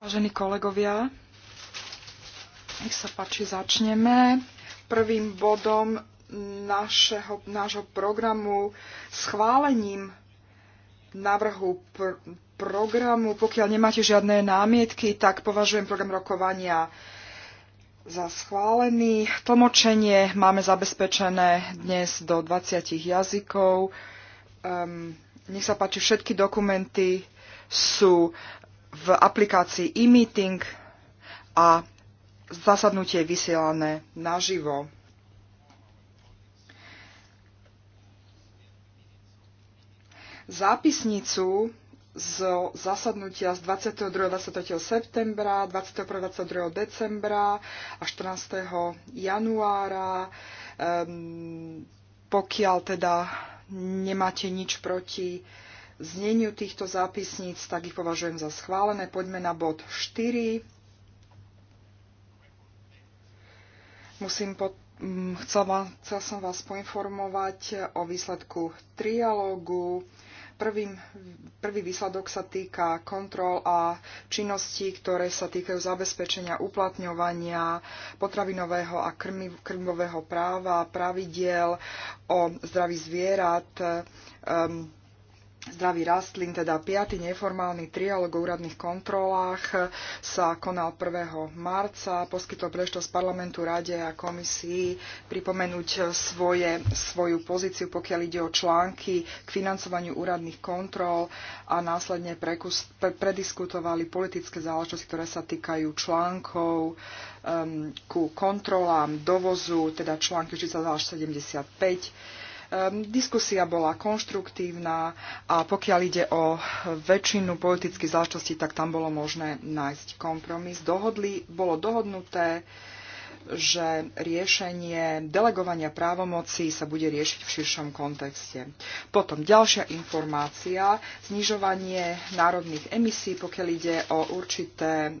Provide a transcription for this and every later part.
Vážení kolegovia, nech sa páči, začneme. Prvým bodom našeho, nášho programu schválením návrhu pr- programu, pokiaľ nemáte žiadne námietky, tak považujem program rokovania za schválený. Tlmočenie máme zabezpečené dnes do 20 jazykov. Um, nech sa páči, všetky dokumenty sú v aplikácii e-meeting a zasadnutie je vysielané naživo. Zápisnicu z zasadnutia z 22. 23. septembra, 21. 22. decembra a 14. januára, um, pokiaľ teda nemáte nič proti zneniu týchto zápisníc, tak ich považujem za schválené. Poďme na bod 4. Musím po... chcel, mm, chcel som vás poinformovať o výsledku trialógu Prvým, prvý výsledok sa týka kontrol a činností, ktoré sa týkajú zabezpečenia uplatňovania potravinového a krmiv, krmivového práva, pravidiel o zdraví zvierat, um, Zdravý rastlín, teda piaty neformálny trialog o úradných kontrolách e, sa konal 1. marca. Poskytol príležitosť parlamentu, rade a komisii pripomenúť e, svoje, svoju pozíciu, pokiaľ ide o články k financovaniu úradných kontrol a následne prekus, pre, prediskutovali politické záležitosti, ktoré sa týkajú článkov um, ku kontrolám dovozu, teda články 42 75 Diskusia bola konštruktívna a pokiaľ ide o väčšinu politických záležitostí, tak tam bolo možné nájsť kompromis. Dohodli, bolo dohodnuté, že riešenie delegovania právomoci sa bude riešiť v širšom kontexte. Potom ďalšia informácia, znižovanie národných emisí, pokiaľ ide o určité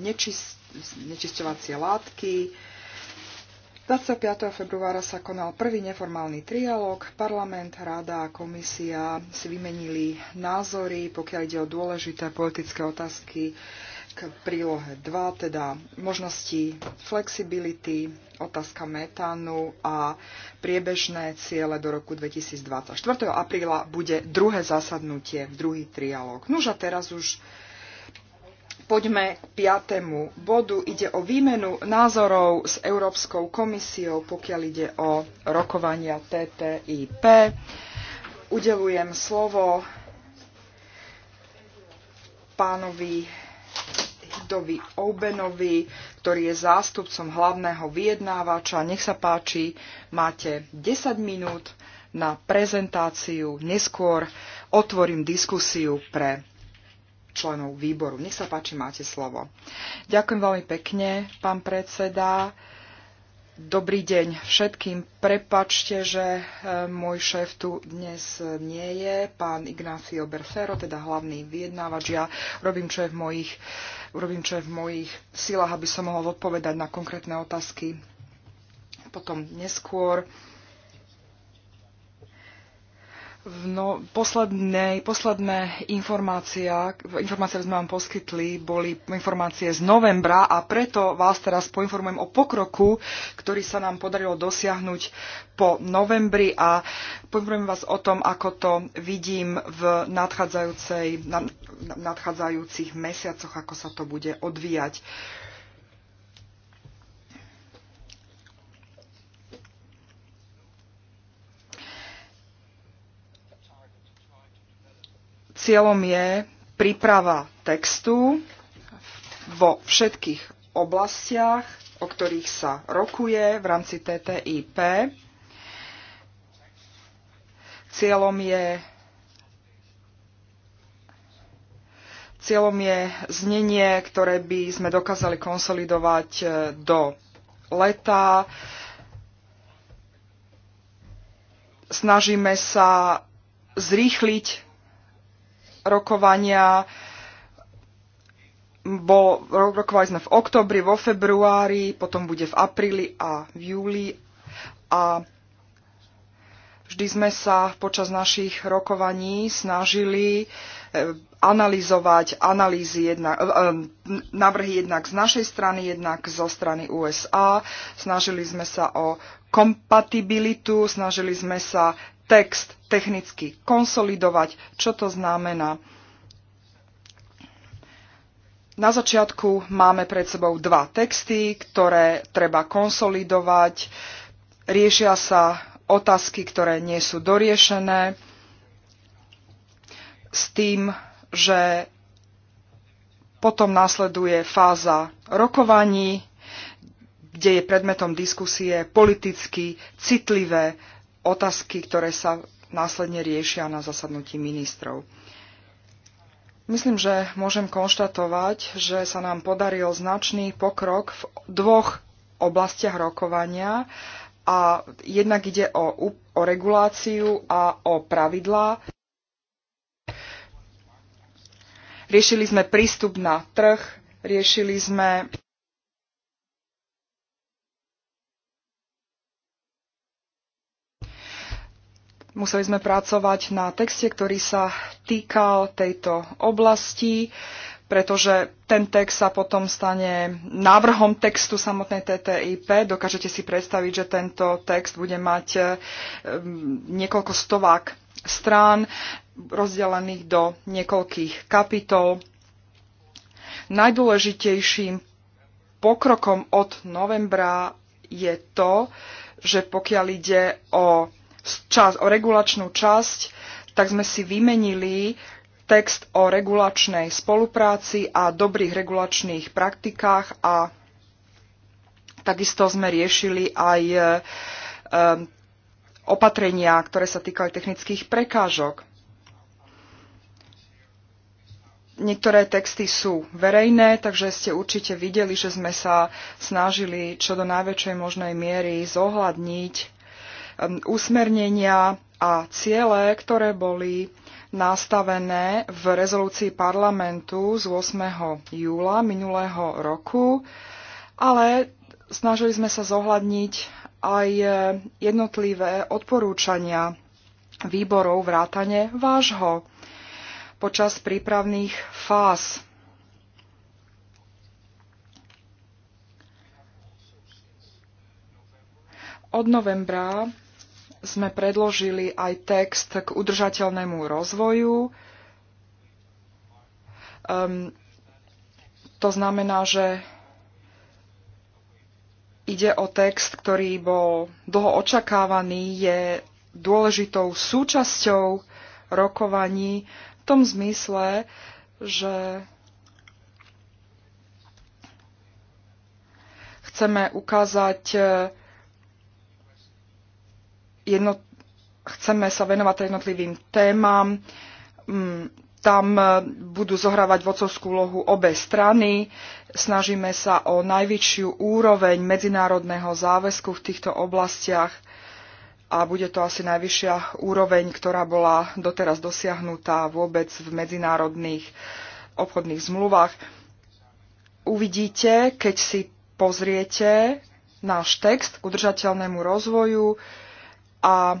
znečisťovacie látky, 25. februára sa konal prvý neformálny trialog. Parlament, rada a komisia si vymenili názory, pokiaľ ide o dôležité politické otázky k prílohe 2, teda možnosti flexibility, otázka metánu a priebežné ciele do roku 2020. 4. apríla bude druhé zasadnutie, druhý trialog. Nuž a teraz už Poďme k piatému bodu. Ide o výmenu názorov s Európskou komisiou, pokiaľ ide o rokovania TTIP. Udelujem slovo pánovi Hidovi Obenovi, ktorý je zástupcom hlavného vyjednávača. Nech sa páči, máte 10 minút na prezentáciu. Neskôr otvorím diskusiu pre členov výboru. Nech sa páči, máte slovo. Ďakujem veľmi pekne, pán predseda. Dobrý deň všetkým. Prepačte, že e, môj šéf tu dnes nie je, pán Ignacio Berfero, teda hlavný vyjednávač. Ja robím, čo je v mojich, robím, čo je v mojich silách, aby som mohol odpovedať na konkrétne otázky potom neskôr. No, posledné, posledné informácia, informácie, ktoré sme vám poskytli, boli informácie z novembra a preto vás teraz poinformujem o pokroku, ktorý sa nám podarilo dosiahnuť po novembri a poinformujem vás o tom, ako to vidím v nadchádzajúcej, nadchádzajúcich mesiacoch, ako sa to bude odvíjať. Uh, Cieľom je príprava textu vo všetkých oblastiach, o ktorých sa rokuje v rámci TTIP. Cieľom je Cieľom je znenie, ktoré by sme dokázali konsolidovať e, do leta. Snažíme sa zrýchliť rokovania. Bolo, rokovali sme v oktobri, vo februári, potom bude v apríli a v júli. A vždy sme sa počas našich rokovaní snažili e, analyzovať analýzy jednak, e, e, návrhy jednak z našej strany, jednak zo strany USA. Snažili sme sa o kompatibilitu, snažili sme sa text technicky konsolidovať, čo to znamená. Na začiatku máme pred sebou dva texty, ktoré treba konsolidovať. Riešia sa otázky, ktoré nie sú doriešené, s tým, že potom následuje fáza rokovaní, kde je predmetom diskusie politicky citlivé otázky, ktoré sa následne riešia na zasadnutí ministrov. Myslím, že môžem konštatovať, že sa nám podaril značný pokrok v dvoch oblastiach rokovania a jednak ide o, o reguláciu a o pravidlá. Riešili sme prístup na trh, riešili sme Museli sme pracovať na texte, ktorý sa týkal tejto oblasti, pretože ten text sa potom stane návrhom textu samotnej TTIP. Dokážete si predstaviť, že tento text bude mať eh, niekoľko stovák strán rozdelených do niekoľkých kapitol. Najdôležitejším pokrokom od novembra je to, že pokiaľ ide o čas, o regulačnú časť, tak sme si vymenili text o regulačnej spolupráci a dobrých regulačných praktikách a takisto sme riešili aj e, e, opatrenia, ktoré sa týkali technických prekážok. Niektoré texty sú verejné, takže ste určite videli, že sme sa snažili čo do najväčšej možnej miery zohľadniť Um, usmernenia a ciele, ktoré boli nastavené v rezolúcii parlamentu z 8. júla minulého roku, ale snažili sme sa zohľadniť aj eh, jednotlivé odporúčania výborov vrátane vášho počas prípravných fáz. Od novembra sme predložili aj text k udržateľnému rozvoju. Um, to znamená, že ide o text, ktorý bol dlho očakávaný, je dôležitou súčasťou rokovaní v tom zmysle, že chceme ukázať jedno, chceme sa venovať jednotlivým témam. Mm, tam e, budú zohrávať vocovskú úlohu obe strany. Snažíme sa o najvyššiu úroveň medzinárodného záväzku v týchto oblastiach a bude to asi najvyššia úroveň, ktorá bola doteraz dosiahnutá vôbec v medzinárodných obchodných zmluvách. Uvidíte, keď si pozriete náš text k udržateľnému rozvoju, a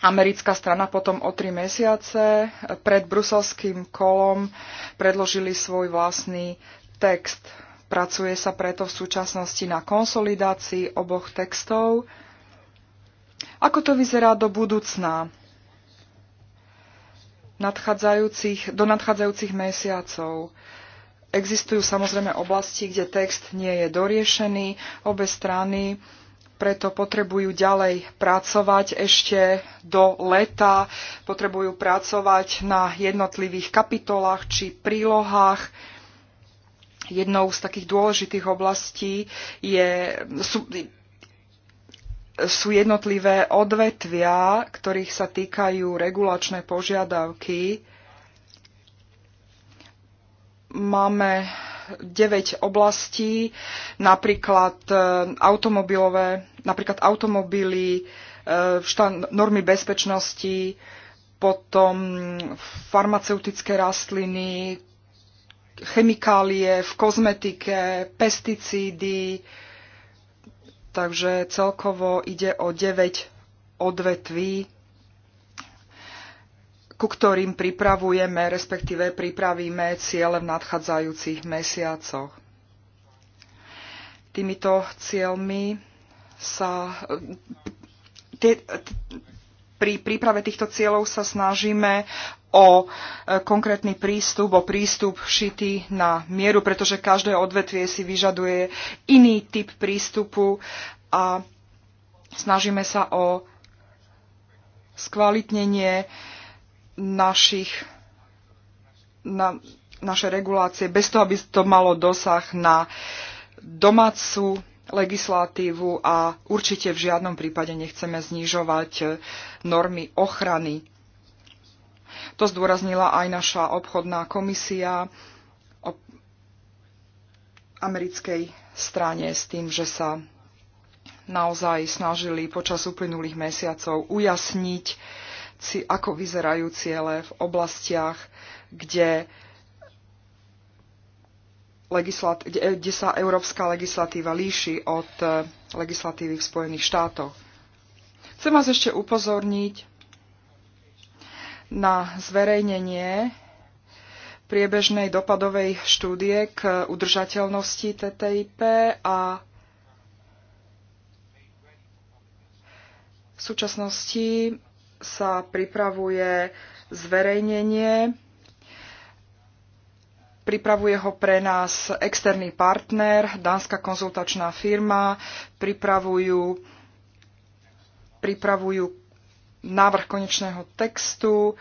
americká strana potom o tri mesiace pred bruselským kolom predložili svoj vlastný text. Pracuje sa preto v súčasnosti na konsolidácii oboch textov. Ako to vyzerá do budúcna? Nadchádzajúcich, do nadchádzajúcich mesiacov. Existujú samozrejme oblasti, kde text nie je doriešený. Obe strany preto potrebujú ďalej pracovať ešte do leta, potrebujú pracovať na jednotlivých kapitolách či prílohách. Jednou z takých dôležitých oblastí je, sú, sú jednotlivé odvetvia, ktorých sa týkajú regulačné požiadavky. Máme 9 oblastí, napríklad e, automobilové, napríklad automobily, e, normy bezpečnosti, potom farmaceutické rastliny, chemikálie v kozmetike, pesticídy. Takže celkovo ide o 9 odvetví ku ktorým pripravujeme, respektíve pripravíme ciele v nadchádzajúcich mesiacoch. Týmito cieľmi sa tie, pri príprave týchto cieľov sa snažíme o e, konkrétny prístup, o prístup šitý na mieru, pretože každé odvetvie si vyžaduje iný typ prístupu a snažíme sa o skvalitnenie našich, na, naše regulácie, bez toho, aby to malo dosah na domácu legislatívu a určite v žiadnom prípade nechceme znižovať e, normy ochrany. To zdôraznila aj naša obchodná komisia o americkej strane s tým, že sa naozaj snažili počas uplynulých mesiacov ujasniť ako vyzerajú ciele v oblastiach, kde, legislat- kde eh, sa európska legislatíva líši od eh, legislatívy v Spojených štátoch. Chcem vás ešte upozorniť na zverejnenie priebežnej dopadovej štúdie k udržateľnosti TTIP a v súčasnosti sa pripravuje zverejnenie. Pripravuje ho pre nás externý partner, dánska konzultačná firma. Pripravujú, pripravujú návrh konečného textu.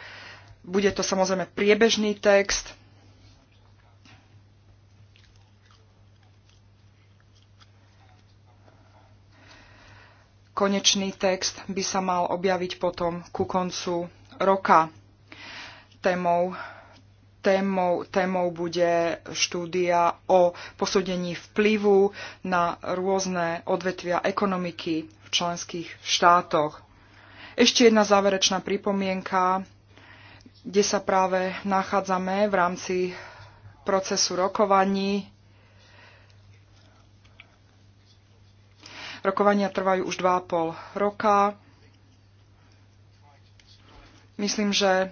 Bude to samozrejme priebežný text konečný text by sa mal objaviť potom ku koncu roka. Témou, témou, témou bude štúdia o posúdení vplyvu na rôzne odvetvia ekonomiky v členských štátoch. Ešte jedna záverečná pripomienka, kde sa práve nachádzame v rámci procesu rokovaní Rokovania trvajú už 2,5 roka. Myslím, že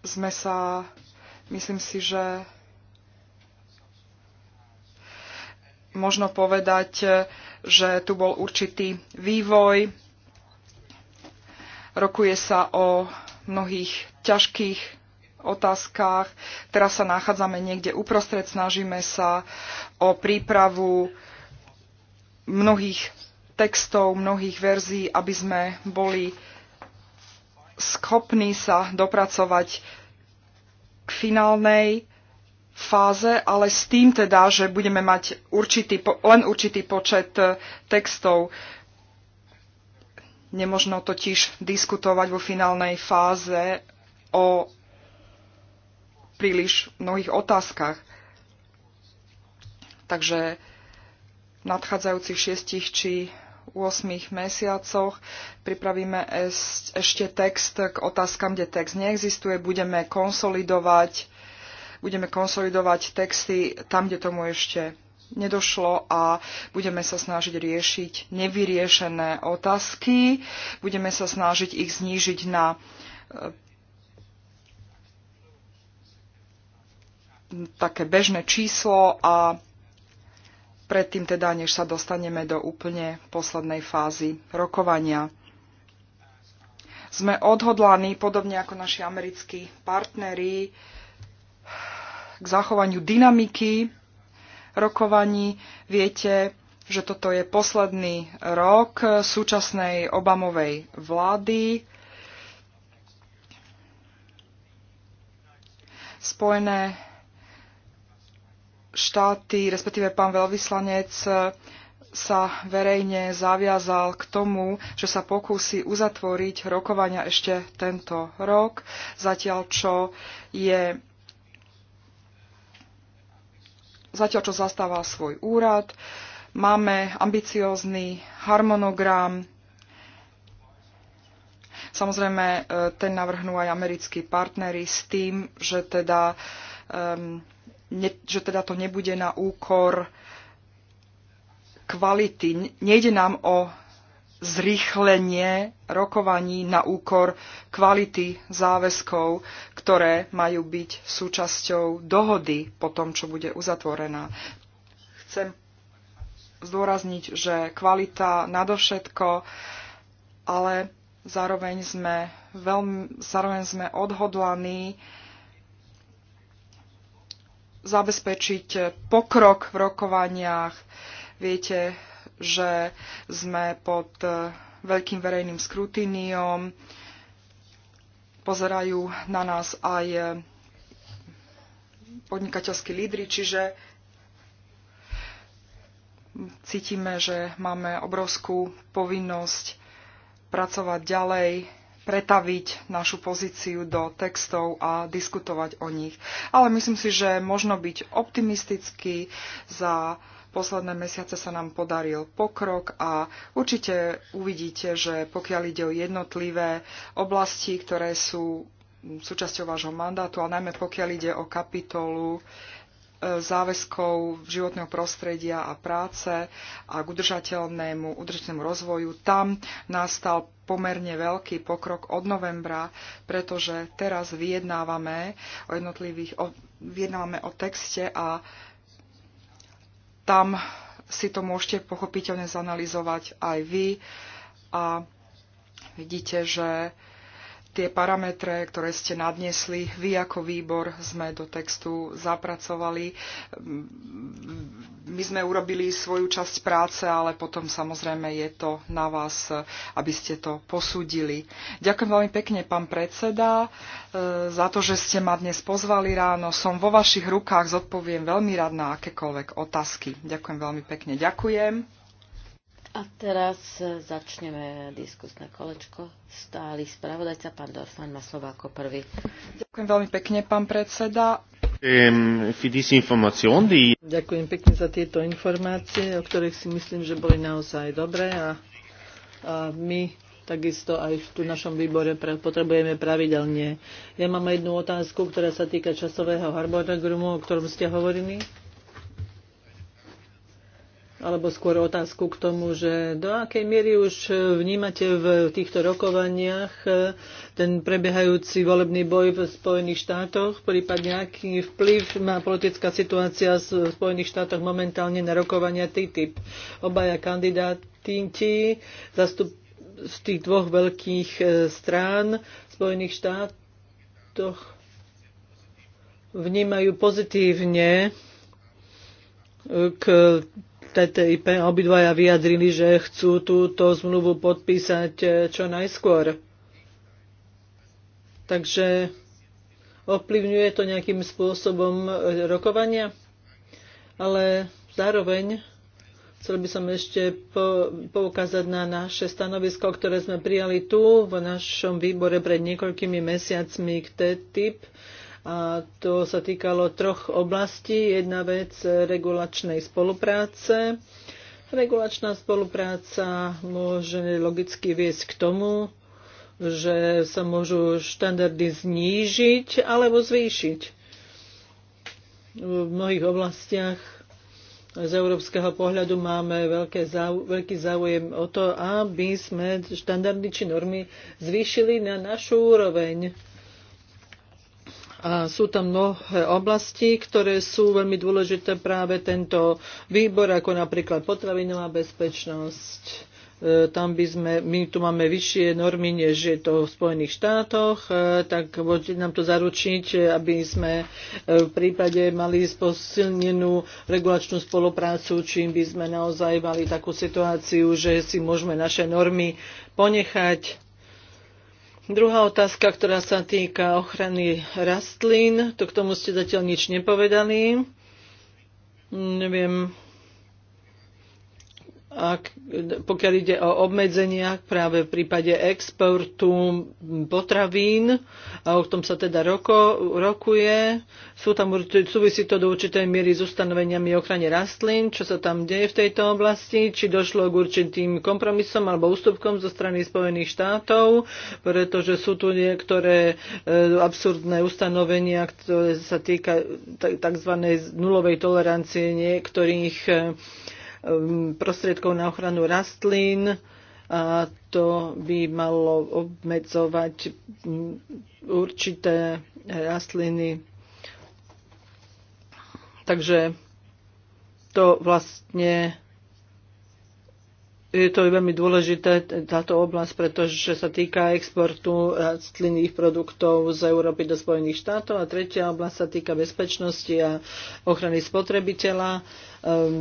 sme sa, myslím si, že možno povedať, že tu bol určitý vývoj. Rokuje sa o mnohých ťažkých otázkach. Teraz sa nachádzame niekde uprostred, snažíme sa o prípravu mnohých textov, mnohých verzií, aby sme boli schopní sa dopracovať k finálnej fáze, ale s tým teda, že budeme mať určitý, len určitý počet e, textov. Nemožno totiž diskutovať vo finálnej fáze o príliš mnohých otázkach. Takže nadchádzajúcich šiestich či 8 mesiacoch. Pripravíme ešte text k otázkam, kde text neexistuje. Budeme konsolidovať, budeme konsolidovať texty tam, kde tomu ešte nedošlo a budeme sa snažiť riešiť nevyriešené otázky. Budeme sa snažiť ich znížiť na e, také bežné číslo a predtým teda, než sa dostaneme do úplne poslednej fázy rokovania. Sme odhodlaní, podobne ako naši americkí partneri, k zachovaniu dynamiky rokovaní. Viete, že toto je posledný rok súčasnej Obamovej vlády. Spojené štáty, respektíve pán veľvyslanec, e, sa verejne zaviazal k tomu, že sa pokúsi uzatvoriť rokovania ešte tento rok, zatiaľ čo je zatiaľ čo zastáva svoj úrad. Máme ambiciózny harmonogram. Samozrejme, e, ten navrhnú aj americkí partnery s tým, že teda um, ne, že teda to nebude na úkor kvality. Nejde nám o zrýchlenie rokovaní na úkor kvality záväzkov, ktoré majú byť súčasťou dohody po tom, čo bude uzatvorená. Chcem zdôrazniť, že kvalita nadovšetko, ale zároveň sme, veľmi, zároveň sme odhodlaní uh, zabezpečiť pokrok v rokovaniach. Viete, že sme pod veľkým verejným skrutíniom. Pozerajú na nás aj podnikateľskí lídry, čiže cítime, že máme obrovskú povinnosť pracovať ďalej pretaviť našu pozíciu do textov a diskutovať o nich. Ale myslím si, že možno byť optimistický. Za posledné mesiace sa nám podaril pokrok a určite uvidíte, že pokiaľ ide o jednotlivé oblasti, ktoré sú súčasťou vášho mandátu, a najmä pokiaľ ide o kapitolu záväzkov životného prostredia a práce a k udržateľnému, udržateľnému rozvoju. Tam nastal pomerne veľký pokrok od novembra, pretože teraz vyjednávame o jednotlivých, o, vyjednávame o texte a tam si to môžete pochopiteľne zanalizovať aj vy a vidíte, že tie parametre, ktoré ste nadnesli, vy ako výbor sme do textu zapracovali. My sme urobili svoju časť práce, ale potom samozrejme je to na vás, aby ste to posúdili. Ďakujem veľmi pekne, pán predseda, e, za to, že ste ma dnes pozvali ráno. Som vo vašich rukách, zodpoviem veľmi rád na akékoľvek otázky. Ďakujem veľmi pekne. Ďakujem. A teraz e, začneme diskusné kolečko. Stály spravodajca, pán Dorfan má slovo ako prvý. Ďakujem veľmi pekne, pán predseda. Ďakujem pekne za tieto informácie, o ktorých si myslím, že boli naozaj dobré a, a my takisto aj tu našom výbore potrebujeme pravidelne. Ja mám jednu otázku, ktorá sa týka časového harmonogramu, o ktorom ste hovorili alebo skôr otázku k tomu, že do akej miery už vnímate v týchto rokovaniach e, ten prebiehajúci volebný boj v Spojených štátoch, prípadne aký vplyv má politická situácia v Spojených štátoch momentálne na rokovania TTIP. Obaja kandidáti zastup z tých dvoch veľkých e, strán v Spojených štátoch vnímajú pozitívne e, k TTIP obidvaja vyjadrili, že chcú túto zmluvu podpísať e, čo najskôr. Takže ovplyvňuje to nejakým spôsobom e, rokovania, ale zároveň chcel by som ešte poukázať na naše stanovisko, ktoré sme prijali tu v našom výbore pred niekoľkými mesiacmi k TTIP a to sa týkalo troch oblastí. Jedna vec e, regulačnej spolupráce. Regulačná spolupráca môže logicky viesť k tomu, že sa môžu štandardy znížiť alebo zvýšiť. V mnohých oblastiach z európskeho pohľadu máme veľké veľký záujem o to, aby sme štandardy či normy zvýšili na našu úroveň a sú tam mnohé oblasti, ktoré sú veľmi dôležité práve tento výbor, ako napríklad potravinová bezpečnosť. E, tam by sme, my tu máme vyššie normy, než je to v Spojených štátoch, e, tak môžete nám to zaručiť, aby sme e, v prípade mali posilnenú regulačnú spoluprácu, čím by sme naozaj mali takú situáciu, že si môžeme naše normy ponechať Druhá otázka, ktorá sa týka ochrany rastlín, to k tomu ste zatiaľ nič nepovedali. Neviem, ak, pokiaľ ide o obmedzenia práve v prípade exportu potravín, a o tom sa teda roko, rokuje, sú tam, súvisí to do určitej miery s ustanoveniami ochrane rastlín, čo sa tam deje v tejto oblasti, či došlo k určitým kompromisom alebo ústupkom zo strany Spojených štátov, pretože sú tu niektoré e, absurdné ustanovenia, ktoré sa týka tzv. nulovej tolerancie niektorých e, Um, prostriedkov na ochranu rastlín. A to by malo obmedzovať mm, určité rastliny. Takže to vlastne je to veľmi dôležité, táto oblasť, pretože sa týka exportu rastlinných produktov z Európy do Spojených štátov a tretia oblasť sa týka bezpečnosti a ochrany spotrebiteľa, ehm,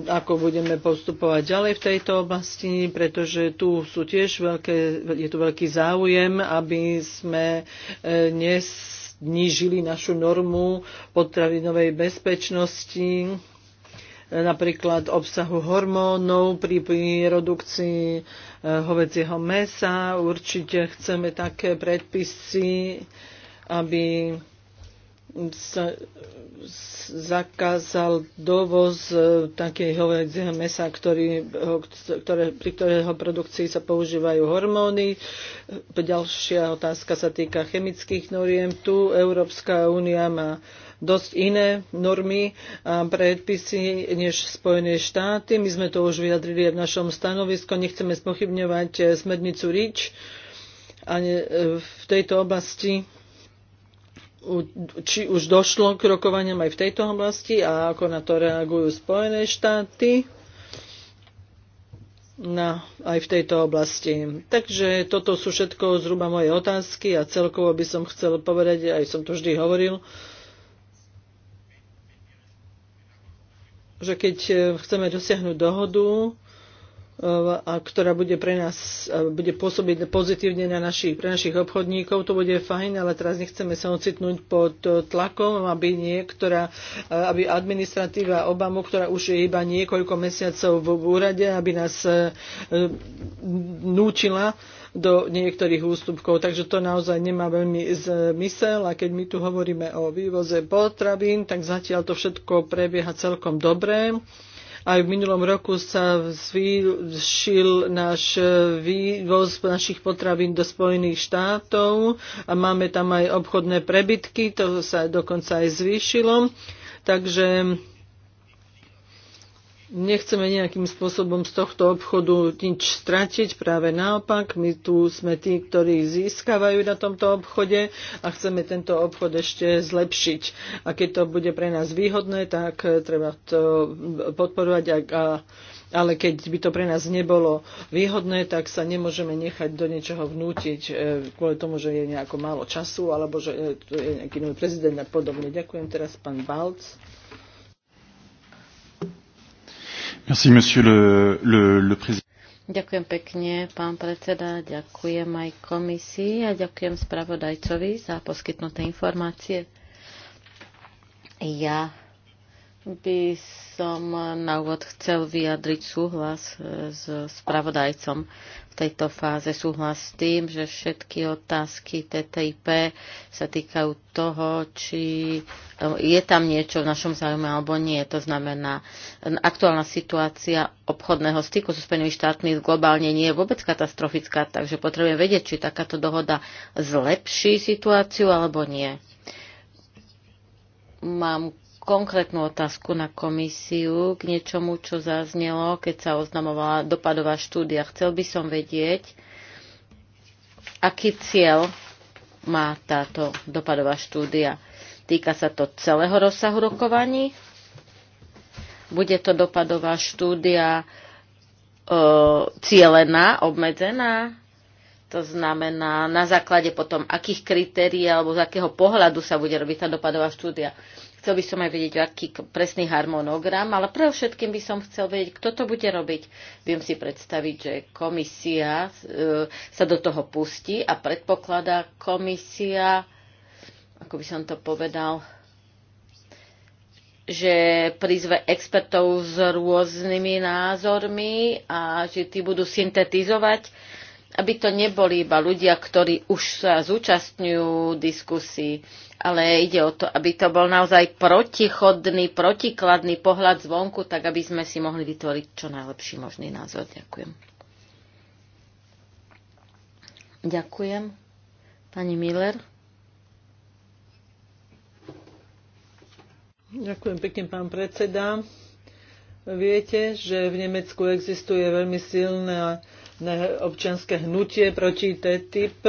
ako budeme postupovať ďalej v tejto oblasti, pretože tu sú tiež veľké, je tu veľký záujem, aby sme e, nesnížili našu normu potravinovej bezpečnosti napríklad obsahu hormónov pri produkcii e, hovedzieho mesa. Určite chceme také predpisy, aby sa zakázal dovoz e, takej hovedzieho mesa, ktorý, ktoré, pri ktorého produkcii sa používajú hormóny. E, ďalšia otázka sa týka chemických noriem. Tu Európska únia má dosť iné normy a predpisy než Spojené štáty. My sme to už vyjadrili aj v našom stanovisku. Nechceme spochybňovať eh, smernicu REACH ani eh, v tejto oblasti či už došlo k rokovaniam aj v tejto oblasti a ako na to reagujú Spojené štáty na, aj v tejto oblasti. Takže toto sú všetko zhruba moje otázky a celkovo by som chcel povedať, aj som to vždy hovoril, že keď e, chceme dosiahnuť dohodu, e, a ktorá bude pre nás, e, bude pôsobiť pozitívne na našich, pre našich obchodníkov, to bude fajn, ale teraz nechceme sa ocitnúť pod tlakom, aby niektorá, aby administratíva Obamu, ktorá už je iba niekoľko mesiacov v úrade, aby nás núčila do niektorých ústupkov. Takže to naozaj nemá veľmi zmysel. A keď my tu hovoríme o vývoze potravín, tak zatiaľ to všetko prebieha celkom dobre. Aj v minulom roku sa zvýšil náš vývoz našich potravín do Spojených štátov a máme tam aj obchodné prebytky, to sa dokonca aj zvýšilo. Takže nechceme nejakým spôsobom z tohto obchodu nič stratiť, práve naopak, my tu sme tí, ktorí získavajú na tomto obchode a chceme tento obchod ešte zlepšiť. A keď to bude pre nás výhodné, tak treba to podporovať a ale keď by to pre nás nebolo výhodné, tak sa nemôžeme nechať do niečoho vnútiť e, kvôli tomu, že je nejako málo času alebo že e, tu je nejaký nový prezident a podobne. Ďakujem teraz pán Balc. Ďakujem pekne, pán predseda, ďakujem aj komisii a ďakujem spravodajcovi za poskytnuté informácie. Ja by som na úvod chcel vyjadriť súhlas s spravodajcom tejto fáze súhlas s tým, že všetky otázky TTIP sa týkajú toho, či eh, je tam niečo v našom záujme alebo nie. To znamená, eh, aktuálna situácia obchodného styku so Spojenými štátmi globálne nie je vôbec katastrofická, takže potrebujem vedieť, či takáto dohoda zlepší situáciu alebo nie. Mám konkrétnu otázku na komisiu k niečomu, čo zaznelo, keď sa oznamovala dopadová štúdia. Chcel by som vedieť, aký cieľ má táto dopadová štúdia. Týka sa to celého rozsahu rokovaní? Bude to dopadová štúdia e, cielená, obmedzená? To znamená, na základe potom, akých kritérií alebo z akého pohľadu sa bude robiť tá dopadová štúdia. Chcel by som aj vedieť, aký presný harmonogram, ale pre všetkým by som chcel vedieť, kto to bude robiť. Viem si predstaviť, že komisia e, sa do toho pustí a predpokladá komisia, ako by som to povedal, že prizve expertov s rôznymi názormi a že tí budú syntetizovať aby to neboli iba ľudia, ktorí už sa zúčastňujú diskusí, ale ide o to, aby to bol naozaj protichodný, protikladný pohľad zvonku, tak aby sme si mohli vytvoriť čo najlepší možný názor. Ďakujem. Ďakujem. Pani Miller. Ďakujem pekne, pán predseda. Viete, že v Nemecku existuje veľmi silná občianske hnutie proti TTIP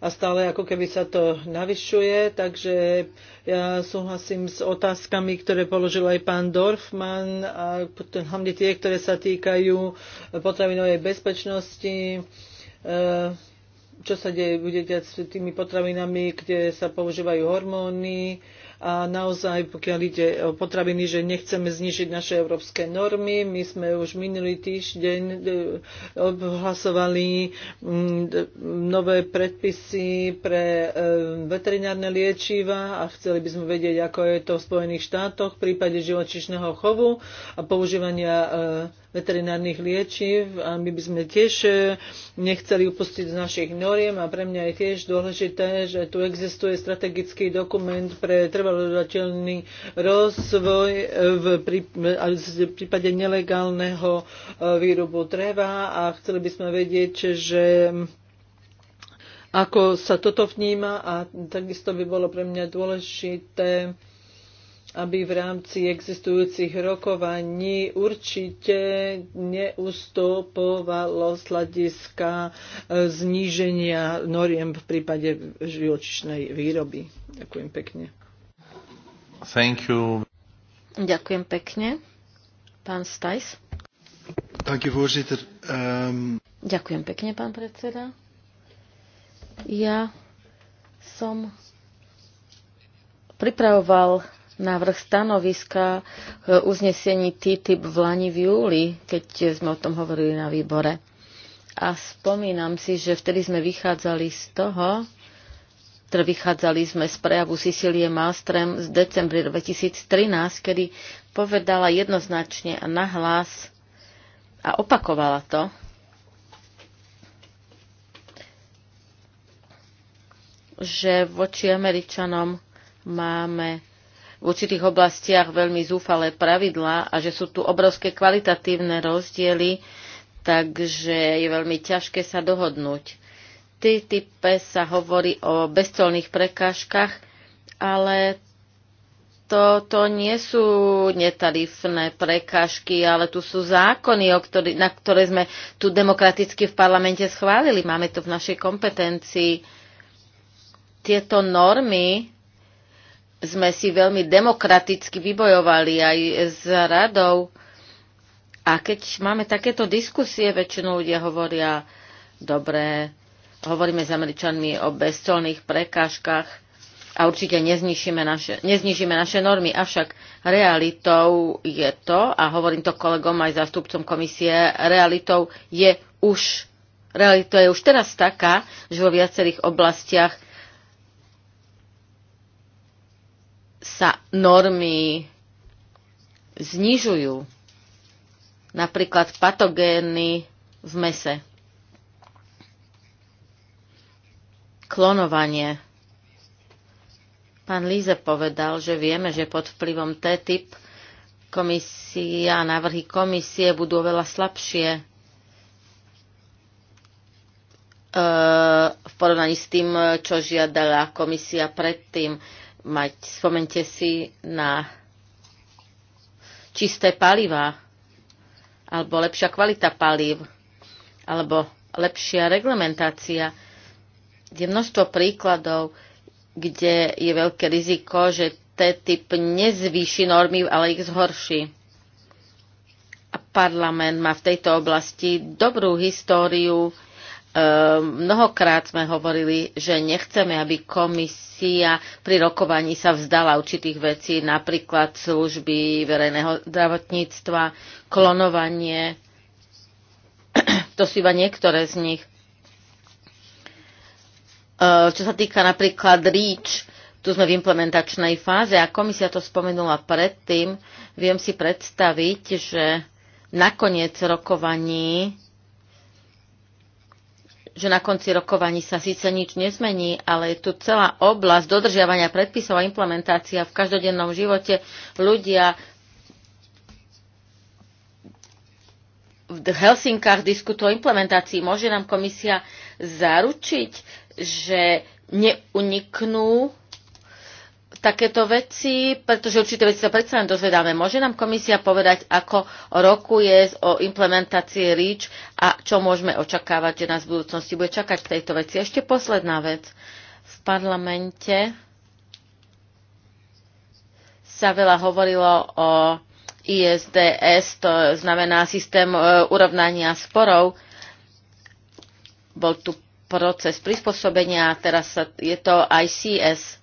a stále ako keby sa to navyšuje. Takže ja súhlasím s otázkami, ktoré položil aj pán Dorfman a potom hlavne tie, ktoré sa týkajú potravinovej bezpečnosti e, čo sa deje, bude s tými potravinami, kde sa používajú hormóny, a naozaj, pokiaľ ide o potraviny, že nechceme znižiť naše európske normy. My sme už minulý týždeň e, hlasovali mm, nové predpisy pre e, veterinárne liečiva a chceli by sme vedieť, ako je to v Spojených štátoch v prípade živočišného chovu a používania e, veterinárnych liečiv a my by sme tiež e, nechceli upustiť z našich noriem a pre mňa je tiež dôležité, že tu existuje strategický dokument pre trvalodateľný rozvoj e, v e, prípade nelegálneho výrobu dreva a chceli by sme vedieť, že ako sa toto vníma a takisto by bolo pre mňa dôležité aby v rámci existujúcich rokovaní určite neustupovalo z hľadiska e, zníženia noriem v prípade živočišnej výroby. Ďakujem pekne. Thank you. Ďakujem pekne. Pán Stajs. Thank you, Um... Ďakujem pekne, pán predseda. Ja som pripravoval návrh stanoviska k e, uznesení TTIP v Lani v júli, keď sme o tom hovorili na výbore. A spomínam si, že vtedy sme vychádzali z toho, ktoré teda vychádzali sme z prejavu Sicilie Malstrem z decembri 2013, kedy povedala jednoznačne a nahlas a opakovala to, že voči Američanom máme v určitých oblastiach veľmi zúfalé pravidlá a že sú tu obrovské kvalitatívne rozdiely, takže je veľmi ťažké sa dohodnúť. type sa hovorí o bezcolných prekážkach, ale to, to nie sú netarifné prekážky, ale tu sú zákony, o ktorý, na ktoré sme tu demokraticky v parlamente schválili. Máme to v našej kompetencii. Tieto normy sme si veľmi demokraticky vybojovali aj s radou. A keď máme takéto diskusie, väčšinou ľudia hovoria, dobre, hovoríme s Američanmi o bezcolných prekážkach a určite neznižíme naše, neznižíme naše normy. Avšak realitou je to, a hovorím to kolegom aj zástupcom komisie, realitou je už, realitou je už teraz taká, že vo viacerých oblastiach sa normy znižujú. Napríklad patogény v mese. Klonovanie. Pán Líze povedal, že vieme, že pod vplyvom T typ komisia a návrhy komisie budú oveľa slabšie e, v porovnaní s tým, čo žiadala komisia predtým mať, spomente si na čisté paliva, alebo lepšia kvalita palív, alebo lepšia reglementácia. Je množstvo príkladov, kde je veľké riziko, že T-typ nezvýši normy, ale ich zhorší. A parlament má v tejto oblasti dobrú históriu Ehm, mnohokrát sme hovorili, že nechceme, aby komisia pri rokovaní sa vzdala určitých vecí, napríklad služby verejného zdravotníctva, klonovanie. To sú iba niektoré z nich. Ehm, čo sa týka napríklad REACH, tu sme v implementačnej fáze a komisia to spomenula predtým. Viem si predstaviť, že nakoniec rokovaní že na konci rokovaní sa síce nič nezmení, ale je tu celá oblasť dodržiavania predpisov a implementácia v každodennom živote ľudia v Helsinkách diskutujú o implementácii. Môže nám komisia zaručiť, že neuniknú takéto veci, pretože určité veci sa predsa len dozvedáme. Môže nám komisia povedať, ako roku je o implementácii REACH a čo môžeme očakávať, že nás v budúcnosti bude čakať v tejto veci. Ešte posledná vec. V parlamente sa veľa hovorilo o ISDS, to znamená systém e, urovnania sporov. Bol tu proces prispôsobenia, teraz je to ICS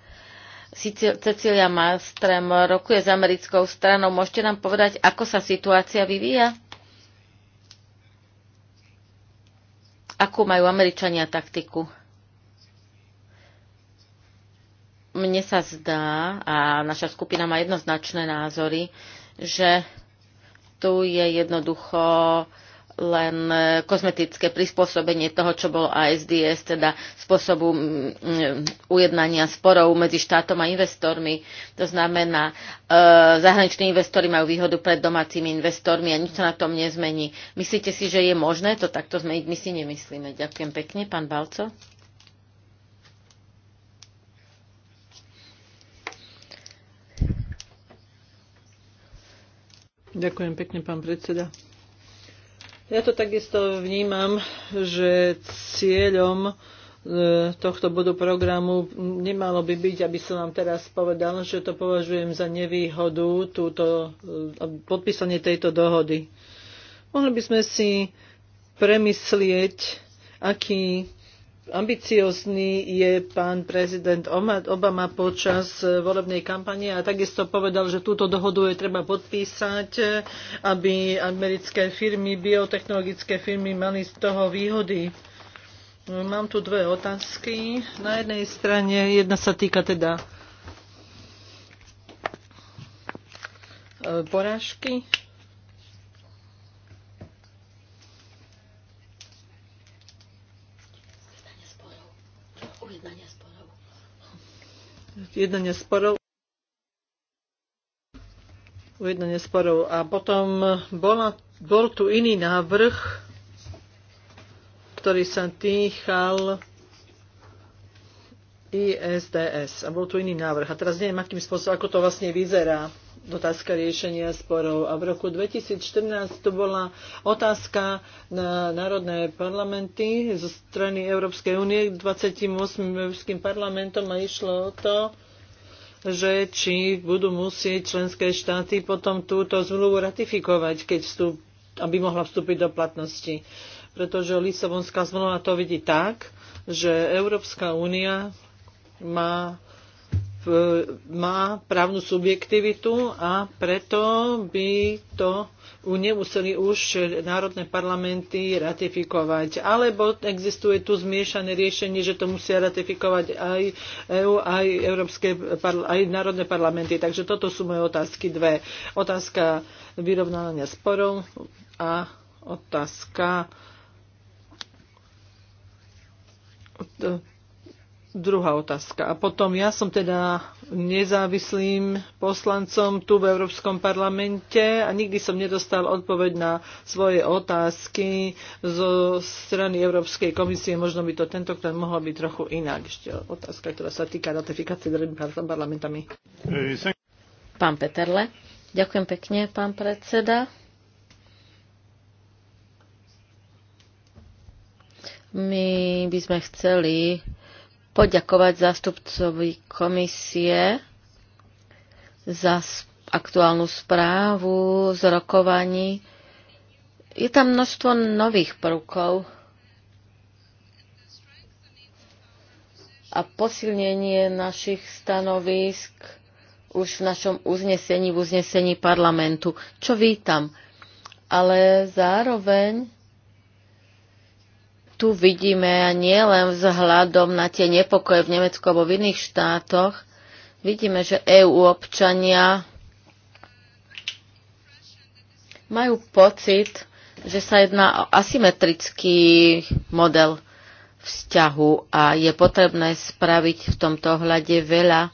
Cecilia Malmström rokuje s americkou stranou. Môžete nám povedať, ako sa situácia vyvíja? Akú majú Američania taktiku? Mne sa zdá, a naša skupina má jednoznačné názory, že tu je jednoducho len e, kozmetické prispôsobenie toho, čo bolo ASDS, teda spôsobu ujednania sporov medzi štátom a investormi. To znamená, e, zahraniční investori majú výhodu pred domácimi investormi a nič sa na tom nezmení. Myslíte si, že je možné to takto zmeniť? My si nemyslíme. Ďakujem pekne. Pán Balco? Ďakujem pekne, pán predseda. Ja to takisto vnímam, že cieľom e, tohto bodu programu nemalo by byť, aby som vám teraz povedal, že to považujem za nevýhodu, túto, e, podpísanie tejto dohody. Mohli by sme si premyslieť, aký ambiciózny je pán prezident Obama počas e, volebnej kampane a takisto povedal, že túto dohodu je treba podpísať, e, aby americké firmy, biotechnologické firmy mali z toho výhody. Mám tu dve otázky. Na jednej strane jedna sa týka teda e, porážky jednania sporov ujednanie sporov. A potom bola, bol tu iný návrh, ktorý sa týchal ISDS. A bol tu iný návrh. A teraz neviem, akým spôsobom, ako to vlastne vyzerá otázka riešenia sporov. A v roku 2014 to bola otázka na národné parlamenty zo strany Európskej únie k 28. Európskym parlamentom a išlo o to, že či budú musieť členské štáty potom túto zmluvu ratifikovať, keď vstup, aby mohla vstúpiť do platnosti. Pretože Lisabonská zmluva to vidí tak, že Európska únia má E, má právnu subjektivitu a preto by to nemuseli už národné parlamenty ratifikovať. Alebo existuje tu zmiešané riešenie, že to musia ratifikovať aj EU, aj, Európske, aj národné parlamenty. Takže toto sú moje otázky dve. Otázka vyrovnávania sporov a otázka e, druhá otázka. A potom ja som teda nezávislým poslancom tu v Európskom parlamente a nikdy som nedostal odpoveď na svoje otázky zo strany Európskej komisie. Možno by to tentokrát mohlo byť trochu inak. Ešte otázka, ktorá sa týka ratifikácie druhým parlamentami. Pán Peterle. Ďakujem pekne, pán predseda. My by sme chceli poďakovať zástupcovi komisie za aktuálnu správu z rokovaní. Je tam množstvo nových prvkov a posilnenie našich stanovisk už v našom uznesení, v uznesení parlamentu, čo vítam. Ale zároveň tu vidíme a nie len vzhľadom na tie nepokoje v Nemecku alebo v iných štátoch, vidíme, že EU občania majú pocit, že sa jedná o asymetrický model vzťahu a je potrebné spraviť v tomto ohľade veľa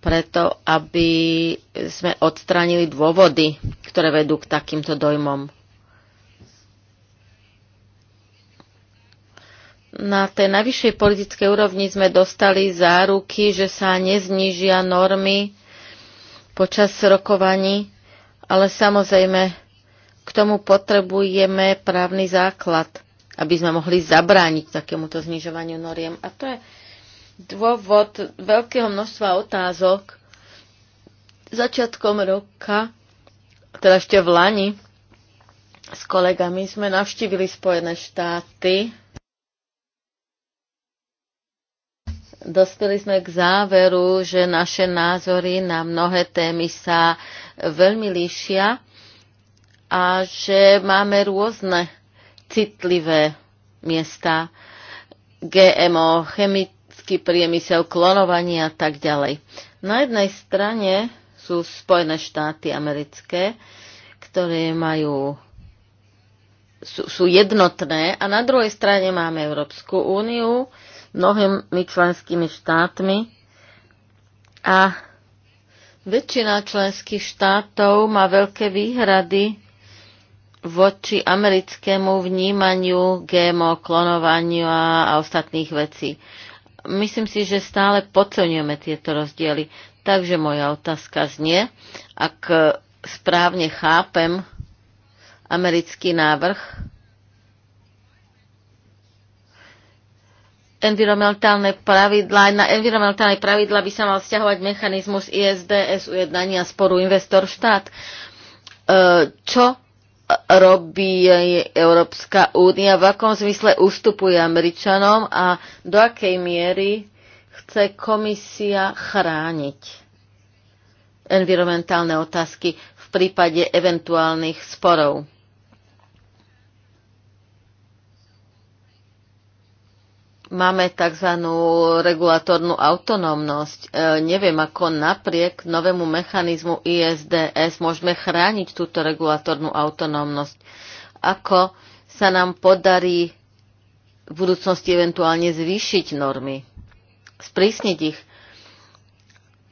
preto, aby sme odstránili dôvody, ktoré vedú k takýmto dojmom. na tej najvyššej politickej úrovni sme dostali záruky, že sa neznížia normy počas rokovaní, ale samozrejme k tomu potrebujeme právny základ, aby sme mohli zabrániť takémuto znižovaniu noriem. A to je dôvod veľkého množstva otázok začiatkom roka, teda ešte v Lani, s kolegami sme navštívili Spojené štáty Dospeli sme k záveru, že naše názory na mnohé témy sa veľmi líšia a že máme rôzne citlivé miesta, GMO, chemický priemysel, klonovanie a tak ďalej. Na jednej strane sú Spojené štáty americké, ktoré majú sú, sú jednotné a na druhej strane máme Európsku úniu, mnohými členskými štátmi a väčšina členských štátov má veľké výhrady voči americkému vnímaniu GMO, klonovaniu a ostatných vecí. Myslím si, že stále podceňujeme tieto rozdiely. Takže moja otázka znie, ak správne chápem americký návrh, environmentálne pravidlá, na environmentálne pravidla by sa mal vzťahovať mechanizmus ISDS ujednania sporu investor-štát. E, čo robí Európska únia, v akom zmysle ustupuje Američanom a do akej miery chce komisia chrániť environmentálne otázky v prípade eventuálnych sporov. máme tzv. regulatórnu autonómnosť. E, neviem, ako napriek novému mechanizmu ISDS môžeme chrániť túto regulatórnu autonómnosť. Ako sa nám podarí v budúcnosti eventuálne zvýšiť normy, sprísniť ich.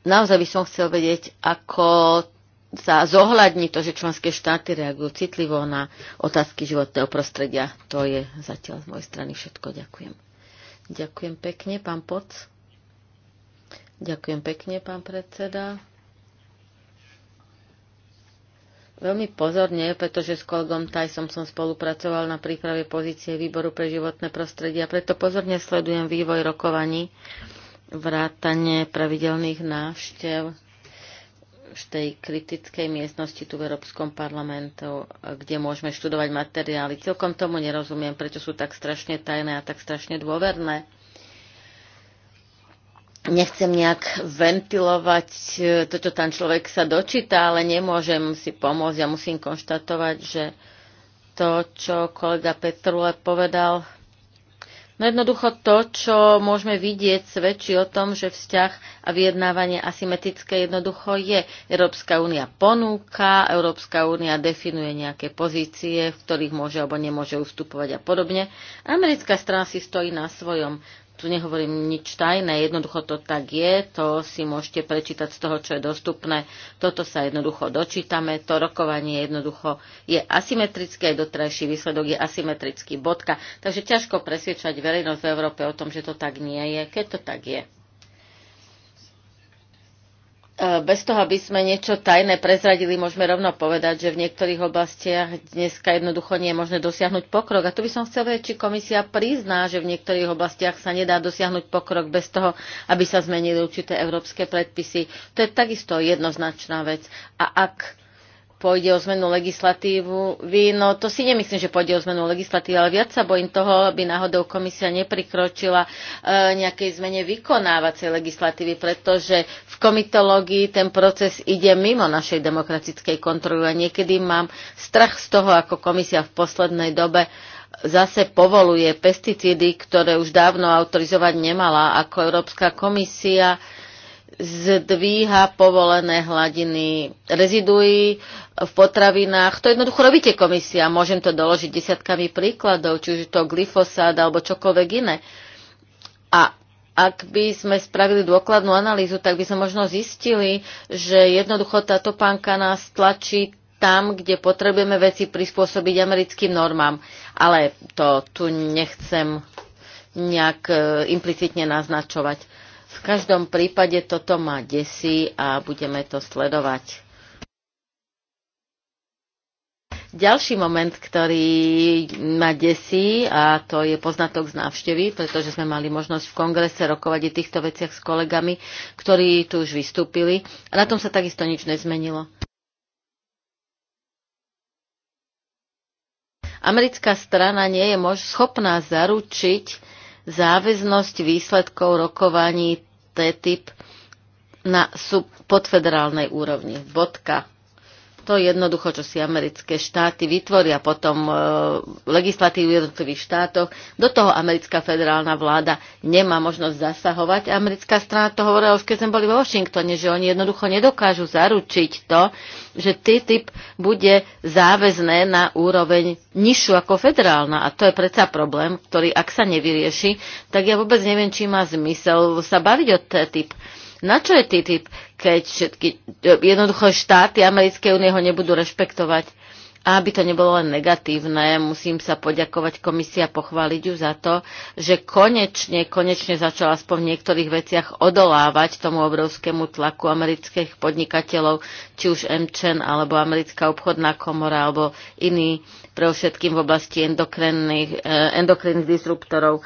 Naozaj by som chcel vedieť, ako sa zohľadní to, že členské štáty reagujú citlivo na otázky životného prostredia. To je zatiaľ z mojej strany všetko. Ďakujem. Ďakujem pekne, pán Poc. Ďakujem pekne, pán predseda. Veľmi pozorne, pretože s kolegom Tajsom som spolupracoval na príprave pozície výboru pre životné prostredie a preto pozorne sledujem vývoj rokovaní, vrátanie pravidelných návštev v tej kritickej miestnosti tu v Európskom parlamentu, kde môžeme študovať materiály. Celkom tomu nerozumiem, prečo sú tak strašne tajné a tak strašne dôverné. Nechcem nejak ventilovať e, to, čo tam človek sa dočíta, ale nemôžem si pomôcť. Ja musím konštatovať, že to, čo kolega Petrule povedal, No jednoducho to, čo môžeme vidieť, svedčí o tom, že vzťah a vyjednávanie asymetrické jednoducho je. Európska únia ponúka, Európska únia definuje nejaké pozície, v ktorých môže alebo nemôže ustupovať a podobne. Americká strana si stojí na svojom tu nehovorím nič tajné, jednoducho to tak je, to si môžete prečítať z toho, čo je dostupné. Toto sa jednoducho dočítame, to rokovanie jednoducho je asymetrické, aj dotrajší výsledok je asymetrický bodka. Takže ťažko presvedčať verejnosť v Európe o tom, že to tak nie je, keď to tak je. E, bez toho, aby sme niečo tajné prezradili, môžeme rovno povedať, že v niektorých oblastiach dneska jednoducho nie je možné dosiahnuť pokrok. A tu by som chcel vedieť, či komisia prizná, že v niektorých oblastiach sa nedá dosiahnuť pokrok bez toho, aby sa zmenili určité európske predpisy. To je takisto jednoznačná vec. A ak pôjde o zmenu legislatívu. Vy, no to si nemyslím, že pôjde o zmenu legislatívy, ale viac sa bojím toho, aby náhodou komisia neprikročila e, nejakej zmene vykonávacej legislatívy, pretože v komitológii ten proces ide mimo našej demokratickej kontroly a niekedy mám strach z toho, ako komisia v poslednej dobe zase povoluje pesticídy, ktoré už dávno autorizovať nemala, ako Európska komisia zdvíha povolené hladiny reziduí v potravinách. To jednoducho robíte komisia. Môžem to doložiť desiatkami príkladov, či už to glyfosát alebo čokoľvek iné. A ak by sme spravili dôkladnú analýzu, tak by sme možno zistili, že jednoducho tá topánka nás tlačí tam, kde potrebujeme veci prispôsobiť americkým normám. Ale to tu nechcem nejak e, implicitne naznačovať. V každom prípade toto ma desí a budeme to sledovať. Ďalší moment, ktorý ma desí, a to je poznatok z návštevy, pretože sme mali možnosť v kongrese rokovať o týchto veciach s kolegami, ktorí tu už vystúpili. A na tom sa takisto nič nezmenilo. Americká strana nie je mož- schopná zaručiť záväznosť výsledkov rokovaní TTIP na subpodfederálnej úrovni. Bodka to je jednoducho, čo si americké štáty vytvoria potom e, legislatívu v jednotlivých štátoch. Do toho americká federálna vláda nemá možnosť zasahovať. Americká strana to hovorila už keď sme boli vo Washingtone, že oni jednoducho nedokážu zaručiť to, že TTIP bude záväzné na úroveň nižšiu ako federálna. A to je predsa problém, ktorý ak sa nevyrieši, tak ja vôbec neviem, či má zmysel sa baviť o TTIP na čo je TTIP, keď všetky e, jednoducho štáty Americkej únie ho nebudú rešpektovať? A aby to nebolo len negatívne, musím sa poďakovať komisia a pochváliť ju za to, že konečne, konečne začala aspoň v niektorých veciach odolávať tomu obrovskému tlaku amerických podnikateľov, či už MCHEN, alebo Americká obchodná komora, alebo iní, pre všetkým v oblasti endokrinných, e, endokrinných disruptorov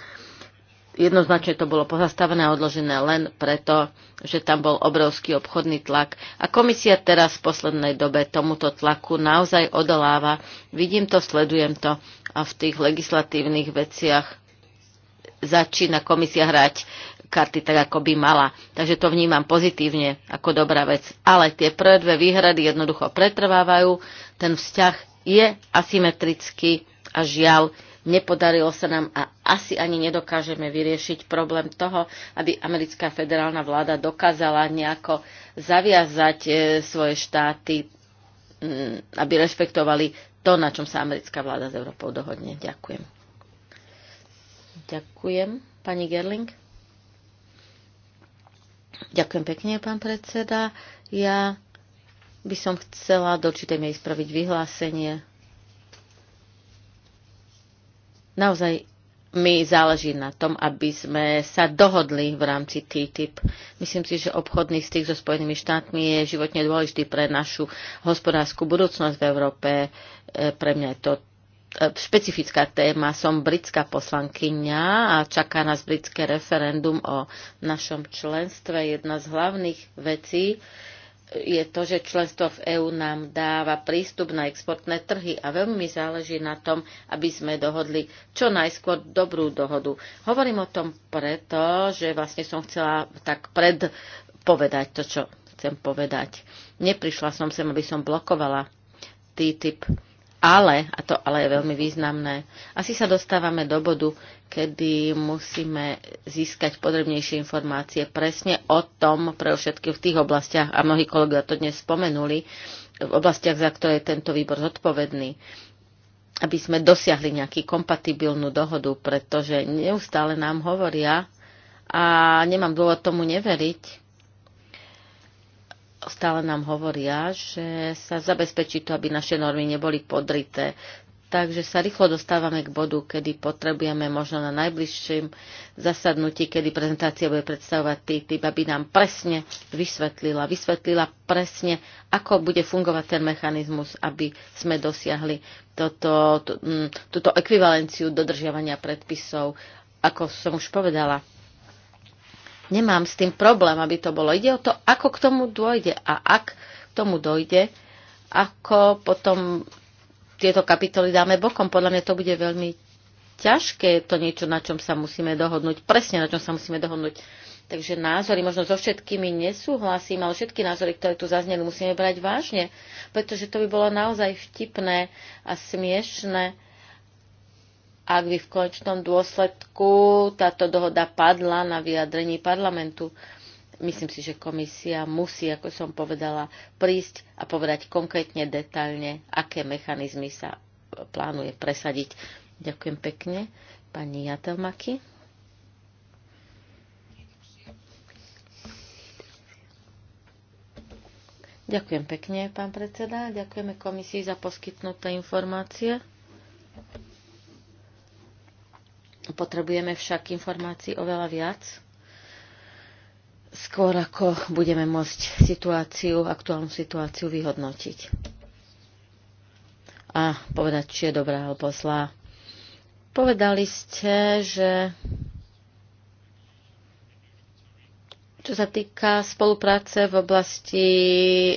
jednoznačne to bolo pozastavené a odložené len preto, že tam bol obrovský obchodný tlak. A komisia teraz v poslednej dobe tomuto tlaku naozaj odoláva. Vidím to, sledujem to a v tých legislatívnych veciach začína komisia hrať karty tak, ako by mala. Takže to vnímam pozitívne ako dobrá vec. Ale tie prvé dve výhrady jednoducho pretrvávajú. Ten vzťah je asymetrický a žiaľ Nepodarilo sa nám a asi ani nedokážeme vyriešiť problém toho, aby americká federálna vláda dokázala nejako zaviazať e, svoje štáty, mm, aby rešpektovali to, na čom sa americká vláda s Európou dohodne. Ďakujem. Ďakujem, pani Gerling. Ďakujem pekne, pán predseda. Ja by som chcela do určitej miery spraviť vyhlásenie Naozaj mi záleží na tom, aby sme sa dohodli v rámci TTIP. Myslím si, že obchodný styk so Spojenými štátmi je životne dôležitý pre našu hospodárskú budúcnosť v Európe. E, pre mňa je to e, špecifická téma. Som britská poslankyňa a čaká nás britské referendum o našom členstve. Jedna z hlavných vecí, je to, že členstvo v EÚ nám dáva prístup na exportné trhy a veľmi záleží na tom, aby sme dohodli čo najskôr dobrú dohodu. Hovorím o tom preto, že vlastne som chcela tak predpovedať to, čo chcem povedať. Neprišla som sem, aby som blokovala TTIP ale, a to ale je veľmi významné, asi sa dostávame do bodu, kedy musíme získať podrobnejšie informácie presne o tom pre všetky v tých oblastiach, a mnohí kolegovia to dnes spomenuli, v oblastiach, za ktoré je tento výbor zodpovedný, aby sme dosiahli nejakú kompatibilnú dohodu, pretože neustále nám hovoria a nemám dôvod tomu neveriť, stále nám hovoria, že sa zabezpečí to, aby naše normy neboli podrité. Takže sa rýchlo dostávame k bodu, kedy potrebujeme možno na najbližším zasadnutí, kedy prezentácia bude predstavovať TTIP, aby nám presne vysvetlila, vysvetlila presne, ako bude fungovať ten mechanizmus, aby sme dosiahli toto, mm, túto ekvivalenciu dodržiavania predpisov. Ako som už povedala, Nemám s tým problém, aby to bolo. Ide o to, ako k tomu dôjde a ak k tomu dojde, ako potom tieto kapitoly dáme bokom. Podľa mňa to bude veľmi ťažké, to niečo, na čom sa musíme dohodnúť, presne na čom sa musíme dohodnúť. Takže názory, možno so všetkými nesúhlasím, ale všetky názory, ktoré tu zazneli, musíme brať vážne, pretože to by bolo naozaj vtipné a smiešné ak by v končnom dôsledku táto dohoda padla na vyjadrení parlamentu. Myslím si, že komisia musí, ako som povedala, prísť a povedať konkrétne, detailne, aké mechanizmy sa plánuje presadiť. Ďakujem pekne. Pani Jatelmaky. Ďakujem pekne, pán predseda. Ďakujeme komisii za poskytnuté informácie. Potrebujeme však informácií oveľa viac, skôr ako budeme môcť situáciu, aktuálnu situáciu vyhodnotiť a povedať, či je dobrá alebo zlá. Povedali ste, že čo sa týka spolupráce v oblasti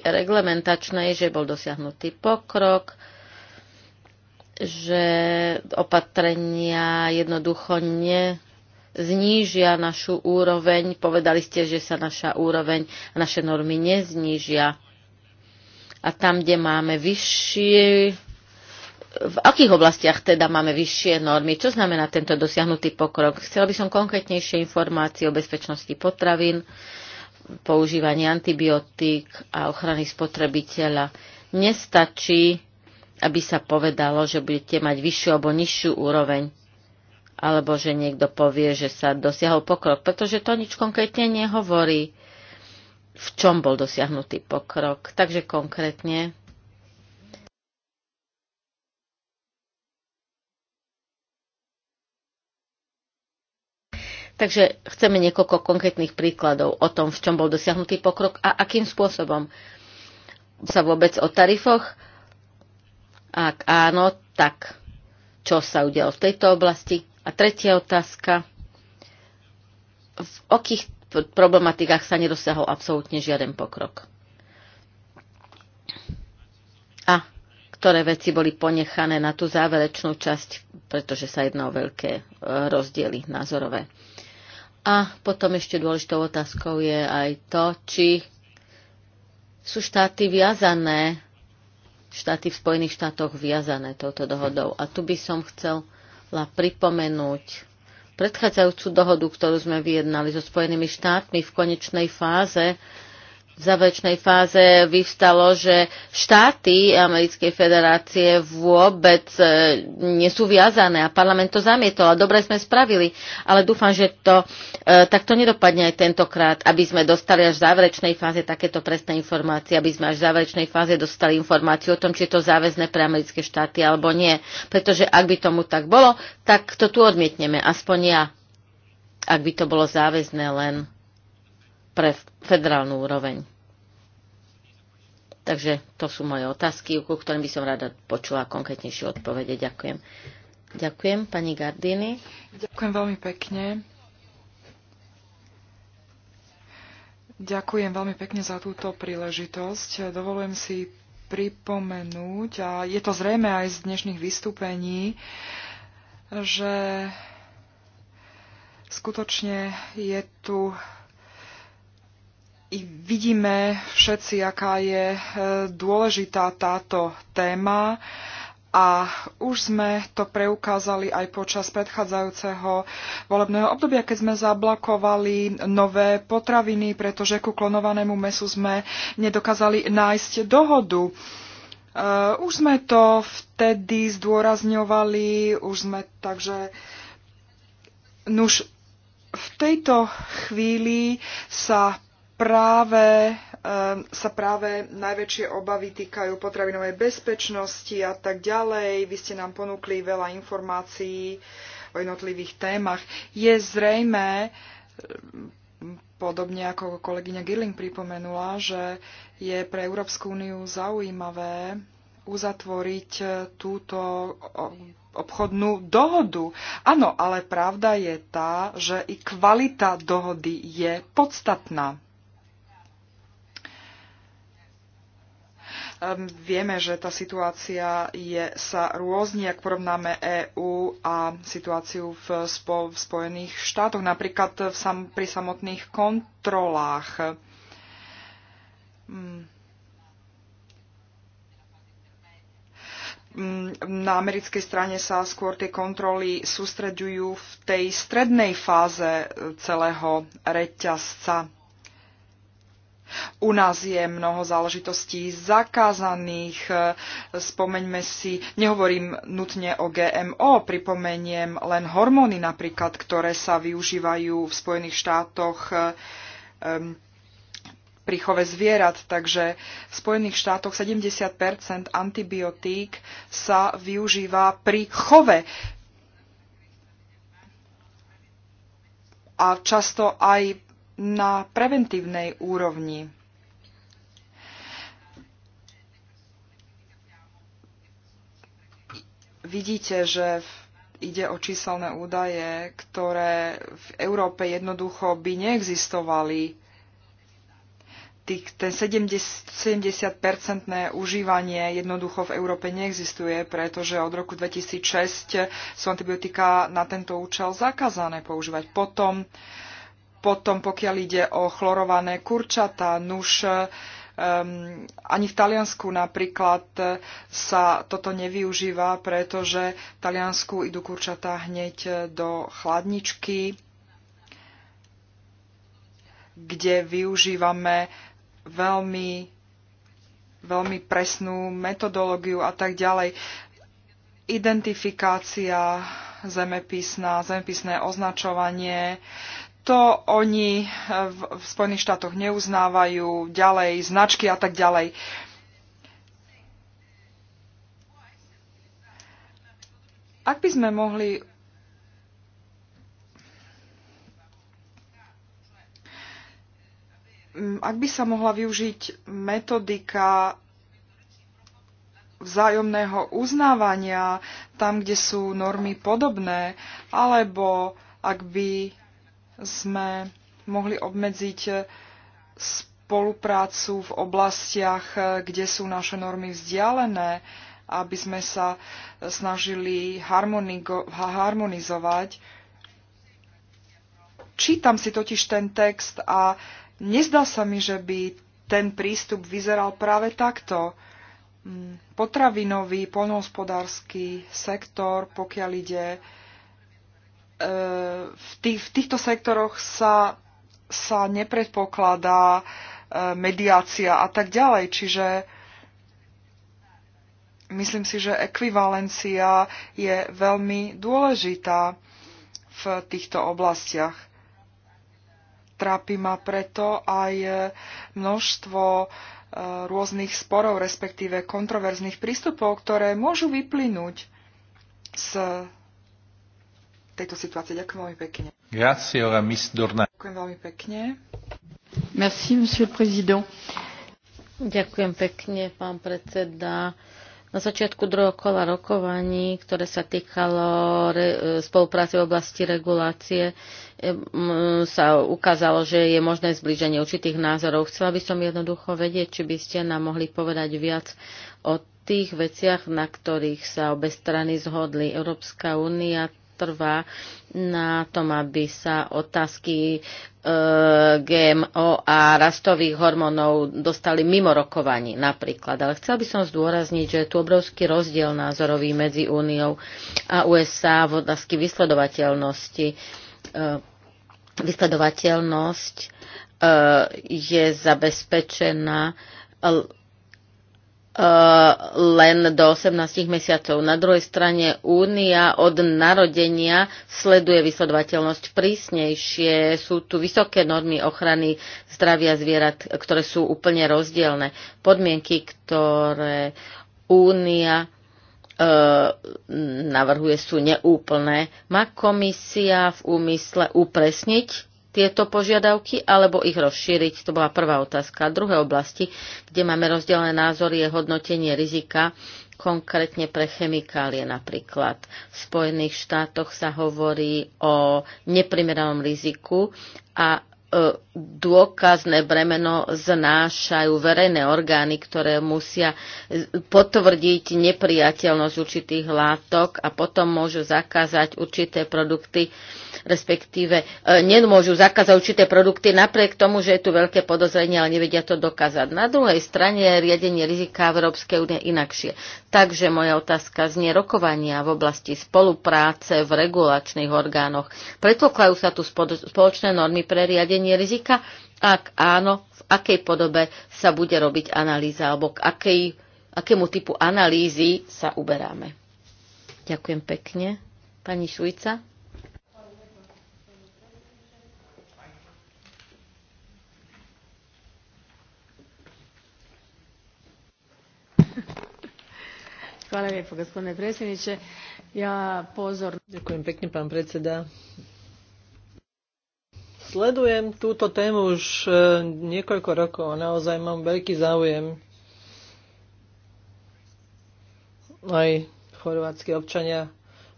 reglementačnej, že bol dosiahnutý pokrok, že opatrenia jednoducho ne znížia našu úroveň. Povedali ste, že sa naša úroveň a naše normy neznížia. A tam, kde máme vyššie v akých oblastiach teda máme vyššie normy? Čo znamená tento dosiahnutý pokrok? Chcela by som konkrétnejšie informácie o bezpečnosti potravín, používaní antibiotík a ochrany spotrebiteľa. Nestačí aby sa povedalo, že budete mať vyššiu alebo nižšiu úroveň, alebo že niekto povie, že sa dosiahol pokrok, pretože to nič konkrétne nehovorí, v čom bol dosiahnutý pokrok. Takže konkrétne Takže chceme niekoľko konkrétnych príkladov o tom, v čom bol dosiahnutý pokrok a akým spôsobom sa vôbec o tarifoch ak áno, tak čo sa udialo v tejto oblasti? A tretia otázka. V akých problematikách sa nedosiahol absolútne žiaden pokrok? A ktoré veci boli ponechané na tú záverečnú časť, pretože sa jedná o veľké e, rozdiely názorové. A potom ešte dôležitou otázkou je aj to, či sú štáty viazané štáty v Spojených štátoch viazané touto dohodou. A tu by som chcela pripomenúť predchádzajúcu dohodu, ktorú sme vyjednali so Spojenými štátmi v konečnej fáze záverečnej fáze vyvstalo, že štáty Americkej federácie vôbec e, nie sú viazané a parlament to zamietol a dobre sme spravili, ale dúfam, že to e, takto nedopadne aj tentokrát, aby sme dostali až v záverečnej fáze takéto presné informácie, aby sme až v záverečnej fáze dostali informáciu o tom, či je to záväzné pre americké štáty alebo nie. Pretože ak by tomu tak bolo, tak to tu odmietneme, aspoň ja. Ak by to bolo záväzné len pre federálnu úroveň. Takže to sú moje otázky, ku ktorým by som rada počula konkrétnejšie odpovede. Ďakujem. Ďakujem, pani Gardini. Ďakujem veľmi pekne. Ďakujem veľmi pekne za túto príležitosť. Dovolujem si pripomenúť, a je to zrejme aj z dnešných vystúpení, že skutočne je tu vidíme všetci, aká je e, dôležitá táto téma. A už sme to preukázali aj počas predchádzajúceho volebného obdobia, keď sme zablokovali nové potraviny, pretože ku klonovanému mesu sme nedokázali nájsť dohodu. E, už sme to vtedy zdôrazňovali, už sme takže... Nuž, v tejto chvíli sa práve, ehm, sa práve najväčšie obavy týkajú potravinovej bezpečnosti a tak ďalej. Vy ste nám ponúkli veľa informácií o jednotlivých témach. Je zrejme, ehm, podobne ako kolegyňa Girling pripomenula, že je pre Európsku úniu zaujímavé uzatvoriť e, túto obchodnú dohodu. Áno, ale pravda je tá, že i kvalita dohody je podstatná. Vieme, že tá situácia je, sa rôzni, ak porovnáme EÚ a situáciu v, spo, v Spojených štátoch, napríklad v sam, pri samotných kontrolách. Mm. Mm, na americkej strane sa skôr tie kontroly sústreďujú v tej strednej fáze e, celého reťazca u nás je mnoho záležitostí zakázaných. E, Spomeňme si, nehovorím nutne o GMO, pripomeniem len hormóny napríklad, ktoré sa využívajú v Spojených štátoch e, pri chove zvierat. Takže v Spojených štátoch 70 antibiotík sa využíva pri chove a často aj na preventívnej úrovni. Vidíte, že ide o číselné údaje, ktoré v Európe jednoducho by neexistovali. Tých, ten 70-percentné užívanie jednoducho v Európe neexistuje, pretože od roku 2006 sú antibiotika na tento účel zakázané používať. Potom uh, potom, pokiaľ ide o chlorované kurčatá, nuž, um, ani v Taliansku napríklad e, sa toto nevyužíva, pretože v Taliansku idú kurčatá hneď e, do chladničky, kde využívame veľmi, veľmi presnú metodológiu a tak ďalej. Identifikácia zemepisná, zemepisné označovanie, to oni eh, v, v Spojených štátoch neuznávajú ďalej, značky a tak ďalej. Ak by sme mohli ak by sa mohla využiť metodika vzájomného uznávania tam, kde sú normy podobné, alebo ak by sme mohli obmedziť spoluprácu v oblastiach, kde sú naše normy vzdialené, aby sme sa snažili harmonizovať. Čítam si totiž ten text a nezdá sa mi, že by ten prístup vyzeral práve takto. Mm, potravinový, poľnohospodársky sektor, pokiaľ ide v, tých, v týchto sektoroch sa, sa nepredpokladá e, mediácia a tak ďalej. Čiže myslím si, že ekvivalencia je veľmi dôležitá v týchto oblastiach. Trápi ma preto aj množstvo e, rôznych sporov, respektíve kontroverzných prístupov, ktoré môžu vyplynúť z tejto situácii. Ďakujem veľmi pekne. Grazie, ora miss Dorna. Ďakujem veľmi pekne. Merci, monsieur le président. Ďakujem pekne, pán predseda. Na začiatku druhého kola rokovaní, ktoré sa týkalo e, spolupráce v oblasti regulácie, e, sa ukázalo, že je možné zblíženie určitých názorov. Chcela by som jednoducho vedieť, či by ste nám mohli povedať viac o tých veciach, na ktorých sa obe strany zhodli. Európska únia trvá na tom, aby sa otázky e, GMO a rastových hormónov dostali mimo rokovaní napríklad. Ale chcel by som zdôrazniť, že je tu obrovský rozdiel názorový medzi Úniou a USA v otázky vysledovateľnosti. E, vysledovateľnosť e, je zabezpečená Eh, len do 18 mesiacov. Na druhej strane Únia od narodenia sleduje vysledovateľnosť prísnejšie. Sú tu vysoké normy ochrany zdravia zvierat, ktoré sú úplne rozdielne. Podmienky, ktoré Únia eh, navrhuje, sú neúplné. Má komisia v úmysle upresniť tieto požiadavky alebo ich rozšíriť? To bola prvá otázka. A druhé oblasti, kde máme rozdielne názory, je hodnotenie rizika konkrétne pre chemikálie napríklad. V Spojených štátoch sa hovorí o neprimeranom riziku a E, dôkazné bremeno znášajú verejné orgány, ktoré musia potvrdiť nepriateľnosť určitých látok a potom môžu zakázať určité produkty, respektíve e, nemôžu zakázať určité produkty napriek tomu, že je tu veľké podozrenie, ale nevedia to dokázať. Na druhej strane je riadenie rizika Európskej únie inakšie. Takže moja otázka znie rokovania v oblasti spolupráce v regulačných orgánoch. Predpokladajú sa tu spoločné normy pre riadenie riadenie rizika? Ak áno, v akej podobe sa bude robiť analýza alebo k akej, akému typu analýzy sa uberáme? Ďakujem pekne. Pani Šujca? Hvala lijepo, gospodine predsjedniče. Ja pozor... Ďakujem pekne, pán predseda. Sledujem túto tému už e, niekoľko rokov a naozaj mám veľký záujem. Aj chorvátsky občania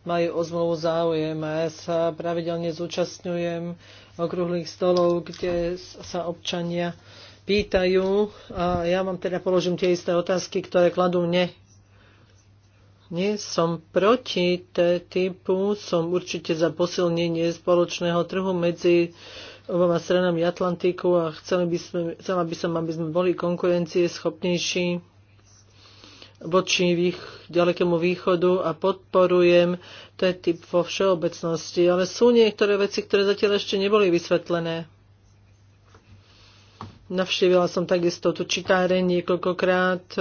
majú o zmluvu záujem a ja sa pravidelne zúčastňujem okrúhlych stolov, kde sa občania pýtajú a ja vám teda položím tie isté otázky, ktoré kladú mne nie som proti typu, som určite za posilnenie spoločného trhu medzi oboma stranami Atlantiku a chcela by, sme, chcela by som, aby sme boli konkurencie schopnejší voči vých, ďalekému východu a podporujem to je typ vo všeobecnosti. Ale sú niektoré veci, ktoré zatiaľ ešte neboli vysvetlené. Navštívila som takisto tu čitáreň niekoľkokrát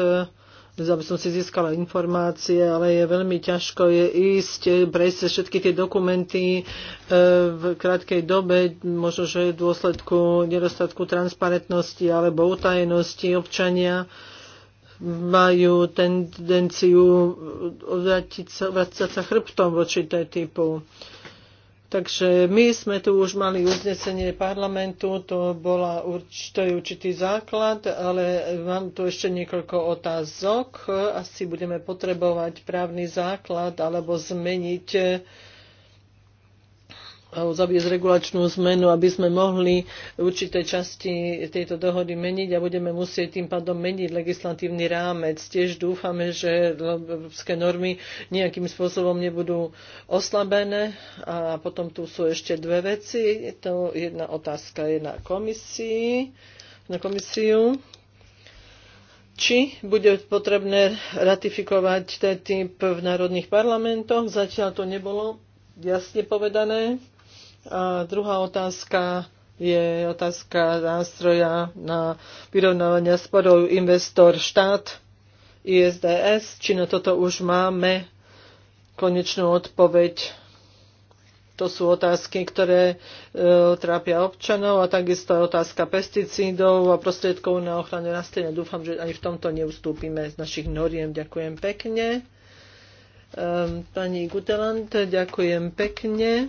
aby som si získala informácie, ale je veľmi ťažko je ísť, prejsť všetky tie dokumenty e, v krátkej dobe, možno, že v dôsledku nedostatku transparentnosti alebo utajenosti občania majú tendenciu obrátiť sa, sa chrbtom voči tej typu Takže my sme tu už mali uznesenie parlamentu, to, bola urč, to je určitý základ, ale mám tu ešte niekoľko otázok. Asi budeme potrebovať právny základ alebo zmeniť zaviesť regulačnú zmenu, aby sme mohli určité časti tejto dohody meniť a budeme musieť tým pádom meniť legislatívny rámec. Tiež dúfame, že európske normy nejakým spôsobom nebudú oslabené. A potom tu sú ešte dve veci. Je To jedna otázka je na komisii, na komisiu či bude potrebné ratifikovať TTIP v národných parlamentoch. Zatiaľ to nebolo jasne povedané. A druhá otázka je otázka nástroja na vyrovnávanie sporov investor-štát, ISDS, či na toto už máme konečnú odpoveď. To sú otázky, ktoré e, trápia občanov a takisto je otázka pesticídov a prostriedkov na ochranu rastlín. Dúfam, že ani v tomto neustúpime z našich noriem. Ďakujem pekne. E, pani Gutelant, ďakujem pekne.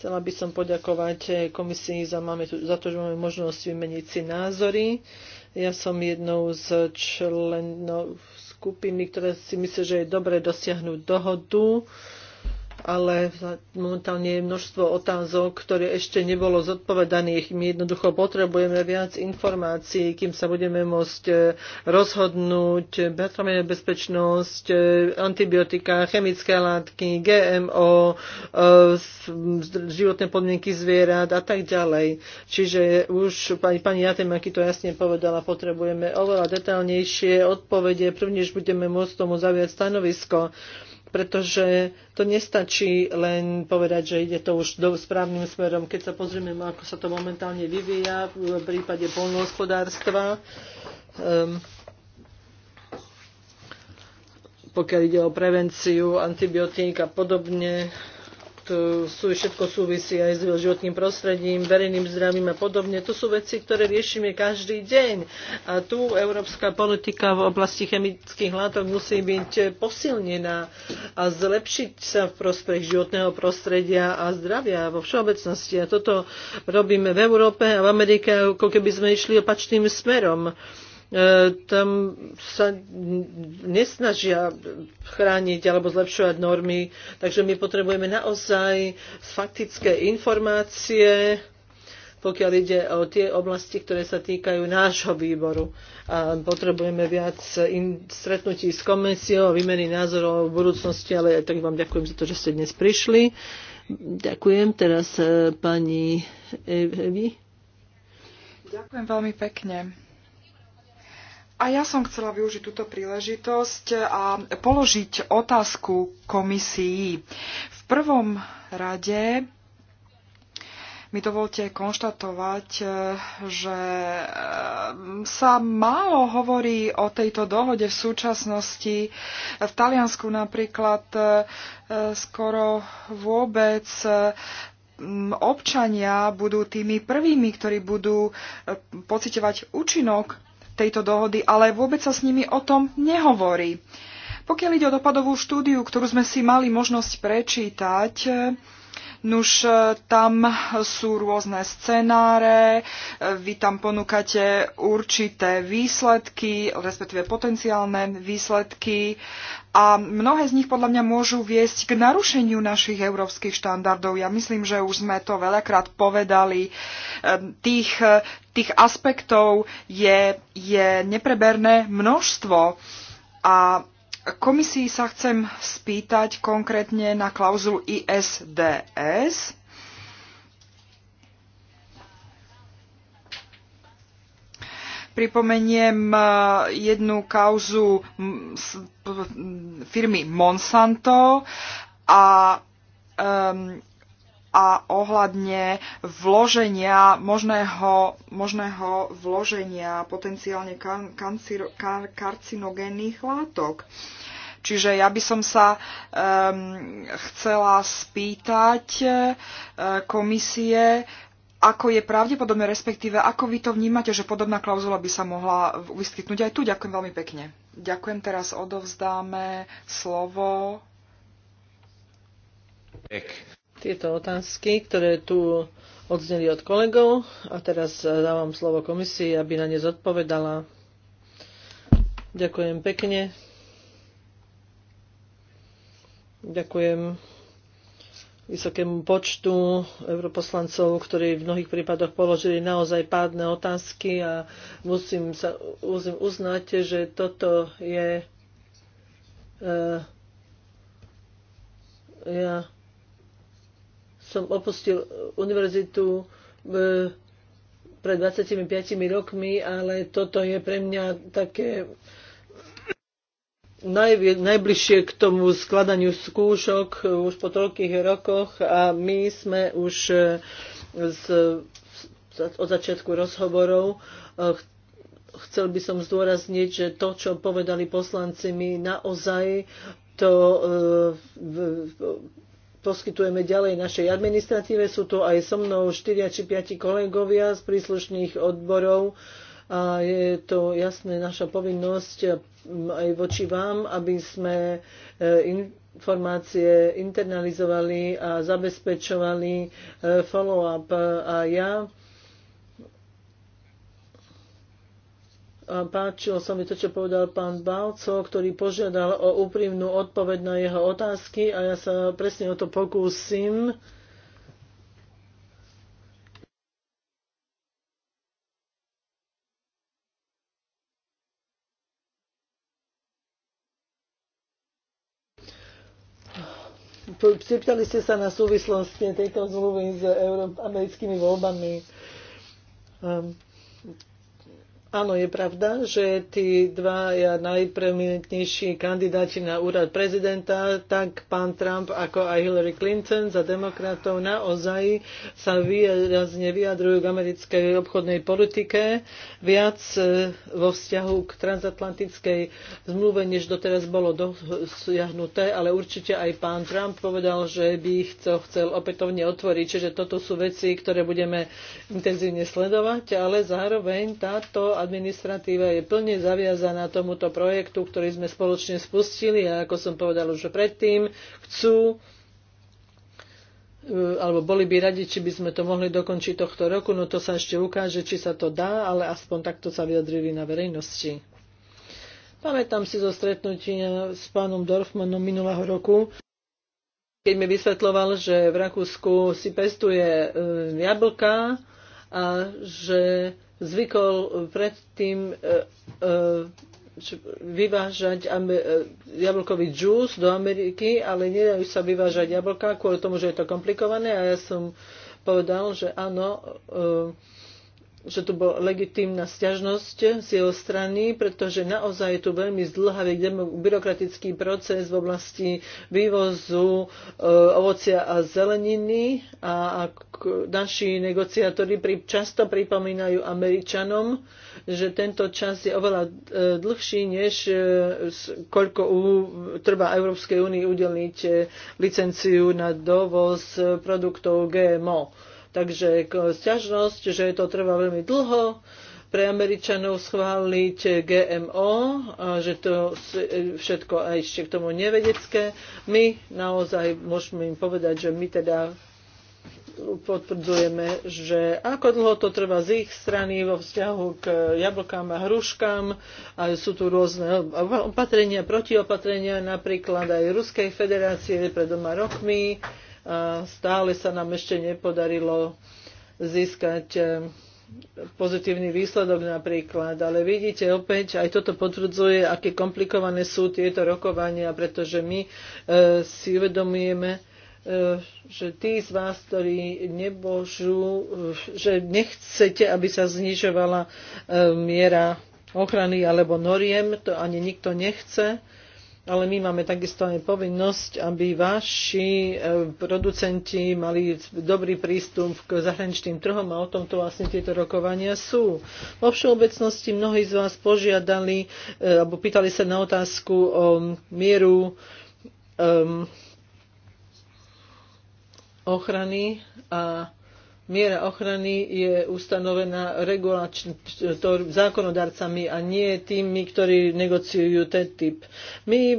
Chcela by som poďakovať eh, komisii za, máme tu, za to, že máme možnosť vymeniť si názory. Ja som jednou z členov skupiny, ktoré si myslí, že je dobre dosiahnuť dohodu ale momentálne je množstvo otázok, ktoré ešte nebolo zodpovedaných. My jednoducho potrebujeme viac informácií, kým sa budeme môcť e, rozhodnúť. Betramená bezpečnosť, e, antibiotika, chemické látky, GMO, e, životné podmienky zvierat a tak ďalej. Čiže už pani, pani Jatemaki to jasne povedala, potrebujeme oveľa detálnejšie odpovede, prvnež budeme môcť tomu zaviať stanovisko pretože to nestačí len povedať, že ide to už do správnym smerom. Keď sa pozrieme, ako sa to momentálne vyvíja v prípade polnohospodárstva, um, ehm, pokiaľ ide o prevenciu, antibiotík a podobne, to sú, všetko súvisí aj s životným prostredím, verejným zdravím a podobne. To sú veci, ktoré riešime každý deň. A tu európska politika v oblasti chemických látok musí byť posilnená a zlepšiť sa v prospech životného prostredia a zdravia vo všeobecnosti. A toto robíme v Európe a v Amerike, ako keby sme išli opačným smerom. E, tam sa nesnažia chrániť alebo zlepšovať normy, takže my potrebujeme naozaj faktické informácie, pokiaľ ide o tie oblasti, ktoré sa týkajú nášho výboru. A potrebujeme viac in- stretnutí s komisiou a výmeny názorov v budúcnosti, ale tak vám ďakujem za to, že ste dnes prišli. Ďakujem teraz e, pani Evi. Ďakujem veľmi pekne. A ja som chcela využiť túto príležitosť a položiť otázku komisii. V prvom rade mi dovolte konštatovať, eh, že eh, sa málo hovorí o tejto dohode v súčasnosti. V Taliansku napríklad eh, skoro vôbec občania budú tými prvými, ktorí budú pocitovať účinok tejto dohody, ale vôbec sa s nimi o tom nehovorí. Pokiaľ ide o dopadovú štúdiu, ktorú sme si mali možnosť prečítať, Nuž e, tam sú rôzne scenáre, e, vy tam ponúkate určité výsledky, respektíve potenciálne výsledky a mnohé z nich podľa mňa môžu viesť k narušeniu našich európskych štandardov. Ja myslím, že už sme to veľakrát povedali. E, tých, tých aspektov je, je nepreberné množstvo a Komisii sa chcem spýtať konkrétne na klauzulu ISDS. Pripomeniem uh, jednu kauzu firmy Monsanto a um, a ohľadne vloženia, možného, možného vloženia potenciálne kan, kanciro, kan, karcinogénnych látok. Čiže ja by som sa um, chcela spýtať uh, komisie, ako je pravdepodobné, respektíve ako vy to vnímate, že podobná klauzula by sa mohla vyskytnúť aj tu. Ďakujem veľmi pekne. Ďakujem, teraz odovzdáme slovo. Tieto otázky, ktoré tu odzneli od kolegov a teraz eh, dávam slovo komisii, aby na ne zodpovedala. Ďakujem pekne. Ďakujem vysokému počtu europoslancov, ktorí v mnohých prípadoch položili naozaj pádne otázky a musím sa musím uznať, že toto je uh, ja som opustil univerzitu v, eh, pred 25 rokmi, ale toto je pre mňa také uh, naj, najbližšie k tomu skladaniu skúšok už po toľkých rokoch a my sme už e, z, z, od začiatku rozhovorov e, chcel by som zdôrazniť, že to, čo povedali poslanci, my naozaj to e, v, v, poskytujeme ďalej našej administratíve. Sú tu aj so mnou štyria či piati kolegovia z príslušných odborov, a je to jasné naša povinnosť aj voči vám, aby sme e, informácie internalizovali a zabezpečovali e, follow-up. A ja a páčilo sa mi to, čo povedal pán Balco, ktorý požiadal o úprimnú odpoveď na jeho otázky a ja sa presne o to pokúsim. Pýtali ste sa na súvislosti tejto zmluvy s americkými voľbami. Um, Áno, je pravda, že tí dvaja najpreminentnejší kandidáti na úrad prezidenta, tak pán Trump ako aj Hillary Clinton za demokratov naozaj sa výrazne vyjadrujú k americkej obchodnej politike viac e, vo vzťahu k transatlantickej zmluve, než doteraz bolo dosiahnuté, ale určite aj pán Trump povedal, že by ich to chcel opätovne otvoriť, čiže toto sú veci, ktoré budeme intenzívne sledovať, ale zároveň táto administratíva je plne zaviazaná tomuto projektu, ktorý sme spoločne spustili a ako som povedal už predtým, chcú e, alebo boli by radi, či by sme to mohli dokončiť tohto roku, no to sa ešte ukáže, či sa to dá, ale aspoň takto sa vyjadrili na verejnosti. Pamätám si zo stretnutia s pánom Dorfmanom minulého roku, keď mi vysvetloval, že v Rakúsku si pestuje e, jablka a že zvykol eh, predtým eh, eh, vyvážať jablkový džús do Ameriky, ale nedajú sa vyvážať jablka kvôli tomu, že je to komplikované a ja som povedal, že áno, e, že tu bola legitímna sťažnosť z jeho strany, pretože naozaj je tu veľmi zdlhavý byrokratický proces v oblasti vývozu e, ovocia a zeleniny a, a naši negociátori pri, často pripomínajú Američanom, že tento čas je oveľa e, dlhší, než e, koľko u, trvá Európskej únii udeliť e, licenciu na dovoz produktov GMO. E, Takže sťažnosť, že to trvá veľmi dlho, pre Američanov schváliť GMO, že to všetko aj ešte k tomu nevedecké. My naozaj môžeme im povedať, že my teda potvrdzujeme, že ako dlho to trvá z ich strany vo vzťahu k jablkám a hruškám. A sú tu rôzne opatrenia, protiopatrenia, napríklad aj Ruskej federácie pred doma rokmi a stále sa nám ešte nepodarilo získať e, pozitívny výsledok napríklad. Ale vidíte opäť, aj toto potvrdzuje, aké komplikované sú tieto rokovania, pretože my e, si uvedomujeme, e, že tí z vás, ktorí nebožú, e, že nechcete, aby sa znižovala e, miera ochrany alebo noriem, to ani nikto nechce. E, ale my máme takisto aj povinnosť, aby vaši eh, producenti mali dobrý prístup k zahraničným trhom a o tomto vlastne tieto rokovania sú. Vo všeobecnosti mnohí z vás požiadali eh, alebo pýtali sa na otázku o mieru um, ochrany a miera ochrany je ustanovená zákonodarcami a nie tými, ktorí negociujú ten typ. My e,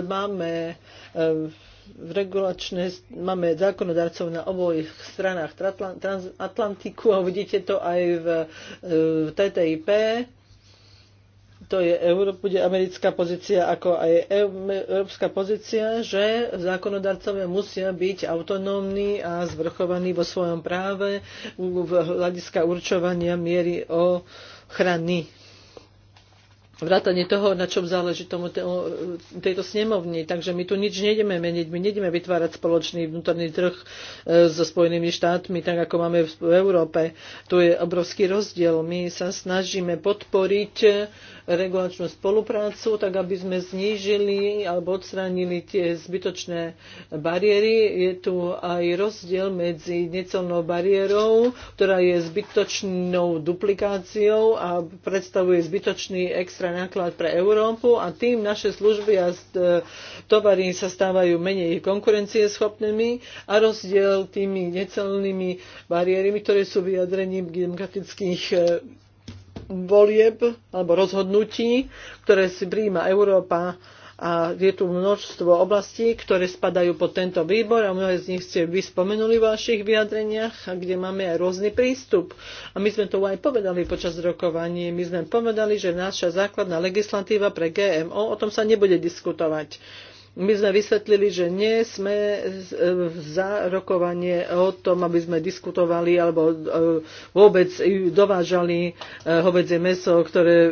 máme e, regulačné, máme zákonodarcov na oboch stranách Transatlantiku a vidíte to aj v e, TTIP to je Euró- bude americká pozícia ako aj európska pozícia, že zákonodarcovia musia byť autonómni a zvrchovaní vo svojom práve v hľadiska určovania miery ochrany. Vrátanie toho, na čom záleží tomu tejto snemovni. Takže my tu nič nejdeme meniť. My nejdeme vytvárať spoločný vnútorný trh e, so Spojenými štátmi, tak ako máme v Európe. Tu je obrovský rozdiel. My sa snažíme podporiť regulačnú spoluprácu, tak aby sme znížili alebo odstránili tie zbytočné bariéry. Je tu aj rozdiel medzi necelnou bariérou, ktorá je zbytočnou duplikáciou a predstavuje zbytočný extra náklad pre Európu a tým naše služby a e, tovary sa stávajú menej konkurencieschopnými a rozdiel tými necelnými bariérami, ktoré sú vyjadrením demokratických e, volieb alebo rozhodnutí, ktoré si príjima Európa a je tu množstvo oblastí, ktoré spadajú pod tento výbor a mnohé z nich ste vyspomenuli v vašich vyjadreniach, a kde máme aj rôzny prístup. A my sme to aj povedali počas rokovaní. My sme povedali, že naša základná legislatíva pre GMO, o tom sa nebude diskutovať my sme vysvetlili, že nie sme e, za rokovanie o tom, aby sme diskutovali alebo e, vôbec dovážali e, hovedzie meso, ktoré,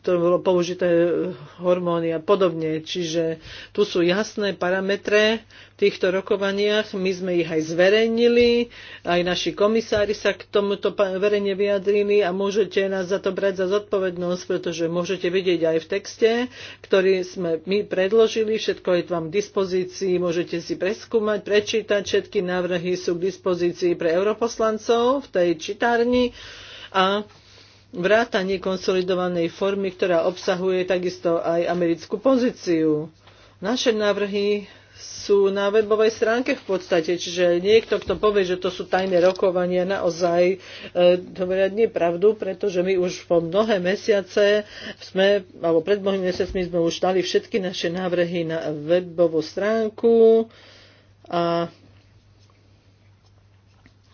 ktoré mm, bolo použité hormóny a podobne. Čiže tu sú jasné parametre, týchto rokovaniach. My sme ich aj zverejnili, aj naši komisári sa k tomuto verejne vyjadrili a môžete nás za to brať za zodpovednosť, pretože môžete vidieť aj v texte, ktorý sme my predložili, všetko je vám k dispozícii, môžete si preskúmať, prečítať, všetky návrhy sú k dispozícii pre europoslancov v tej čitárni a vrátanie konsolidovanej formy, ktorá obsahuje takisto aj americkú pozíciu. Naše návrhy sú na webovej stránke v podstate. Čiže niekto, kto povie, že to sú tajné rokovania, naozaj e, hovoria pravdu, pretože my už po mnohé mesiace sme, alebo pred mnohými mesiacmi sme už dali všetky naše návrhy na webovú stránku a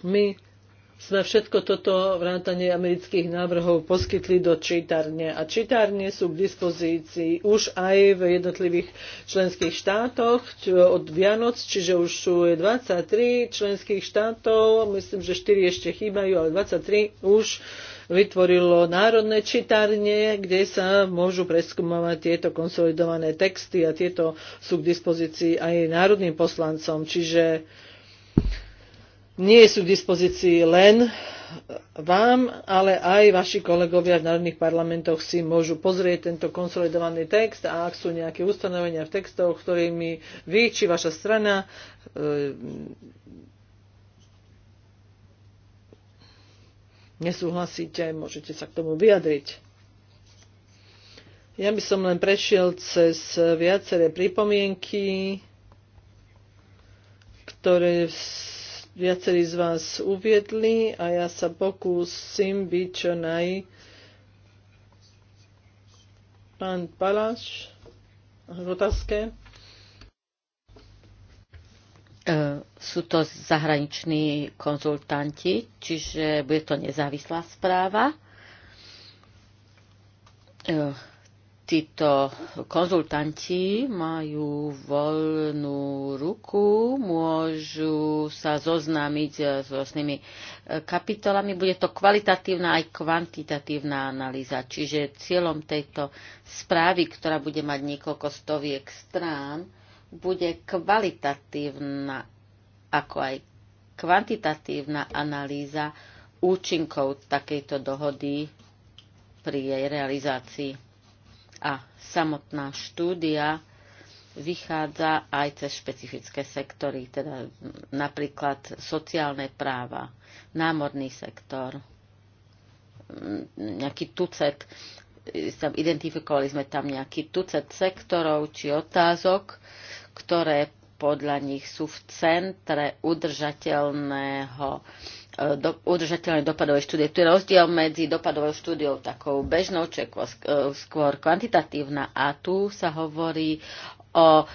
my sme všetko toto vrátanie amerických návrhov poskytli do čítarne A čítarne sú k dispozícii už aj v jednotlivých členských štátoch od Vianoc, čiže už sú 23 členských štátov, myslím, že 4 ešte chýbajú, ale 23 už vytvorilo národné čitárne, kde sa môžu preskúmovať tieto konsolidované texty a tieto sú k dispozícii aj národným poslancom. Čiže nie sú k dispozícii len vám, ale aj vaši kolegovia v národných parlamentoch si môžu pozrieť tento konsolidovaný text a ak sú nejaké ustanovenia v textoch, ktorými vy či vaša strana e, nesúhlasíte, môžete sa k tomu vyjadriť. Ja by som len prešiel cez viaceré pripomienky, ktoré viacerí z vás uviedli a ja sa pokúsim byť čo naj... Pán Paláš, v otázke. E, sú to zahraniční konzultanti, čiže bude to nezávislá správa e, títo konzultanti majú voľnú ruku, môžu sa zoznámiť s rôznymi e, kapitolami. Bude to kvalitatívna aj kvantitatívna analýza. Čiže cieľom tejto správy, ktorá bude mať niekoľko stoviek strán, bude kvalitatívna ako aj kvantitatívna analýza účinkov takejto dohody pri jej realizácii a samotná štúdia vychádza aj cez špecifické sektory, teda napríklad sociálne práva, námorný sektor, nejaký tucet, identifikovali sme tam nejaký tucet sektorov či otázok, ktoré podľa nich sú v centre udržateľného E, do, udržateľnej dopadovej štúdie. Tu je rozdiel medzi dopadovou štúdiou takou bežnou, čo je e, skôr kvantitatívna a tu sa hovorí o e,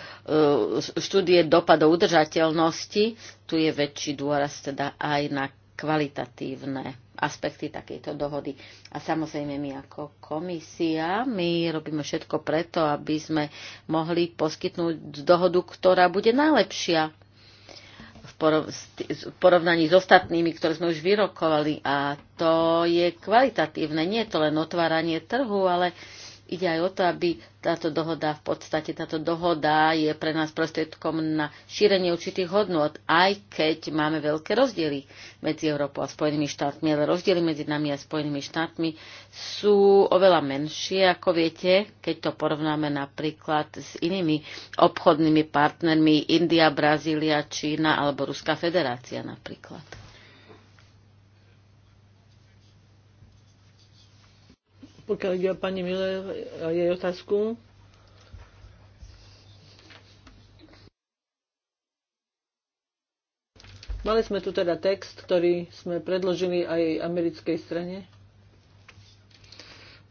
štúdie dopadov udržateľnosti. Tu je väčší dôraz teda aj na kvalitatívne aspekty takejto dohody. A samozrejme my ako komisia, my robíme všetko preto, aby sme mohli poskytnúť dohodu, ktorá bude najlepšia v porovnaní s ostatnými, ktoré sme už vyrokovali. A to je kvalitatívne. Nie je to len otváranie trhu, ale ide aj o to, aby táto dohoda v podstate, táto dohoda je pre nás prostriedkom na šírenie určitých hodnot, aj keď máme veľké rozdiely medzi Európou a Spojenými štátmi, ale rozdiely medzi nami a Spojenými štátmi sú oveľa menšie, ako viete, keď to porovnáme napríklad s inými obchodnými partnermi India, Brazília, Čína alebo Ruská federácia napríklad. Pokiaľ ide o pani Miller a jej otázku, Mali sme tu teda text, ktorý sme predložili aj americkej strane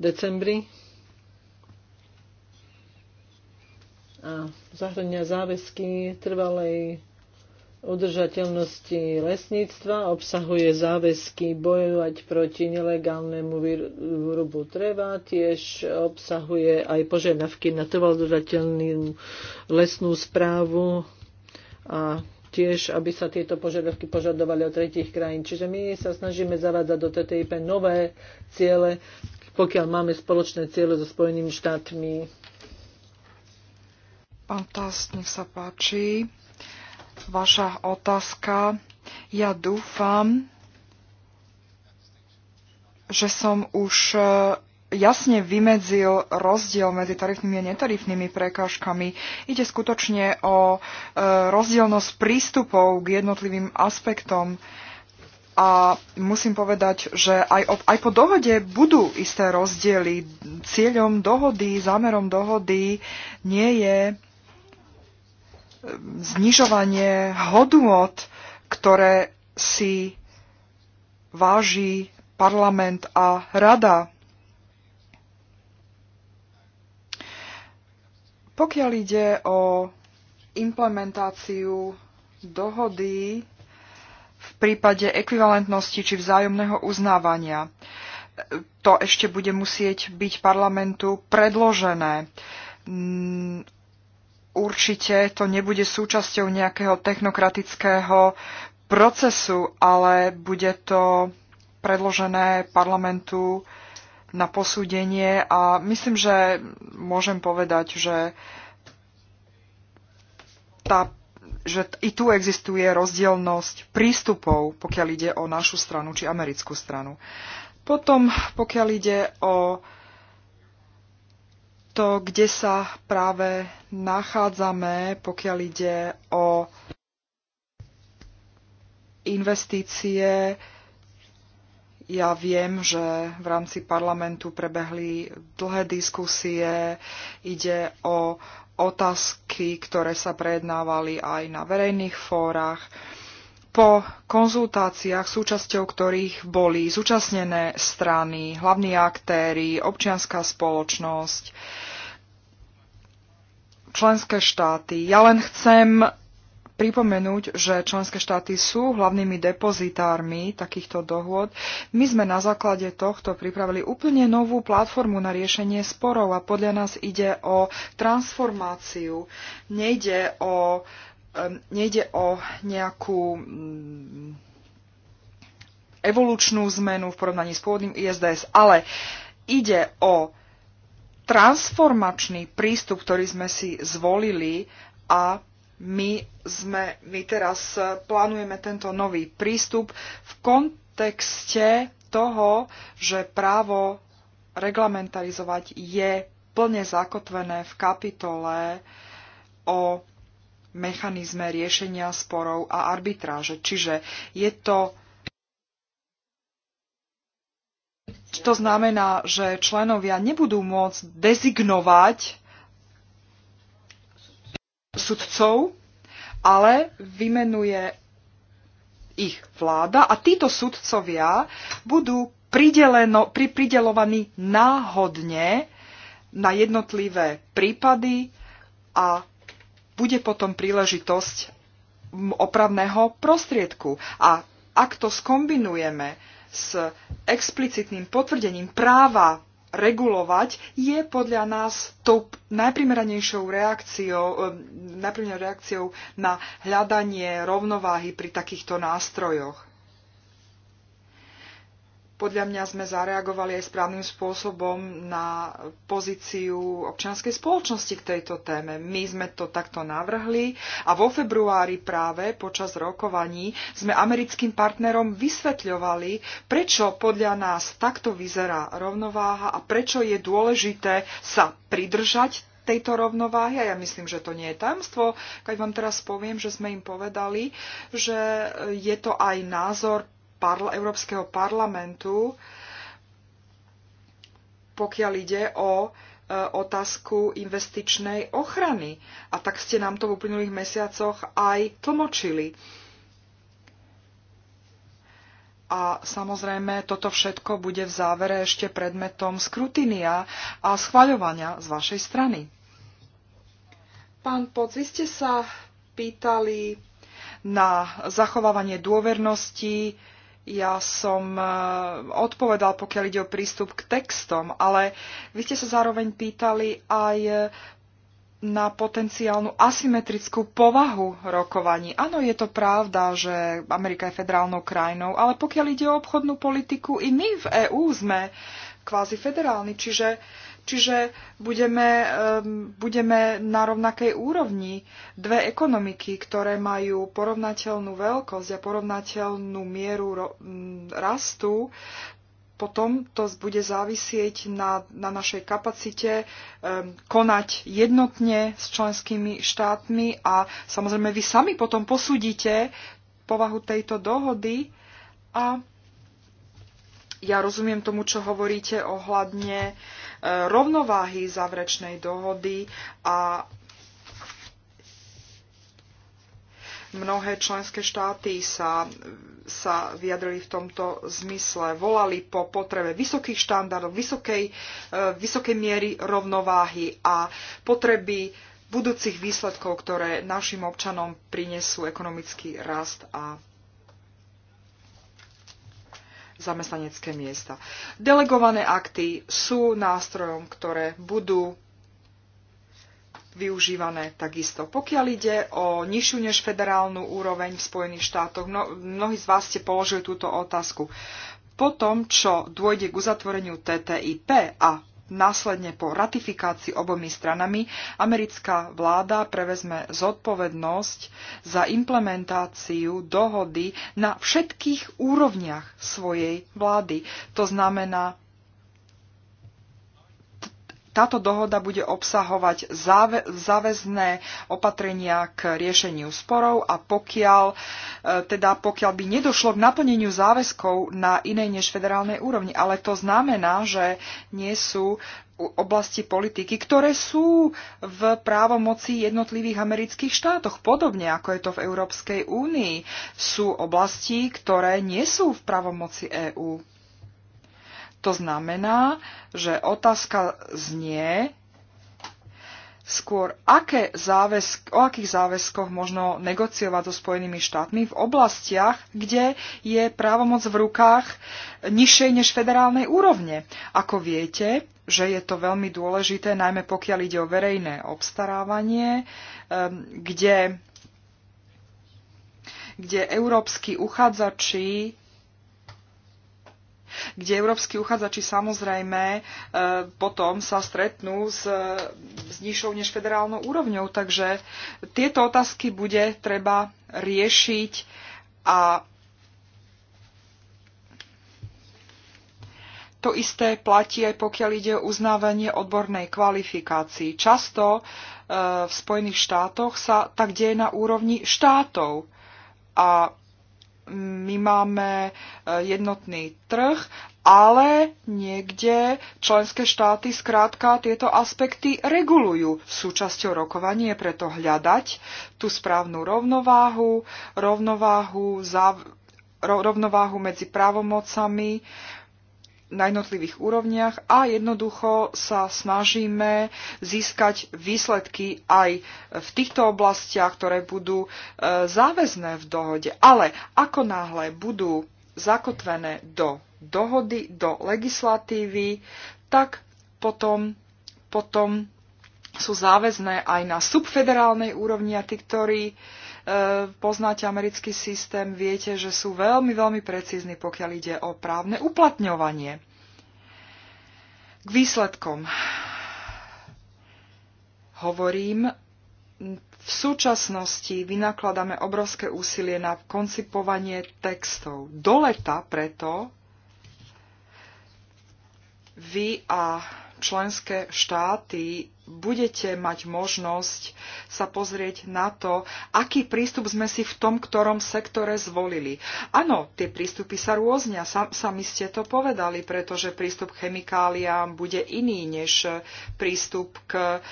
v decembri. A zahrania záväzky trvalej udržateľnosti lesníctva, obsahuje záväzky bojovať proti nelegálnemu výrubu dreva, tiež obsahuje aj požiadavky na trvalodržateľnú lesnú správu a tiež, aby sa tieto požiadavky požadovali od tretich krajín. Čiže my sa snažíme zavádzať do TTIP nové ciele, pokiaľ máme spoločné ciele so Spojenými štátmi. Pán sa páči vaša otázka. Ja dúfam, že som už eh, jasne vymedzil rozdiel medzi tarifnými a netarifnými prekážkami. Ide skutočne o eh, rozdielnosť prístupov k jednotlivým aspektom. A musím povedať, že aj, o, aj po dohode budú isté rozdiely. Cieľom dohody, zámerom dohody nie je znižovanie hodnot, ktoré si váži parlament a rada. Pokiaľ ide o implementáciu dohody v prípade ekvivalentnosti či vzájomného uznávania, to ešte bude musieť byť parlamentu predložené určite to nebude súčasťou nejakého technokratického procesu, ale bude to predložené parlamentu na posúdenie a myslím, že môžem povedať, že, tá, že i tu existuje rozdielnosť prístupov, pokiaľ ide o našu stranu či americkú stranu. Potom, pokiaľ ide o to, kde sa práve nachádzame, pokiaľ ide o investície. Ja viem, že v rámci parlamentu prebehli dlhé diskusie, ide o otázky, ktoré sa prejednávali aj na verejných fórach. Um, po konzultáciách, súčasťou ktorých boli zúčastnené strany, hlavní aktéry, občianská spoločnosť, členské štáty. Ja len chcem pripomenúť, že členské štáty sú hlavnými depozitármi takýchto dohôd. My sme na základe tohto pripravili úplne novú platformu na riešenie sporov a podľa nás ide o transformáciu. Nejde o uh, nejde o nejakú mm, evolučnú zmenu v porovnaní s pôvodným ISDS, ale ide o transformačný prístup, ktorý sme si zvolili a my, sme, my teraz plánujeme tento nový prístup v kontexte toho, že právo reglamentarizovať je plne zakotvené v kapitole o mechanizme riešenia sporov a arbitráže. Čiže je to To znamená, že členovia nebudú môcť dezignovať sudcov, ale vymenuje ich vláda a títo sudcovia budú pri, pridelovaní náhodne na jednotlivé prípady a bude potom príležitosť opravného prostriedku. A ak to skombinujeme s explicitným potvrdením práva regulovať, je podľa nás tou najprimeranejšou reakciou, najprimeranejšou reakciou na hľadanie rovnováhy pri takýchto nástrojoch. Podľa mňa sme zareagovali aj správnym spôsobom na pozíciu občianskej spoločnosti k tejto téme. My sme to takto navrhli a vo februári práve počas rokovaní sme americkým partnerom vysvetľovali, prečo podľa nás takto vyzerá rovnováha a prečo je dôležité sa pridržať tejto rovnováhy a ja myslím, že to nie je tajomstvo, keď vám teraz poviem, že sme im povedali, že je to aj názor parla- Európskeho parlamentu, pokiaľ ide o e, otázku investičnej ochrany. A tak ste nám to v uplynulých mesiacoch aj tlmočili. A samozrejme, toto všetko bude v závere ešte predmetom skrutinia a schvaľovania z vašej strany. Pán Poc, vy ste sa pýtali na zachovávanie dôvernosti ja som e, odpovedal, pokiaľ ide o prístup k textom, ale vy ste sa zároveň pýtali aj na potenciálnu asymetrickú povahu rokovaní. Áno, je to pravda, že Amerika je federálnou krajinou, ale pokiaľ ide o obchodnú politiku, i my v EÚ sme kvázi federálni, čiže uh, Čiže budeme, budeme na rovnakej úrovni dve ekonomiky, ktoré majú porovnateľnú veľkosť a porovnateľnú mieru rastu, potom to bude závisieť na, na našej kapacite um, konať jednotne s členskými štátmi a samozrejme vy sami potom posúdite povahu tejto dohody a ja rozumiem tomu, čo hovoríte ohľadne uh, rovnováhy záverečnej dohody a mnohé členské štáty sa, sa vyjadrili v tomto zmysle. Volali po potrebe vysokých štandardov, vysokej, e, vysokej miery rovnováhy a potreby budúcich výsledkov, ktoré našim občanom prinesú ekonomický rast a zamestnanecké miesta. Delegované akty sú nástrojom, ktoré budú využívané takisto. Pokiaľ ide o nižšiu než federálnu úroveň v Spojených štátoch, no, mnohí z vás ste položili túto otázku. Po tom, čo dôjde k uzatvoreniu TTIP a následne po ratifikácii obomi stranami americká vláda prevezme zodpovednosť za implementáciu dohody na všetkých úrovniach svojej vlády. To znamená táto dohoda bude obsahovať záve, záväzné opatrenia k riešeniu sporov a pokiaľ, e, teda pokiaľ by nedošlo k naplneniu záväzkov na inej než federálnej úrovni. Ale to znamená, že nie sú oblasti politiky, ktoré sú v právomoci jednotlivých amerických štátoch, podobne ako je to v Európskej únii. Sú oblasti, ktoré nie sú v právomoci EÚ. To znamená, že otázka znie skôr, aké záväzk, o akých záväzkoch možno negociovať so Spojenými štátmi v oblastiach, kde je právomoc v rukách nižšej než federálnej úrovne. Ako viete, že je to veľmi dôležité, najmä pokiaľ ide o verejné obstarávanie, ehm, kde, kde európsky uchádzači kde európsky uchádzači samozrejme e, potom sa stretnú s, e, s nižšou než federálnou úrovňou. Takže tieto otázky bude treba riešiť a To isté platí aj pokiaľ ide o uznávanie odbornej kvalifikácii. Často e, v Spojených štátoch sa tak deje na úrovni štátov. A my máme e, jednotný trh, ale niekde členské štáty zkrátka tieto aspekty regulujú. Súčasťou rokovania je preto hľadať tú správnu rovnováhu, rovnováhu, za, rovnováhu medzi právomocami, na jednotlivých úrovniach a jednoducho sa snažíme získať výsledky aj v týchto oblastiach, ktoré budú e, záväzné v dohode. Ale ako náhle budú zakotvené do dohody, do legislatívy, tak potom, potom sú záväzné aj na subfederálnej úrovni a tí, ktorí uh, E, poznáte americký systém, viete, že sú veľmi, veľmi precízni, pokiaľ ide o právne uplatňovanie. K výsledkom hovorím, v súčasnosti vynakladáme obrovské úsilie na koncipovanie textov. Do leta preto vy a členské štáty budete mať možnosť sa pozrieť na to, aký prístup sme si v tom, ktorom sektore zvolili. Áno, tie prístupy sa rôznia, sami ste to povedali, pretože prístup k chemikáliám bude iný než prístup k,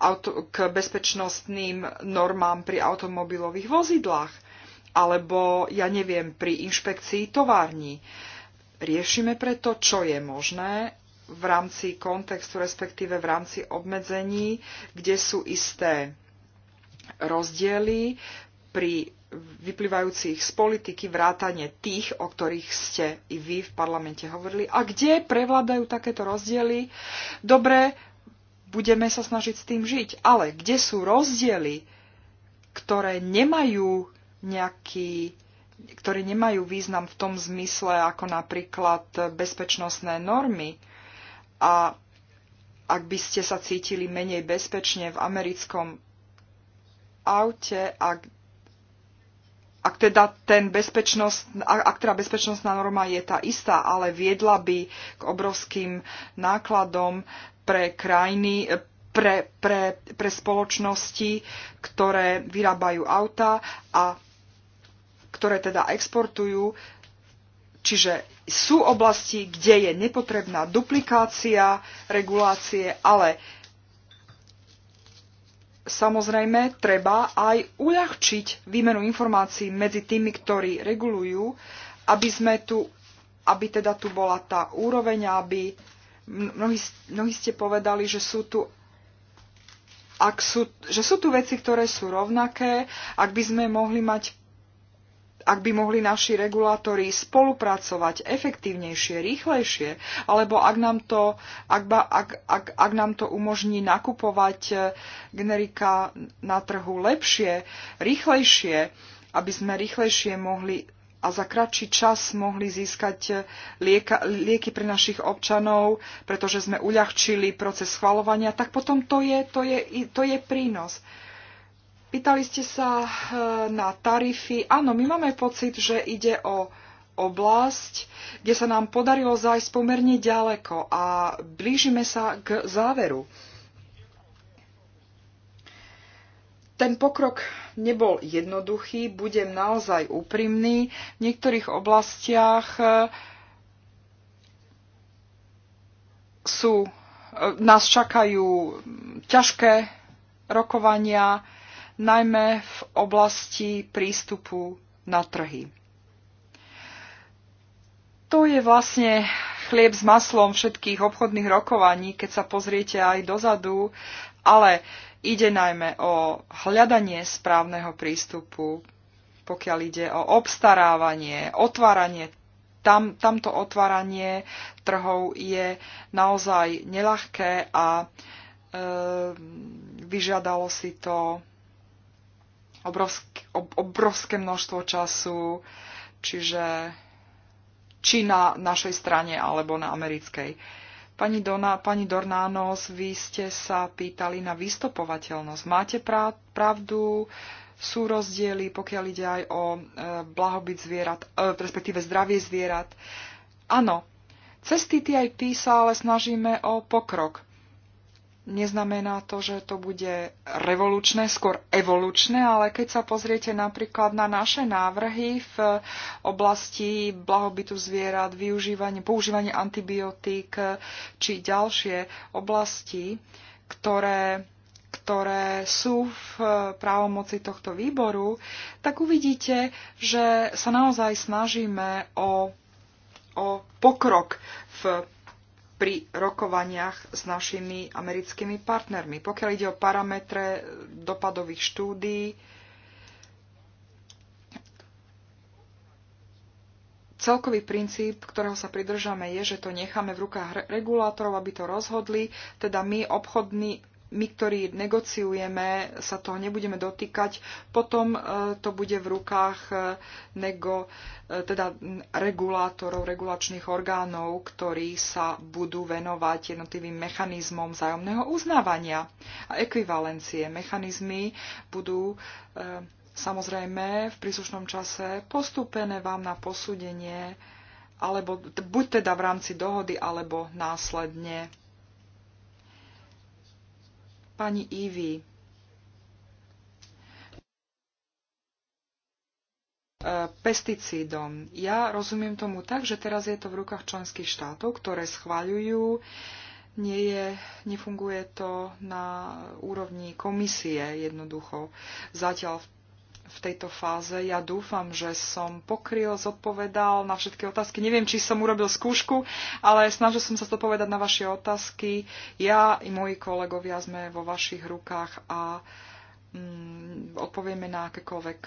auto, k bezpečnostným normám pri automobilových vozidlách alebo, ja neviem, pri inšpekcii tovární. Riešime preto, čo je možné v rámci kontextu, respektíve v rámci obmedzení, kde sú isté rozdiely pri vyplývajúcich z politiky vrátane tých, o ktorých ste i vy v parlamente hovorili. A kde prevládajú takéto rozdiely? Dobre, budeme sa snažiť s tým žiť. Ale kde sú rozdiely, ktoré nemajú nejaký ktoré nemajú význam v tom zmysle ako napríklad bezpečnostné normy, a ak by ste sa cítili menej bezpečne v americkom aute, ak, ak teda ten bezpečnosť, ak, ak teda bezpečnostná norma je tá istá, ale viedla by k obrovským nákladom pre krajiny, pre, pre, pre spoločnosti, ktoré vyrábajú auta a ktoré teda exportujú, Čiže sú oblasti, kde je nepotrebná duplikácia regulácie, ale samozrejme treba aj uľahčiť výmenu informácií medzi tými, ktorí regulujú, aby sme tu, aby teda tu bola tá úroveň, aby mnohí, mnohí ste povedali, že sú tu ak sú, že sú tu veci, ktoré sú rovnaké, ak by sme mohli mať ak by mohli naši regulátori spolupracovať efektívnejšie, rýchlejšie, alebo ak nám to, ak, ak, ak, ak nám to umožní nakupovať e, generika na trhu lepšie, rýchlejšie, aby sme rýchlejšie mohli a za kratší čas mohli získať e, lieka, lieky pre našich občanov, pretože sme uľahčili proces schvalovania, tak potom to je, to je, to je prínos. Pýtali ste sa eh, na tarify. Áno, my máme pocit, že ide o oblasť, kde sa nám podarilo zájsť pomerne ďaleko a blížime sa k záveru. Ten pokrok nebol jednoduchý, budem naozaj úprimný. V niektorých oblastiach eh, sú, eh, nás čakajú ťažké rokovania, najmä v oblasti prístupu na trhy. To je vlastne chlieb s maslom všetkých obchodných rokovaní, keď sa pozriete aj dozadu, ale ide najmä o hľadanie správneho prístupu, pokiaľ ide o obstarávanie, otváranie tam, tamto otváranie trhov je naozaj nelahké a e, vyžiadalo si to obrovské, obrovské množstvo času, čiže či na našej strane alebo na americkej. Pani, Dona, pani Dornános, vy ste sa pýtali na vystopovateľnosť. Máte pravdu, sú rozdiely, pokiaľ ide aj o e, blahobyt zvierat, e, respektíve zdravie zvierat. Áno, cez TTIP sa ale snažíme o pokrok. Neznamená to, že to bude revolučné, skôr evolučné, ale keď sa pozriete napríklad na naše návrhy v oblasti blahobytu zvierat, využívanie, používanie antibiotík či ďalšie oblasti, ktoré, ktoré sú v právomoci tohto výboru, tak uvidíte, že sa naozaj snažíme o, o pokrok v pri rokovaniach s našimi americkými partnermi. Pokiaľ ide o parametre dopadových štúdií, Celkový princíp, ktorého sa pridržame, je, že to necháme v rukách regulátorov, aby to rozhodli, teda my, obchodní my, ktorí negociujeme, sa toho nebudeme dotýkať, potom e, to bude v rukách e, nego, e, teda regulátorov, regulačných orgánov, ktorí sa budú venovať jednotlivým mechanizmom vzájomného uznávania a ekvivalencie. Mechanizmy budú samozrejme v príslušnom čase postúpené vám na posúdenie alebo buď teda v rámci dohody, alebo následne Pani Ivy. E, pesticídom. Ja rozumiem tomu tak, že teraz je to v rukách členských štátov, ktoré schváľujú nie je, nefunguje to na úrovni komisie jednoducho. Zatiaľ v v tejto fáze. Ja dúfam, že som pokryl, zodpovedal na všetky otázky. Neviem, či som urobil skúšku, ale snažil som sa to povedať na vaše otázky. Ja i moji kolegovia sme vo vašich rukách a mm, odpovieme na akékoľvek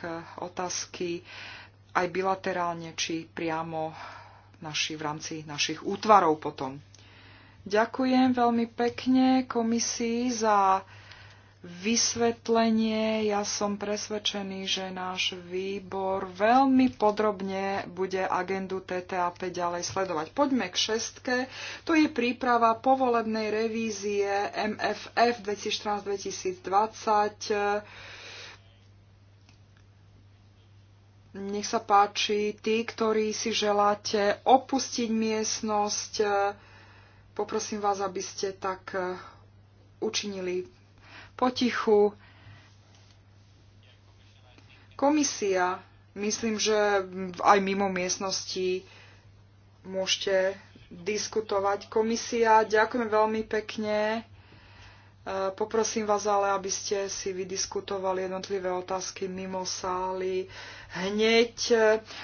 otázky aj bilaterálne, či priamo naši, v rámci našich útvarov potom. Ďakujem veľmi pekne komisii za vysvetlenie. Ja som presvedčený, že náš výbor veľmi podrobne bude agendu TTAP ďalej sledovať. Poďme k šestke. To je príprava povolebnej revízie MFF 2014-2020. Nech sa páči, tí, ktorí si želáte opustiť miestnosť, poprosím vás, aby ste tak eh, učinili potichu. Komisia, myslím, že aj mimo miestnosti môžete diskutovať. Komisia, ďakujem veľmi pekne. E, poprosím vás ale, aby ste si vydiskutovali jednotlivé otázky mimo sály. Hneď e,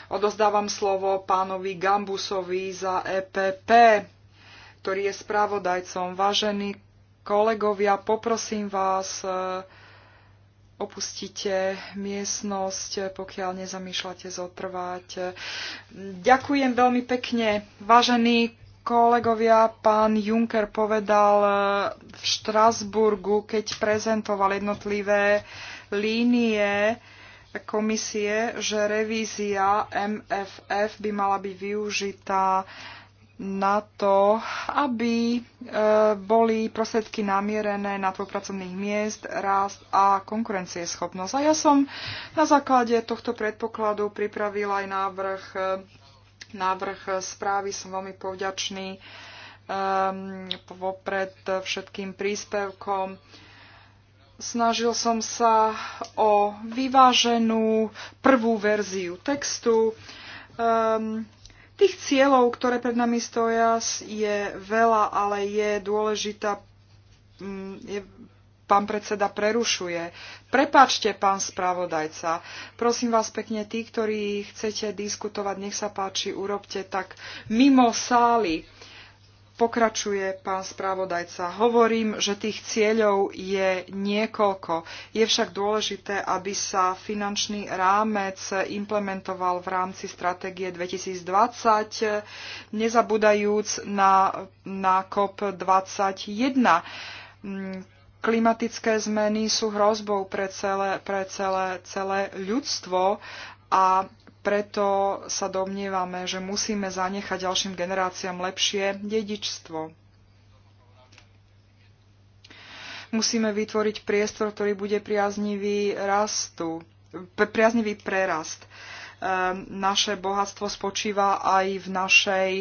odozdávam slovo pánovi Gambusovi za EPP, ktorý je spravodajcom. Vážený Kolegovia, poprosím vás, e, opustite miestnosť, pokiaľ nezamýšľate zotrvať. Ďakujem veľmi pekne, vážení kolegovia, pán Juncker povedal e, v Štrasburgu, keď prezentoval jednotlivé línie komisie, že revízia MFF by mala byť využitá na to, aby e, boli prosvedky namierené na tvoj pracovných miest, rast a konkurencieschopnosť. A ja som na základe tohto predpokladu pripravila aj návrh, e, návrh správy. Som veľmi povďačný e, vopred všetkým príspevkom. Snažil som sa o vyváženú prvú verziu textu. Um, Tých cieľov, ktoré pred nami stoja, je veľa, ale je dôležitá, mm, je, pán predseda prerušuje. Prepačte, pán spravodajca, prosím vás pekne, tí, ktorí chcete diskutovať, nech sa páči, urobte tak mimo sály. Pokračuje pán správodajca. Hovorím, že tých cieľov je niekoľko. Je však dôležité, aby sa finančný rámec implementoval v rámci stratégie 2020, nezabúdajúc na, na COP21. Klimatické zmeny sú hrozbou pre celé, pre celé, celé ľudstvo a preto sa domnievame, že musíme zanechať ďalším generáciám lepšie dedičstvo. Musíme vytvoriť priestor, ktorý bude priaznivý rastu, priaznivý prerast. Ehm, naše bohatstvo spočíva aj v našej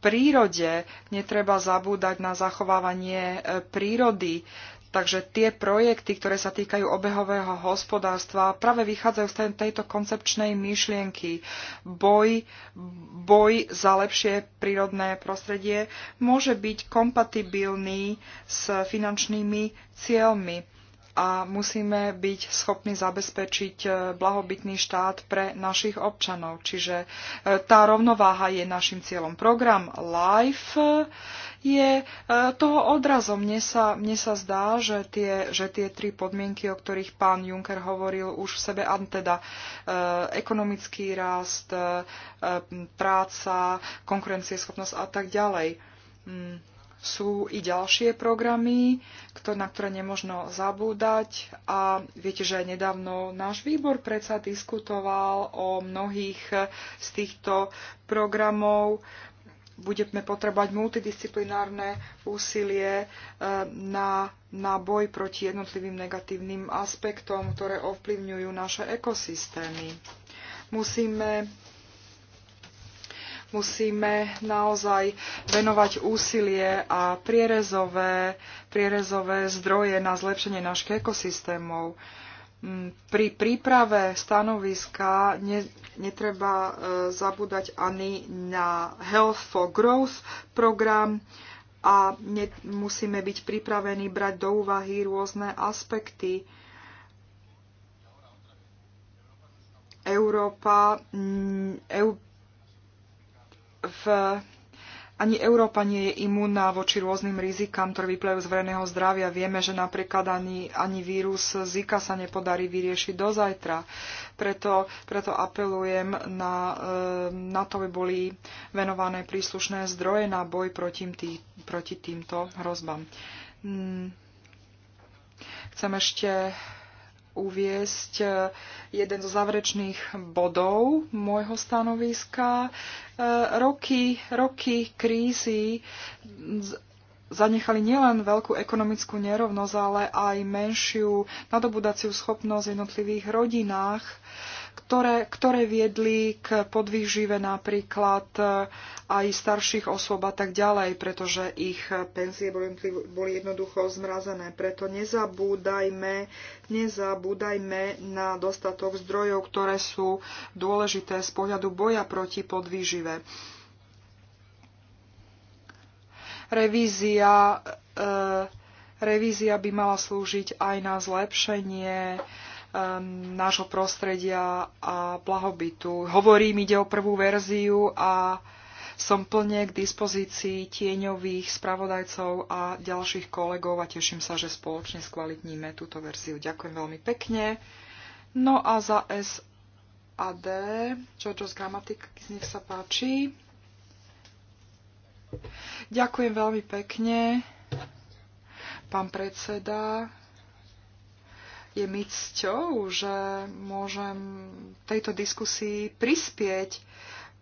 prírode. Netreba zabúdať na zachovávanie e, prírody Takže tie projekty, ktoré sa týkajú obehového hospodárstva, práve vychádzajú z tejto koncepčnej myšlienky. Boj, boj za lepšie prírodné prostredie môže byť kompatibilný s finančnými cieľmi a musíme byť schopní zabezpečiť e, blahobytný štát pre našich občanov. Čiže e, tá rovnováha je našim cieľom. Program LIFE e, je toho odrazom. Mne sa, mne sa zdá, že tie, že tie tri podmienky, o ktorých pán Juncker hovoril už v sebe, a teda ekonomický rast, práca, konkurencieschopnosť a tak ďalej mm sú i ďalšie programy, na ktoré nemožno zabúdať. A viete, že aj nedávno náš výbor predsa diskutoval o mnohých z týchto programov. Budeme potrebovať multidisciplinárne úsilie e, na, na boj proti jednotlivým negatívnym aspektom, ktoré ovplyvňujú naše ekosystémy. Musíme musíme naozaj venovať úsilie a prierezové, prierezové zdroje na zlepšenie našich ekosystémov. Mm, pri príprave stanoviska ne, netreba e, zabúdať ani na Health for Growth program a ne, musíme byť pripravení brať do úvahy rôzne aspekty. Európa, mm, v ani Európa nie je imúnna voči rôznym rizikám, ktoré vyplajú z verejného zdravia. Vieme, že napríklad ani, ani vírus Zika sa nepodarí vyriešiť do zajtra. Preto, preto apelujem na, ehm, na to, aby boli venované príslušné zdroje na boj proti, tý, proti týmto hrozbám. Hmm. Chcem ešte uviesť e, jeden zo záverečných bodov môjho stanoviska. E, roky, roky krízy zanechali nielen veľkú ekonomickú nerovnosť, ale aj menšiu nadobudaciu schopnosť v jednotlivých rodinách ktoré, ktoré viedli k podvýžive napríklad e, aj starších osôb a tak ďalej, pretože ich penzie boli, boli jednoducho zmrazené. Preto nezabúdajme, nezabúdajme na dostatok zdrojov, ktoré sú dôležité z pohľadu boja proti podvýžive. Revízia, e, revízia by mala slúžiť aj na zlepšenie Um, nášho prostredia a blahobytu. Hovorím, ide o prvú verziu a som plne k dispozícii tieňových spravodajcov a ďalších kolegov a teším sa, že spoločne skvalitníme túto verziu. Ďakujem veľmi pekne. No a za SAD, gramatiky, z nich sa páči. Ďakujem veľmi pekne, pán predseda, je mi cťou, že môžem tejto diskusii prispieť.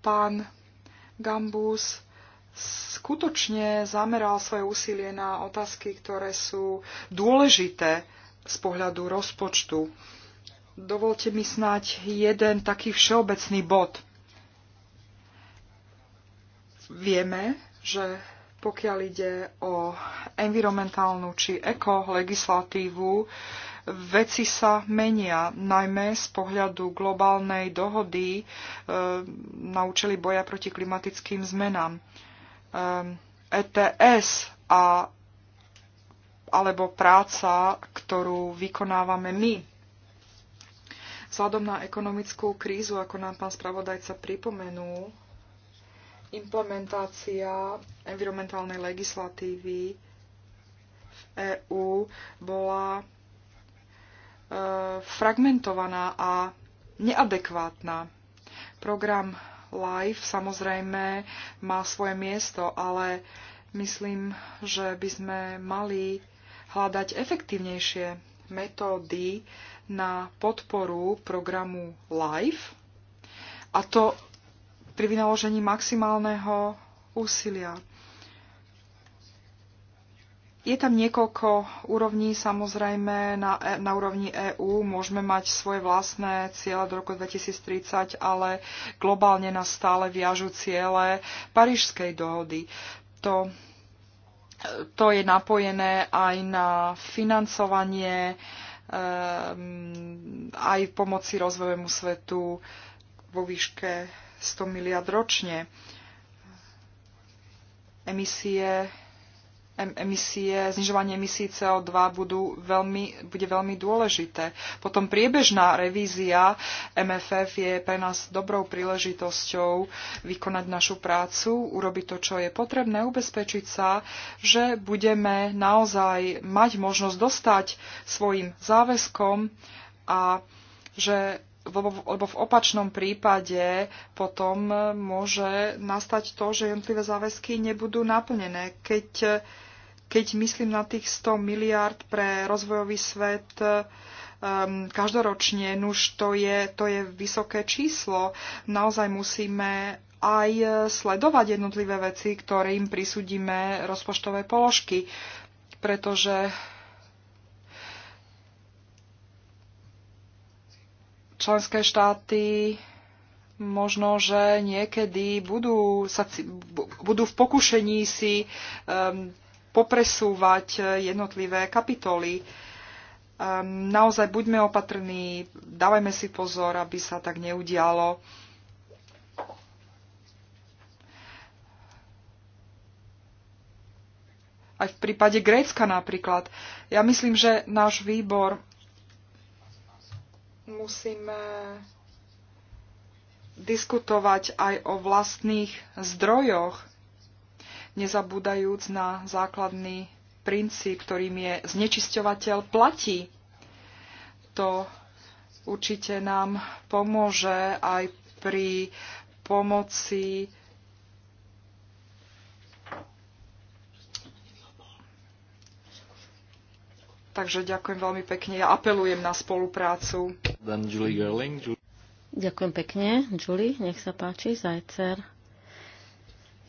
Pán Gambus skutočne zameral svoje úsilie na otázky, ktoré sú dôležité z pohľadu rozpočtu. Dovolte mi snať jeden taký všeobecný bod. Vieme, že pokiaľ ide o environmentálnu či ekolegislatívu, veci sa menia, najmä z pohľadu globálnej dohody e, na účely boja proti klimatickým zmenám. ETS ehm, e a, alebo práca, ktorú vykonávame my. Vzhľadom na ekonomickú krízu, ako nám pán spravodajca pripomenul, implementácia environmentálnej legislatívy v EÚ bola E, fragmentovaná a neadekvátna. Program live samozrejme má svoje miesto, ale myslím, že by sme mali hľadať efektívnejšie metódy na podporu programu live a to pri vynaložení maximálneho úsilia. Je tam niekoľko úrovní, samozrejme na, e, na úrovni EÚ môžeme mať svoje vlastné ciele do roku 2030, ale globálne nás stále viažu ciele Parížskej dohody. To, to je napojené aj na financovanie, ehm, aj pomoci rozvojovému svetu vo výške 100 miliard ročne. Emisie emisie, znižovanie emisí CO2 budú veľmi, bude veľmi dôležité. Potom priebežná revízia MFF je pre nás dobrou príležitosťou vykonať našu prácu, urobiť to, čo je potrebné, ubezpečiť sa, že budeme naozaj mať možnosť dostať svojim záväzkom a že lebo v opačnom prípade potom môže nastať to, že jednotlivé záväzky nebudú naplnené. Keď, keď myslím na tých 100 miliárd pre rozvojový svet um, každoročne, nuž to je, to je vysoké číslo. Naozaj musíme aj sledovať jednotlivé veci, ktoré im prisudíme rozpočtové položky, pretože členské štáty možno, že niekedy budú, sa, budú v pokušení si um, popresúvať jednotlivé kapitoly. Um, naozaj buďme opatrní, dávajme si pozor, aby sa tak neudialo. Aj v prípade Grécka napríklad. Ja myslím, že náš výbor musíme diskutovať aj o vlastných zdrojoch, nezabúdajúc na základný princíp, ktorým je znečisťovateľ platí. To určite nám pomôže aj pri pomoci Takže ďakujem veľmi pekne. Ja apelujem na spoluprácu. Then Julie Gerling. Julie. Ďakujem pekne. Julie, nech sa páči, Zajcer.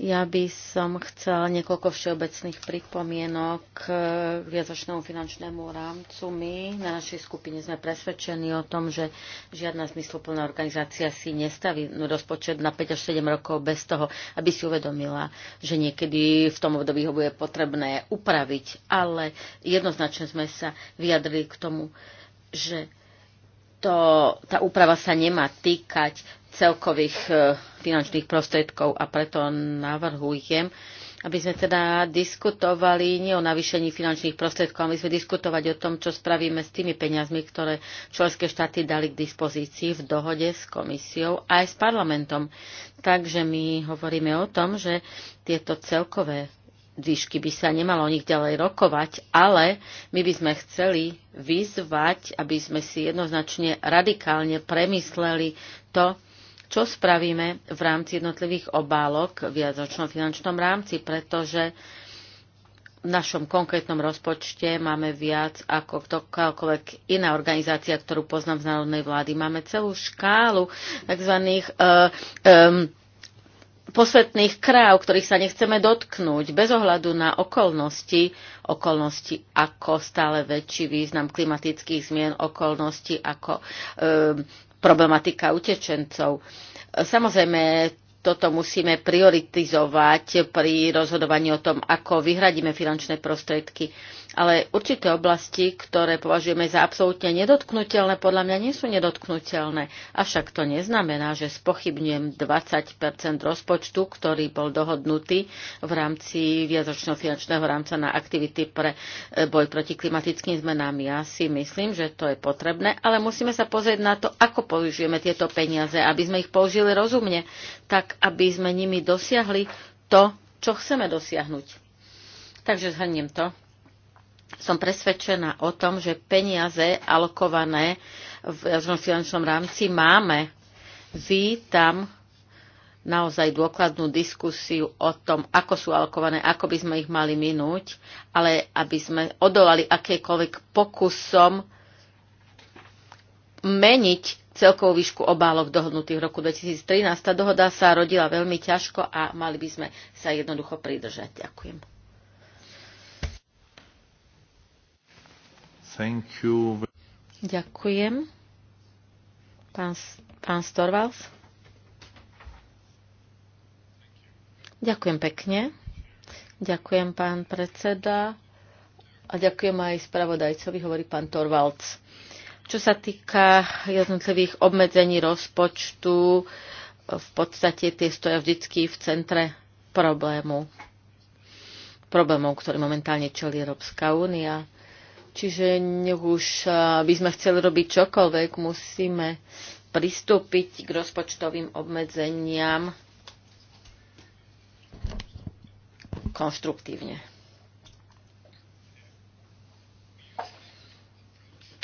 Ja by som chcel niekoľko všeobecných pripomienok k viacočnému finančnému rámcu. My na našej skupine sme presvedčení o tom, že žiadna zmysluplná organizácia si nestaví rozpočet na 5 až 7 rokov bez toho, aby si uvedomila, že niekedy v tom období ho bude potrebné upraviť. Ale jednoznačne sme sa vyjadrili k tomu, že to, tá úprava sa nemá týkať celkových e, finančných prostriedkov a preto navrhujem, aby sme teda diskutovali nie o navýšení finančných prostriedkov, aby sme diskutovať o tom, čo spravíme s tými peniazmi, ktoré členské štáty dali k dispozícii v dohode s komisiou a aj s parlamentom. Takže my hovoríme o tom, že tieto celkové výšky by sa nemalo o nich ďalej rokovať, ale my by sme chceli vyzvať, aby sme si jednoznačne radikálne premysleli to, čo spravíme v rámci jednotlivých obálok v jazočnom finančnom rámci, pretože v našom konkrétnom rozpočte máme viac ako ktokoľvek iná organizácia, ktorú poznám z národnej vlády. Máme celú škálu tzv. Uh, um, posvetných kráv, ktorých sa nechceme dotknúť, bez ohľadu na okolnosti, okolnosti ako stále väčší význam klimatických zmien, okolnosti ako e, problematika utečencov. Samozrejme, toto musíme prioritizovať pri rozhodovaní o tom, ako vyhradíme finančné prostriedky ale určité oblasti, ktoré považujeme za absolútne nedotknutelné, podľa mňa nie sú nedotknutelné. Avšak to neznamená, že spochybňujem 20 rozpočtu, ktorý bol dohodnutý v rámci viacročného finančného rámca na aktivity pre e, boj proti klimatickým zmenám. Ja si myslím, že to je potrebné, ale musíme sa pozrieť na to, ako použijeme tieto peniaze, aby sme ich použili rozumne, tak aby sme nimi dosiahli to, čo chceme dosiahnuť. Takže zhrniem to som presvedčená o tom, že peniaze alokované v jažnom finančnom rámci máme. Vítam naozaj dôkladnú diskusiu o tom, ako sú alokované, ako by sme ich mali minúť, ale aby sme odolali akékoľvek pokusom meniť celkovú výšku obálok dohodnutých v roku 2013. Tá dohoda sa rodila veľmi ťažko a mali by sme sa jednoducho pridržať. Ďakujem. Thank you. Ďakujem. Pán, pán Storvals. Ďakujem pekne. Ďakujem, pán predseda. A ďakujem aj spravodajcovi, hovorí pán Torvalds. Čo sa týka jednotlivých obmedzení rozpočtu, v podstate tie stoja vždycky v centre problému. Problémov, ktorý momentálne čelí Európska únia. Čiže nech už by sme chceli robiť čokoľvek, musíme pristúpiť k rozpočtovým obmedzeniam konštruktívne.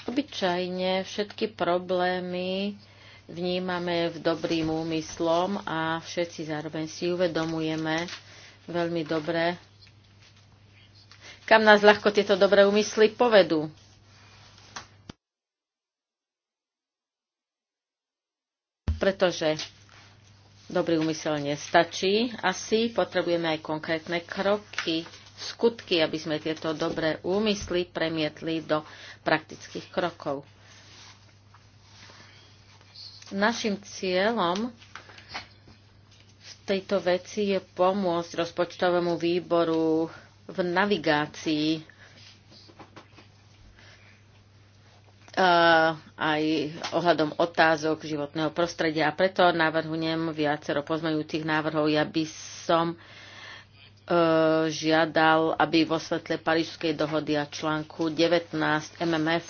Obyčajne všetky problémy vnímame v dobrým úmyslom a všetci zároveň si uvedomujeme veľmi dobre, kam nás ľahko tieto dobré úmysly povedú. Pretože dobrý úmysel nestačí, asi potrebujeme aj konkrétne kroky, skutky, aby sme tieto dobré úmysly premietli do praktických krokov. Našim cieľom v tejto veci je pomôcť rozpočtovému výboru v navigácii aj ohľadom otázok životného prostredia. A preto navrhnem viacero pozmeňujúcich návrhov. Ja by som e, žiadal, aby vo svetle Parížskej dohody a článku 19 MMF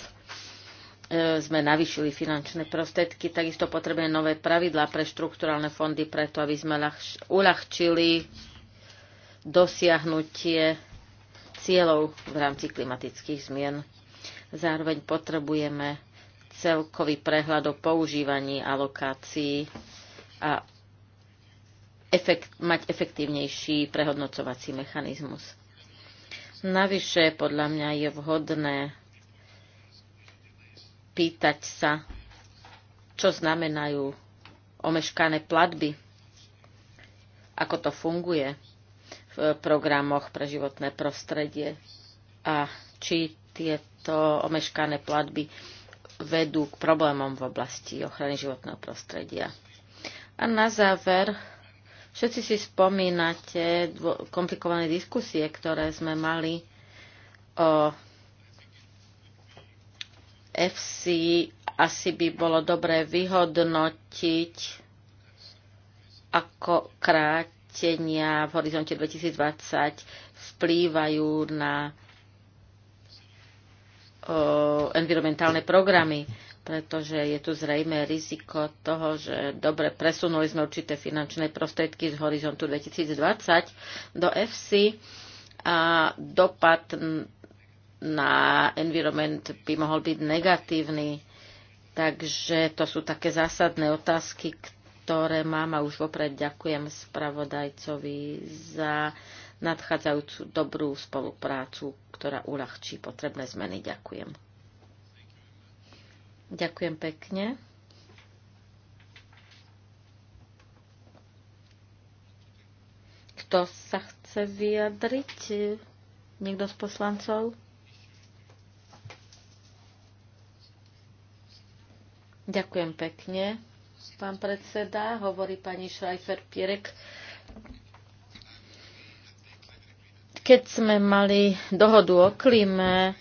e, sme navýšili finančné prostriedky. Takisto potrebujeme nové pravidlá pre štrukturálne fondy, preto aby sme uľahčili dosiahnutie cieľov v rámci klimatických zmien. Zároveň potrebujeme celkový prehľad o používaní alokácií a efekt, mať efektívnejší prehodnocovací mechanizmus. Navyše, podľa mňa je vhodné pýtať sa, čo znamenajú omeškané platby, ako to funguje, v programoch pre životné prostredie a či tieto omeškané platby vedú k problémom v oblasti ochrany životného prostredia. A na záver, všetci si spomínate komplikované diskusie, ktoré sme mali o FC. Asi by bolo dobré vyhodnotiť, ako kráť zistenia v horizonte 2020 vplývajú na environmentálne programy, pretože je tu zrejme riziko toho, že dobre presunuli sme určité finančné prostriedky z horizontu 2020 do FC a dopad na environment by mohol byť negatívny. Takže to sú také zásadné otázky, ktoré mám a už vopred ďakujem spravodajcovi za nadchádzajúcu dobrú spoluprácu, ktorá uľahčí potrebné zmeny. Ďakujem. Ďakujem pekne. Kto sa chce vyjadriť? Niekto z poslancov? Ďakujem pekne pán predseda, hovorí pani šajfer pierek Keď sme mali dohodu o klíme,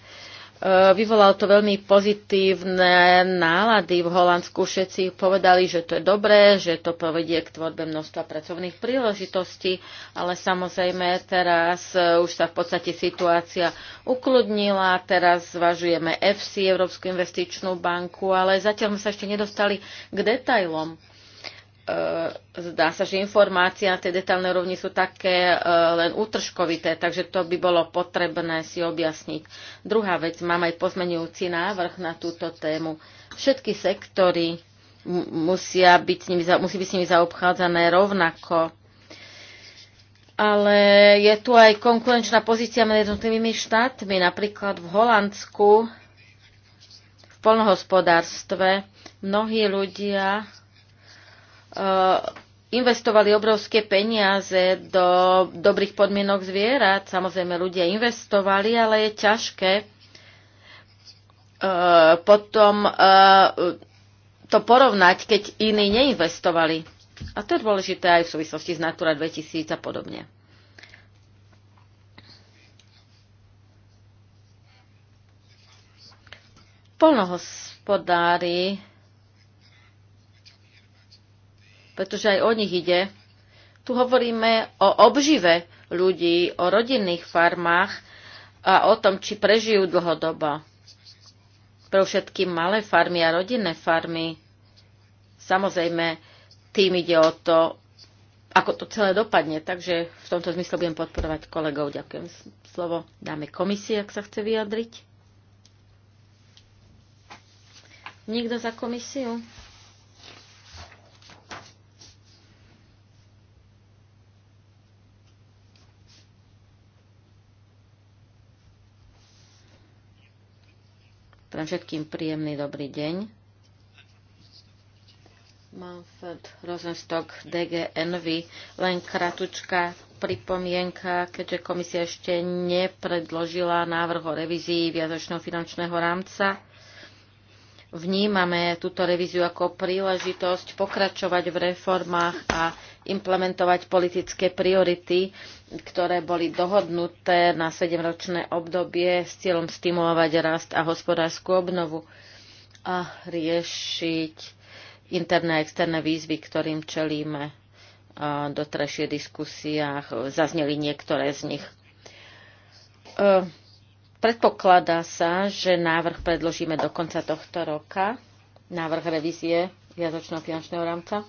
Eh, vyvolalo to veľmi pozitívne nálady v Holandsku. Všetci povedali, že to je dobré, že to povedie k tvorbe množstva pracovných príležitostí, ale samozrejme teraz eh, už sa v podstate situácia ukludnila. Teraz zvažujeme EFSI, Európsku investičnú banku, ale zatiaľ sme sa ešte nedostali k detailom E, zdá sa, že informácie na tej detailnej rovni sú také e, len útržkovité, takže to by bolo potrebné si objasniť. Druhá vec, mám aj pozmenujúci návrh na túto tému. Všetky sektory musia byť s nimi, musí byť s nimi zaobchádzané rovnako ale je tu aj konkurenčná pozícia medzi jednotlivými štátmi. Napríklad v Holandsku v polnohospodárstve mnohí ľudia Eh, investovali obrovské peniaze do dobrých podmienok zvierat. Samozrejme, ľudia investovali, ale je ťažké eh, potom eh, to porovnať, keď iní neinvestovali. A to je dôležité aj v súvislosti s Natura 2000 a podobne. Polnohospodári pretože aj o nich ide. Tu hovoríme o obžive ľudí, o rodinných farmách a o tom, či prežijú dlhodobo. Pre všetky malé farmy a rodinné farmy. Samozrejme, tým ide o to, ako to celé dopadne. Takže v tomto zmysle budem podporovať kolegov. Ďakujem. Slovo dáme komisii, ak sa chce vyjadriť. Nikto za komisiu? Prajem všetkým príjemný dobrý deň. Manfred Rosenstock, DG Envy. Len kratučka pripomienka, keďže komisia ešte nepredložila návrh o revízii viazočného finančného rámca. Vnímame túto revíziu ako príležitosť pokračovať v reformách a implementovať politické priority, ktoré boli dohodnuté na 7-ročné obdobie s cieľom stimulovať rast a hospodárskú obnovu a riešiť interné a externé výzvy, ktorým čelíme. do trešie diskusiách zazneli niektoré z nich. E, predpokladá sa, že návrh predložíme do konca tohto roka, návrh revízie viazočného finančného rámca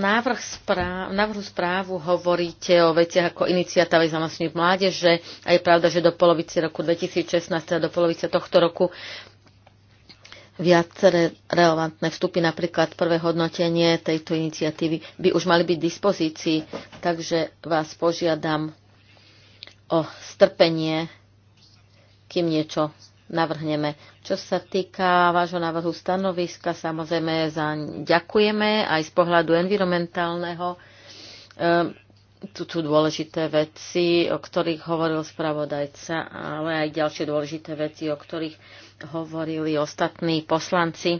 návrh správ, návrhu správu hovoríte o veciach ako iniciatáve zamestnaných mládeže a je pravda, že do polovice roku 2016 a teda do polovice tohto roku viaceré relevantné vstupy, napríklad prvé hodnotenie tejto iniciatívy, by už mali byť v dispozícii, takže vás požiadam o strpenie, kým niečo navrhneme. Čo sa týka vášho návrhu stanoviska, samozrejme za ďakujeme aj z pohľadu environmentálneho. E, tu sú dôležité veci, o ktorých hovoril spravodajca, ale aj ďalšie dôležité veci, o ktorých hovorili ostatní poslanci,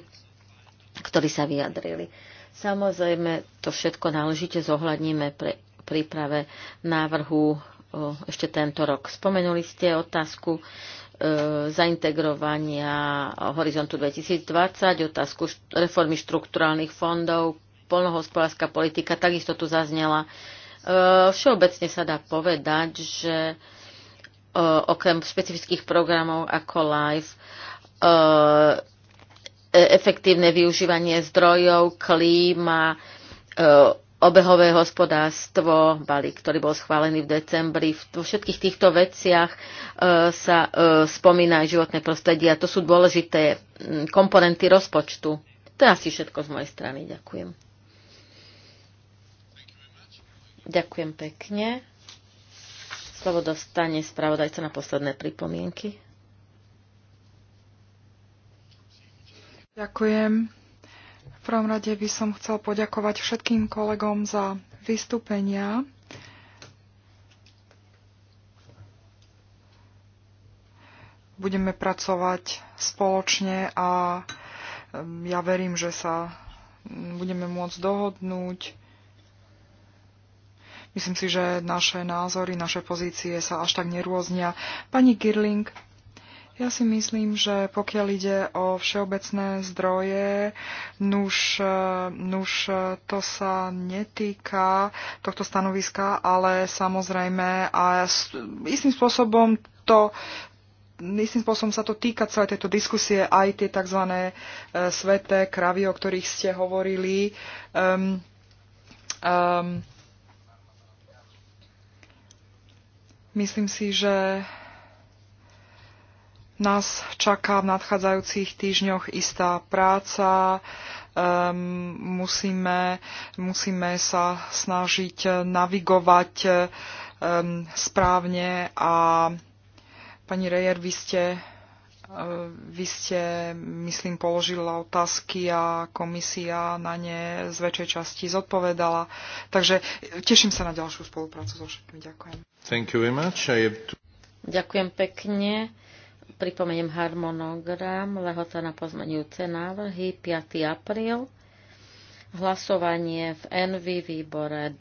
ktorí sa vyjadrili. Samozrejme, to všetko náležite zohľadníme pre príprave návrhu ešte tento rok. Spomenuli ste otázku E, zaintegrovania Horizontu 2020, otázku reformy štrukturálnych fondov, polnohospodárska politika, takisto tu zaznela. E, všeobecne sa dá povedať, že e, okrem špecifických programov ako LIFE, efektívne využívanie zdrojov, klíma, obehové hospodárstvo, balík, ktorý bol schválený v decembri. Vo všetkých týchto veciach e, sa e, spomína aj životné prostredie a to sú dôležité komponenty rozpočtu. To je asi všetko z mojej strany. Ďakujem. Ďakujem pekne. Slovo dostane spravodajca na posledné pripomienky. Ďakujem. V prvom rade by som chcel poďakovať všetkým kolegom za vystúpenia. Budeme pracovať spoločne a ja verím, že sa budeme môcť dohodnúť. Myslím si, že naše názory, naše pozície sa až tak nerôznia. Pani Girling, ja si myslím, že pokiaľ ide o všeobecné zdroje, nuž, e, nuž e, to sa netýka tohto stanoviska, ale samozrejme a istým spôsobom to istým spôsobom sa to týka celé tejto diskusie, aj tie tzv. E, sveté kravy, o ktorých ste hovorili. Um, um, myslím si, že nás čaká v nadchádzajúcich týždňoch istá práca. Um, musíme, musíme sa snažiť navigovať um, správne a pani Rejer, vy ste, uh, vy ste, myslím, položila otázky a komisia na ne z väčšej časti zodpovedala. Takže teším sa na ďalšiu spoluprácu so všetkými. Ďakujem. Thank you very much. I have to... Ďakujem pekne. Pripomeniem harmonogram, lehota na pozmeňujúce návrhy 5. apríl, hlasovanie v NV výbore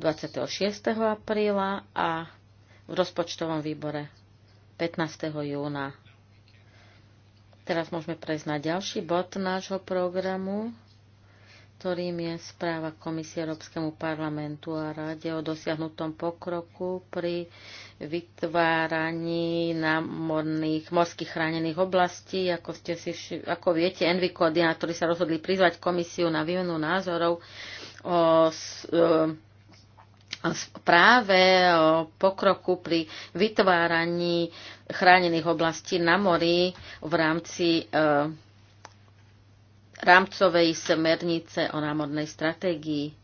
26. apríla a v rozpočtovom výbore 15. júna. Teraz môžeme prejsť na ďalší bod nášho programu, ktorým je správa Komisie Európskemu parlamentu a Rade o dosiahnutom pokroku pri vytváraní námorných, morských chránených oblastí. Ako, ste si, ako viete, Envy koordinátori sa rozhodli prizvať komisiu na výmenu názorov o, e, o práve o pokroku pri vytváraní chránených oblastí na mori v rámci e, rámcovej smernice o námornej stratégii.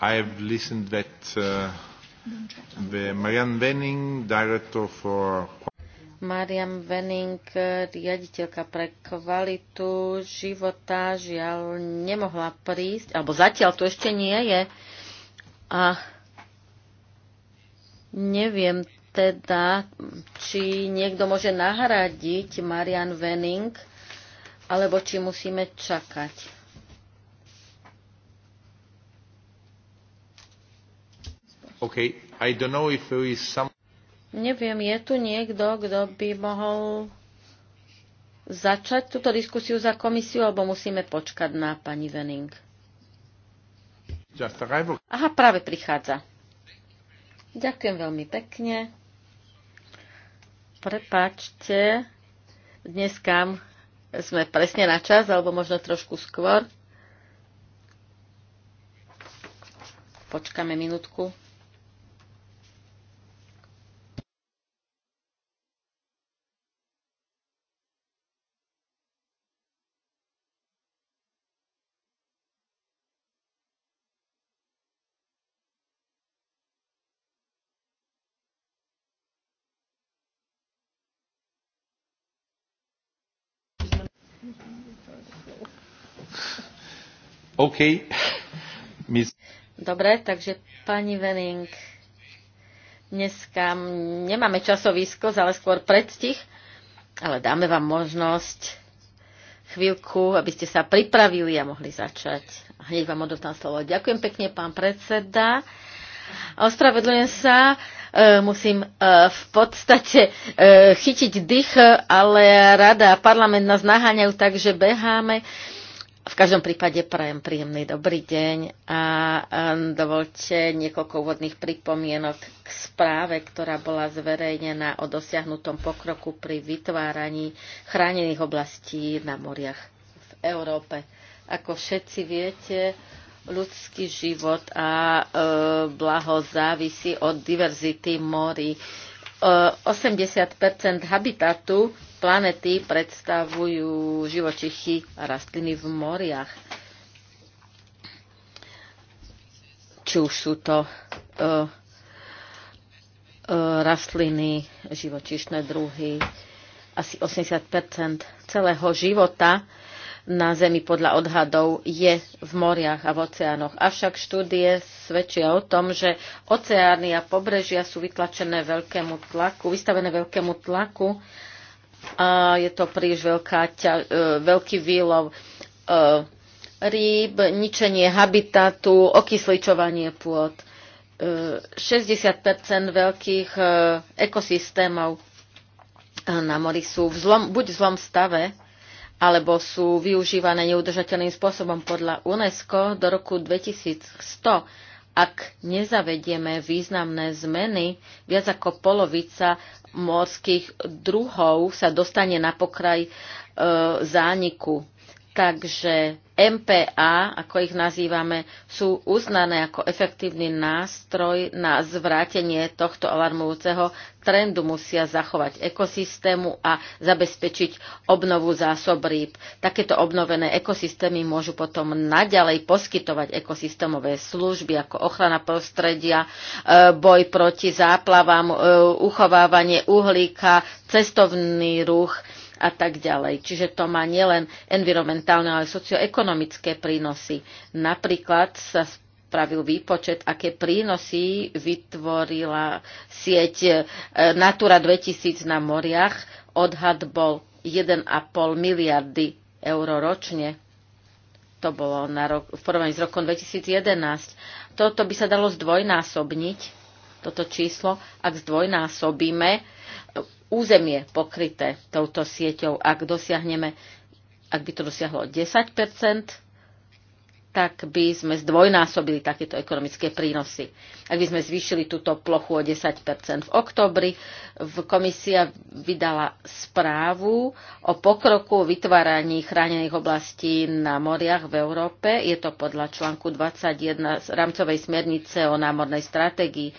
I have listened that uh, the Marian Wenning, director for Mariam Venning, riaditeľka pre kvalitu života, žiaľ nemohla prísť, alebo zatiaľ tu ešte nie je. A neviem teda, či niekto môže nahradiť Marian Venning, alebo či musíme čakať. Okay, I don't know if there is some... Neviem, je tu niekto, kto by mohol začať túto diskusiu za komisiu, alebo musíme počkať na pani Venning? Aha, práve prichádza. Ďakujem veľmi pekne. Prepačte, dnes kam sme presne na čas, alebo možno trošku skôr. Počkáme minútku. OK. Dobre, takže pani Venning, dneska nemáme časový skos, ale skôr predstih, ale dáme vám možnosť chvíľku, aby ste sa pripravili a mohli začať. Hneď vám odovzdám slovo. Ďakujem pekne, pán predseda. Ospravedlňujem sa, e, musím e, v podstate e, chytiť dých, ale rada a parlament nás naháňajú, takže beháme. V každom prípade prajem príjemný dobrý deň a dovolte niekoľko úvodných pripomienok k správe, ktorá bola zverejnená o dosiahnutom pokroku pri vytváraní chránených oblastí na moriach v Európe. Ako všetci viete, ľudský život a e, blaho závisí od diverzity morí. E, 80 habitatu planety predstavujú živočichy a rastliny v moriach. Či už sú to e, e rastliny, živočišné druhy. Asi 80 celého života na Zemi podľa odhadov je v moriach a v oceánoch. Avšak štúdie svedčia o tom, že oceány a pobrežia sú vytlačené veľkému tlaku, vystavené veľkému tlaku a je to príliš veľká, ťa, e, veľký výlov e, rýb, ničenie habitatu, okysličovanie pôd. 60 e, veľkých ekosystémov na mori sú v zlom, buď v zlom stave, alebo sú využívané neudržateľným spôsobom podľa UNESCO do roku 2100 ak nezavedieme významné zmeny, viac ako polovica morských druhov sa dostane na pokraj e, zániku. Takže MPA, ako ich nazývame, sú uznané ako efektívny nástroj na zvrátenie tohto alarmujúceho trendu. Musia zachovať ekosystému a zabezpečiť obnovu zásob rýb. Takéto obnovené ekosystémy môžu potom naďalej poskytovať ekosystémové služby ako ochrana prostredia, e, boj proti záplavám, e, uchovávanie uhlíka, cestovný ruch, a tak ďalej. Čiže to má nielen environmentálne, ale aj socioekonomické prínosy. Napríklad sa spravil výpočet, aké prínosy vytvorila sieť e, Natura 2000 na moriach. Odhad bol 1,5 miliardy eur ročne. To bolo na rok, v porovnaní s rokom 2011. Toto by sa dalo zdvojnásobniť, toto číslo, ak zdvojnásobíme územie pokryté touto sieťou. Ak dosiahneme, ak by to dosiahlo 10 tak by sme zdvojnásobili takéto ekonomické prínosy. Ak by sme zvýšili túto plochu o 10 v oktobri, komisia vydala správu o pokroku vytváraní chránených oblastí na moriach v Európe. Je to podľa článku 21 z rámcovej smernice o námornej stratégii.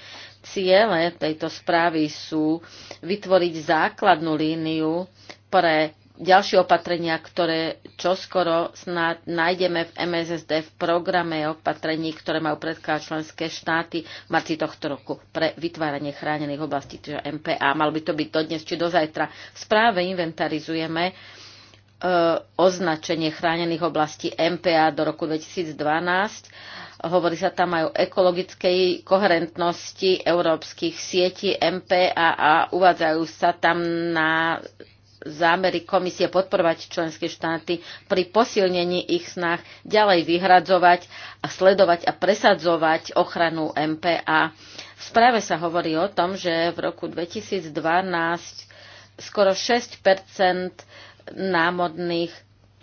Ciele tejto správy sú vytvoriť základnú líniu pre ďalšie opatrenia, ktoré čoskoro snad nájdeme v MSSD v programe opatrení, ktoré majú predkladať členské štáty v marci tohto roku pre vytváranie chránených oblastí, čiže MPA. Mal by to byť dodnes či do zajtra. V správe inventarizujeme uh, E, označenie chránených oblastí MPA do roku 2012. Hovorí sa tam aj o ekologickej koherentnosti európskych sietí MPA a uvádzajú sa tam na zámery komisie podporovať členské štáty pri posilnení ich snah ďalej vyhradzovať a sledovať a presadzovať ochranu MPA. V správe sa hovorí o tom, že v roku 2012 skoro 6 námodných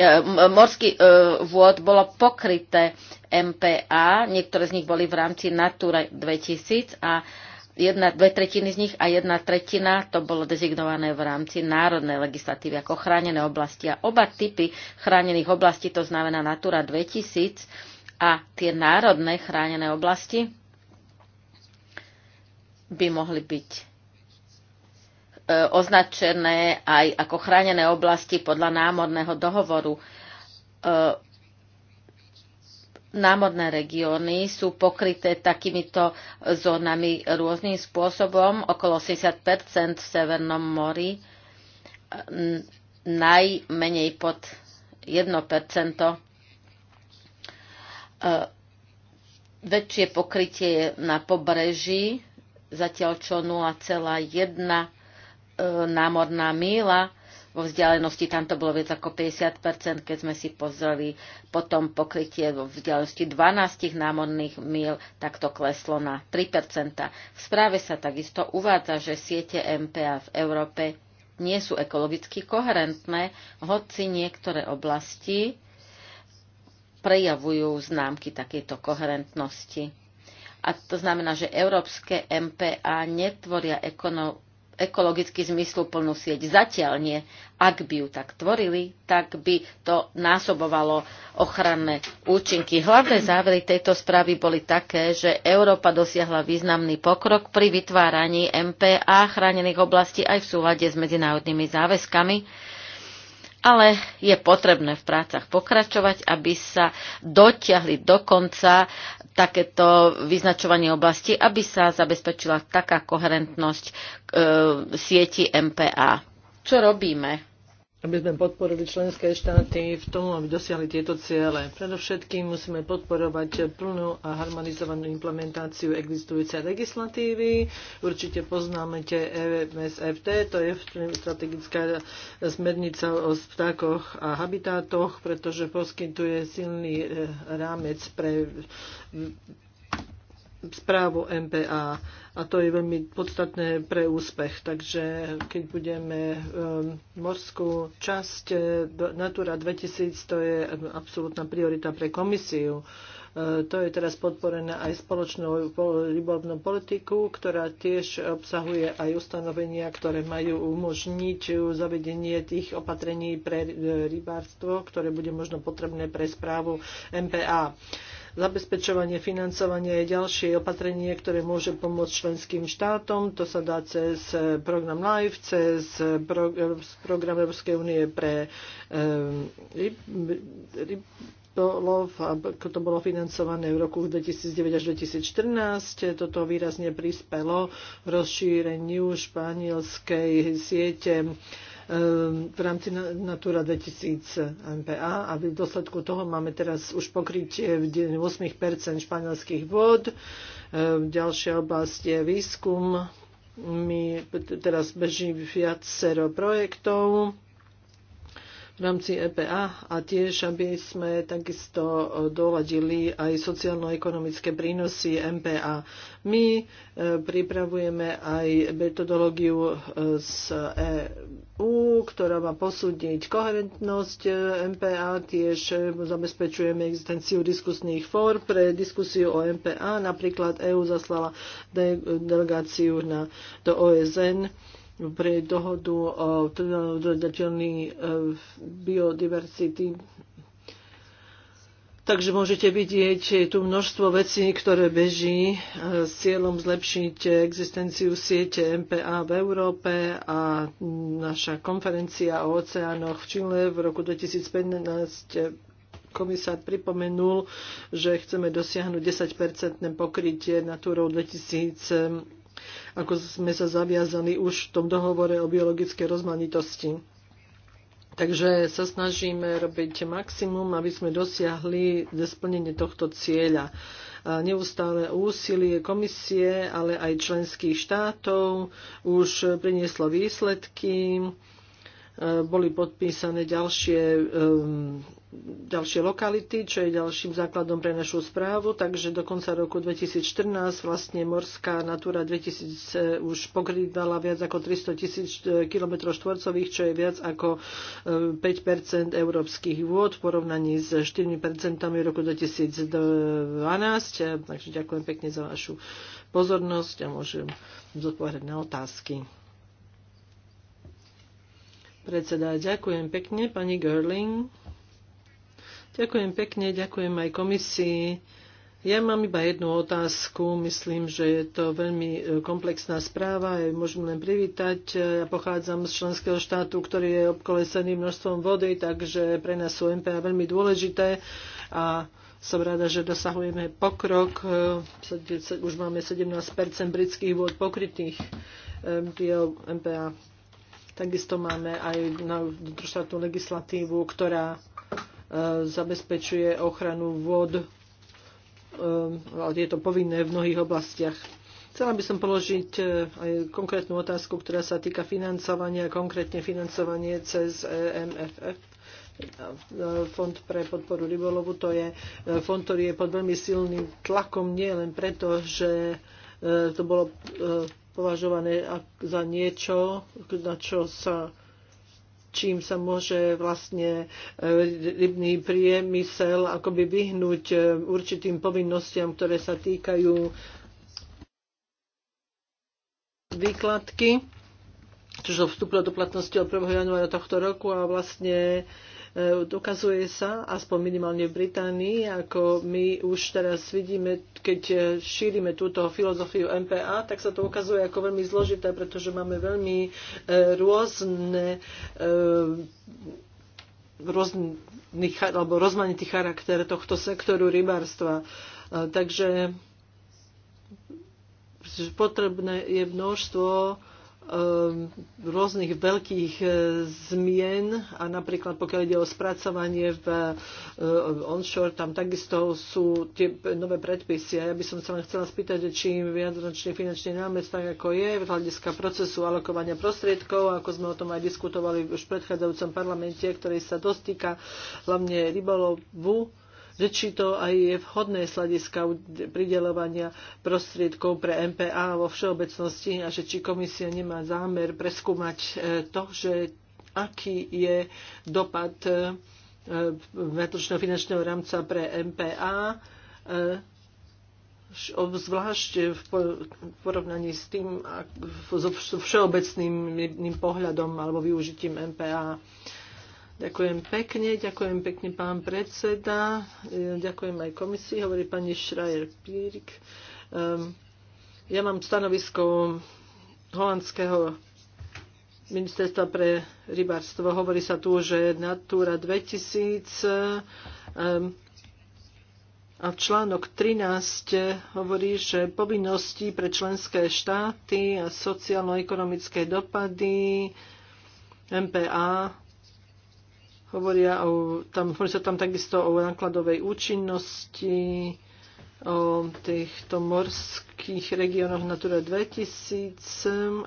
e, morský e, vôd bolo pokryté MPA, niektoré z nich boli v rámci Natura 2000 a jedna, dve tretiny z nich a jedna tretina to bolo dezignované v rámci národnej legislatívy ako chránené oblasti. A oba typy chránených oblastí, to znamená Natura 2000 a tie národné chránené oblasti, by mohli byť E, označené aj ako chránené oblasti podľa námorného dohovoru. E, námorné regióny sú pokryté takýmito zónami rôznym spôsobom, okolo 80 v Severnom mori, e, najmenej pod 1 Väčšie pokrytie je na pobreží, zatiaľ čo 0,1 E, námorná míla, vo vzdialenosti tam to bolo viac ako 50%, keď sme si pozreli potom pokrytie vo vzdialenosti 12 námorných míl, tak to kleslo na 3%. V správe sa takisto uvádza, že siete MPA v Európe nie sú ekologicky koherentné, hoci niektoré oblasti prejavujú známky takejto koherentnosti. A to znamená, že európske MPA netvoria ekonomické ekologicky zmysluplnú sieť. Zatiaľ nie. Ak by ju tak tvorili, tak by to násobovalo ochranné účinky. Hlavné závery tejto správy boli také, že Európa dosiahla významný pokrok pri vytváraní MPA chránených oblastí aj v súlade s medzinárodnými záväzkami ale je potrebné v prácach pokračovať, aby sa dotiahli do konca takéto vyznačovanie oblasti, aby sa zabezpečila taká koherentnosť e, sieti MPA. Čo robíme? aby sme podporili členské štáty v tom, aby dosiahli tieto ciele. Predovšetkým musíme podporovať plnú a harmonizovanú implementáciu existujúcej legislatívy. Určite poznáme tie EMSFT, to je strategická smernica o vtákoch a habitátoch, pretože poskytuje silný e, rámec pre správu MPA a to je veľmi podstatné pre úspech. Takže keď budeme um, morskú časť e, Natura 2000, to je ehm, absolútna priorita pre komisiu. E, to je teraz podporené aj spoločnou rybolovnou politiku, ktorá tiež obsahuje aj ustanovenia, ktoré majú umožniť zavedenie tých opatrení pre e, rybárstvo, ktoré bude možno potrebné pre správu MPA zabezpečovanie financovania je ďalšie opatrenie, ktoré môže pomôcť členským štátom. To sa dá cez eh, program LIFE, cez eh, eh, program Európskej únie pre rybolov, ako to bolo financované v roku 2009 až 2014. Toto výrazne prispelo rozšíreniu španielskej siete v rámci Natura 2000 MPA a v dôsledku toho máme teraz už pokrytie 8 španielských vôd. E, ďalšia oblasť je výskum. My teraz beží viacero projektov v rámci EPA a tiež, aby sme takisto eh, doladili aj sociálno-ekonomické prínosy MPA. My eh, pripravujeme aj metodológiu eh, z EU, ktorá má posúdiť koherentnosť MPA, tiež zabezpečujeme existenciu diskusných fór pre diskusiu o MPA. Napríklad EU zaslala delegáciu na, do OSN pre dohodu o dodateľnej biodiverzity. Takže môžete vidieť, tu množstvo vecí, ktoré beží e, s cieľom zlepšiť existenciu siete MPA v Európe a naša konferencia o oceánoch v Čile v roku 2015 komisár pripomenul, že chceme dosiahnuť 10-percentné pokrytie Natúrou 2000 ako sme sa zaviazali už v tom dohovore o biologickej rozmanitosti. Takže sa snažíme robiť maximum, aby sme dosiahli splnenie tohto cieľa. neustále úsilie komisie, ale aj členských štátov už prinieslo výsledky. Boli podpísané ďalšie um, ďalšie lokality, čo je ďalším základom pre našu správu, takže do konca roku 2014 vlastne morská Natura 2000 už pokrývala viac ako 300 tisíc e, km štvorcových, čo je viac ako 5 e, európskych vôd v porovnaní s 4 v roku 2012. E, takže ďakujem pekne za vašu pozornosť a môžem zodpovedať na otázky. Predseda, ďakujem pekne, pani Görling. Ďakujem pekne, ďakujem aj komisii. Ja mám iba jednu otázku. Myslím, že je to veľmi e, komplexná správa. Môžem len privítať. E, ja pochádzam z členského štátu, ktorý je obkolesený množstvom vody, takže pre nás sú MPA veľmi dôležité a som rada, že dosahujeme pokrok. E, už máme 17 britských vôd pokrytých MPA. Takisto máme aj na štátnu legislatívu, ktorá zabezpečuje ochranu vôd. Ehm, je to povinné v mnohých oblastiach. Chcela by som položiť e, aj konkrétnu otázku, ktorá sa týka financovania, konkrétne financovanie cez e MFF. E, fond pre podporu rybolovu, to je fond, ktorý je pod veľmi silným tlakom, nie len preto, že to bolo považované za niečo, na čo sa čím sa môže vlastne e, rybný priemysel akoby vyhnúť e, určitým povinnostiam, ktoré sa týkajú výkladky, čo vstúpilo do platnosti od 1. januára tohto roku a vlastne E, dokazuje sa, aspoň minimálne v Británii, ako my už teraz vidíme, keď e, šírime túto filozofiu MPA, tak sa to ukazuje ako veľmi zložité, pretože máme veľmi e, rôzne rôzny, alebo rozmanitý charakter tohto sektoru rybárstva. Takže potrebné je množstvo Eh, rôznych veľkých eh, zmien a napríklad pokiaľ ide o spracovanie v eh, onshore, tam takisto sú tie nové predpisy. A ja by som sa len chcela spýtať, či viacročný finančný námec tak ako je v hľadiska procesu alokovania prostriedkov, ako sme o tom aj diskutovali už v predchádzajúcom parlamente, ktorý sa dostýka hlavne rybolovu, že či to aj je vhodné z hľadiska pridelovania prostriedkov pre MPA vo všeobecnosti a že či komisia nemá zámer preskúmať e, to, že aký je dopad e, vnútročného finančného rámca pre MPA e, obzvlášť v porovnaní s tým so všeobecným pohľadom alebo využitím MPA. Ďakujem pekne, ďakujem pekne pán predseda, e, ďakujem aj komisii, hovorí pani schreier pirik Um, ehm, ja mám stanovisko holandského ministerstva pre rybárstvo. Hovorí sa tu, že Natura 2000 um, ehm, a článok 13 hovorí, že povinnosti pre členské štáty a sociálno-ekonomické dopady MPA Hovoria o, tam, hovorí sa tam takisto o nákladovej účinnosti, o týchto morských regiónoch Natura 2000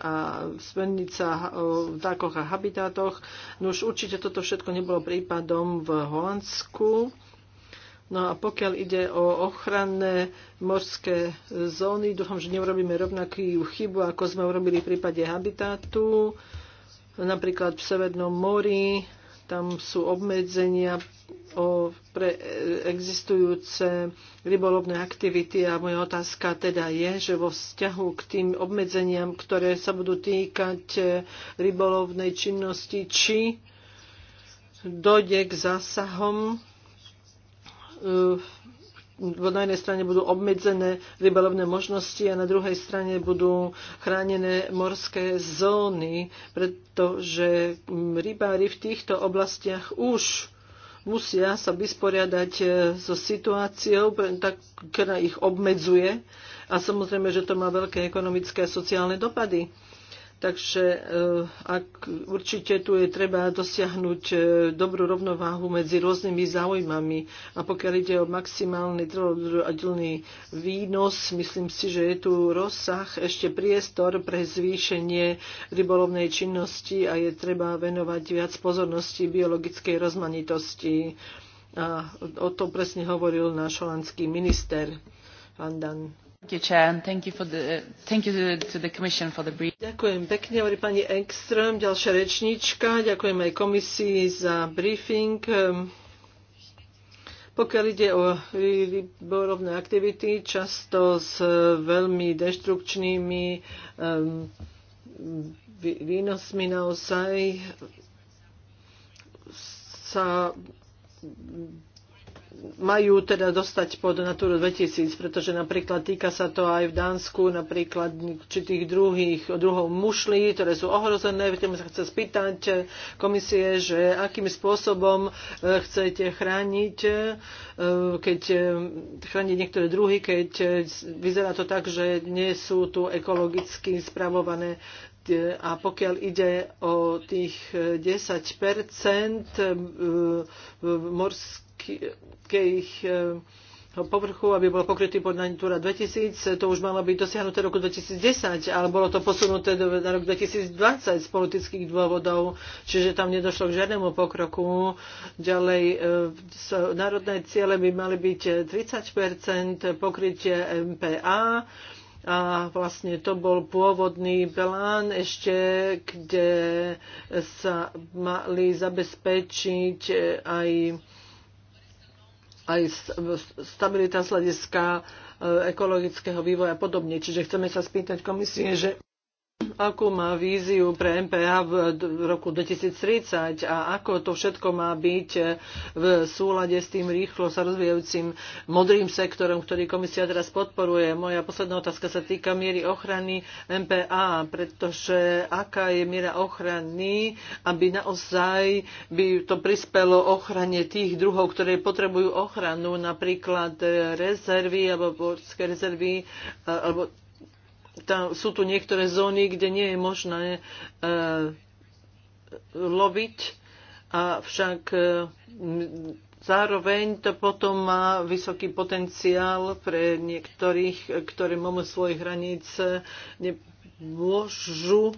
a smernica o vtákoch a habitátoch. No už určite toto všetko nebolo prípadom v Holandsku. No a pokiaľ ide o ochranné morské zóny, dúfam, že neurobíme rovnakú chybu, ako sme urobili v prípade habitátu. Napríklad v Severnom mori tam sú obmedzenia o pre e, existujúce rybolovné aktivity a moja otázka teda je, že vo vzťahu k tým obmedzeniam, ktoré sa budú týkať e, rybolovnej činnosti, či dojde k zásahom e, na jednej strane budú obmedzené rybalovné možnosti a na druhej strane budú chránené morské zóny, pretože rybári v týchto oblastiach už musia sa vysporiadať e, so situáciou, ktorá ich obmedzuje a samozrejme, že to má veľké ekonomické a sociálne dopady. Takže eh, ak určite tu je treba dosiahnuť eh, dobrú rovnováhu medzi rôznymi záujmami. A pokiaľ ide o maximálny trvodilný výnos, myslím si, že je tu rozsah, ešte priestor pre zvýšenie rybolovnej činnosti a je treba venovať viac pozornosti biologickej rozmanitosti. A o tom presne hovoril náš holandský minister Van Dan. Ďakujem pekne, hovorí pani Ekström, ďalšia rečnička. Ďakujem aj komisii za briefing. Pokiaľ ide o výborovné aktivity, často s veľmi deštrukčnými výnosmi naozaj sa majú teda dostať pod Natúru 2000, pretože napríklad týka sa to aj v Dánsku, napríklad či tých druhých, druhov mušlí, ktoré sú ohrozené. Viete, sa chce spýtať komisie, že akým spôsobom e, chcete chrániť, e, keď e, chrániť niektoré druhy, keď vyzerá to tak, že nie sú tu ekologicky spravované a pokiaľ ide o tých 10 morských ich eh, povrchu, aby bol pokrytý pod Natura 2000. To už malo byť dosiahnuté roku 2010, ale bolo to posunuté na rok 2020 z politických dôvodov, čiže tam nedošlo k žiadnemu pokroku. Ďalej, eh, národné ciele by mali byť 30 eh, pokrytie MPA a vlastne to bol pôvodný plán ešte, kde sa mali zabezpečiť aj aj stabilita z hľadiska e, ekologického vývoja a podobne. Čiže chceme sa spýtať komisie, že akú má víziu pre MPH v roku 2030 a ako to všetko má byť eh, v súlade s tým rýchlo sa rozvíjajúcim modrým sektorom, ktorý komisia teraz podporuje. Moja posledná otázka sa týka miery ochrany MPA, pretože aká je miera ochrany, aby naozaj by to prispelo ochrane tých druhov, ktoré potrebujú ochranu, napríklad eh, rezervy alebo rezervy eh, alebo tá, sú tu niektoré zóny, kde nie je možné e, loviť, avšak e, zároveň to potom má vysoký potenciál pre niektorých, ktorí mimo svojich hraníc e, nemôžu e,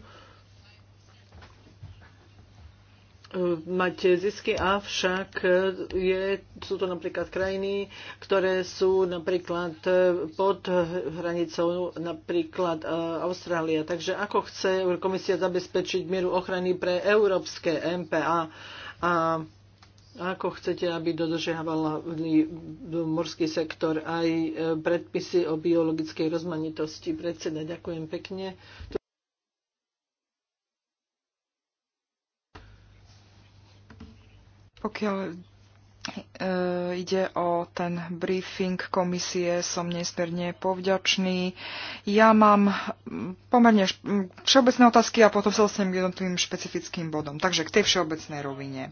mať zisky, avšak e, je, sú to napríklad krajiny, ktoré sú napríklad e, pod hranicou napríklad e, Austrália. Takže ako chce komisia zabezpečiť mieru ochrany pre európske MPA a ako chcete, aby dodržiavala morský sektor aj predpisy o biologickej rozmanitosti? Predseda, ďakujem pekne. Pokiaľ E, ide o ten briefing komisie, som nesmierne povďačný. Ja mám mm, pomerne mm, všeobecné otázky a potom sa dostanem k jednotlivým špecifickým bodom. Takže k tej všeobecnej rovine.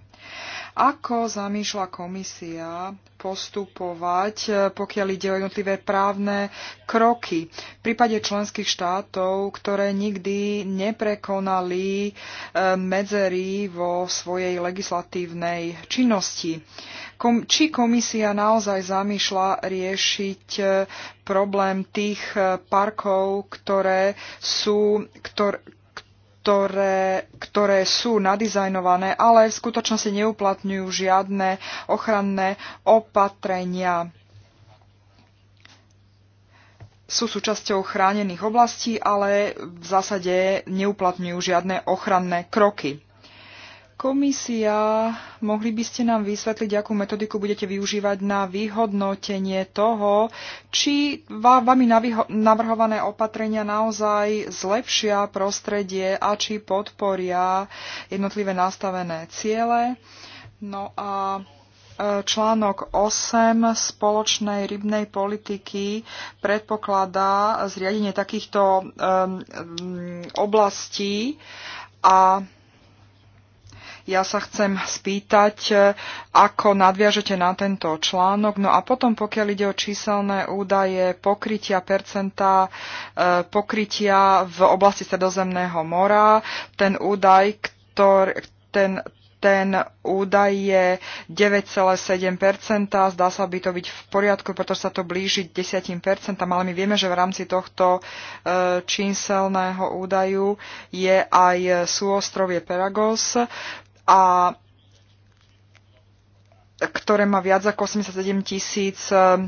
Ako zamýšľa komisia postupovať, e, pokiaľ ide o jednotlivé právne kroky v prípade členských štátov, ktoré nikdy neprekonali e, medzery vo svojej legislatívnej činnosti? kom, či komisia naozaj zamýšľa riešiť e, problém tých e, parkov, ktoré sú, ktor, ktoré, ktoré sú nadizajnované, ale v skutočnosti neuplatňujú žiadne ochranné opatrenia sú súčasťou chránených oblastí, ale v zásade neuplatňujú žiadne ochranné kroky. Komisia, mohli by ste nám vysvetliť, akú metodiku budete využívať na vyhodnotenie toho, či vami navrhované opatrenia naozaj zlepšia prostredie a či podporia jednotlivé nastavené ciele. No a e, článok 8 spoločnej rybnej politiky predpokladá zriadenie takýchto um, oblastí a ja sa chcem spýtať, e, ako nadviažete na tento článok. No a potom, pokiaľ ide o číselné údaje pokrytia percenta e, pokrytia v oblasti Stredozemného mora, ten údaj, ktorý, ten, ten údaj je 9,7%. Zdá sa by to byť v poriadku, pretože sa to blíži 10%, ale my vieme, že v rámci tohto e, číselného údaju je aj súostrovie Peragos a ktoré má viac ako 87 tisíc eh,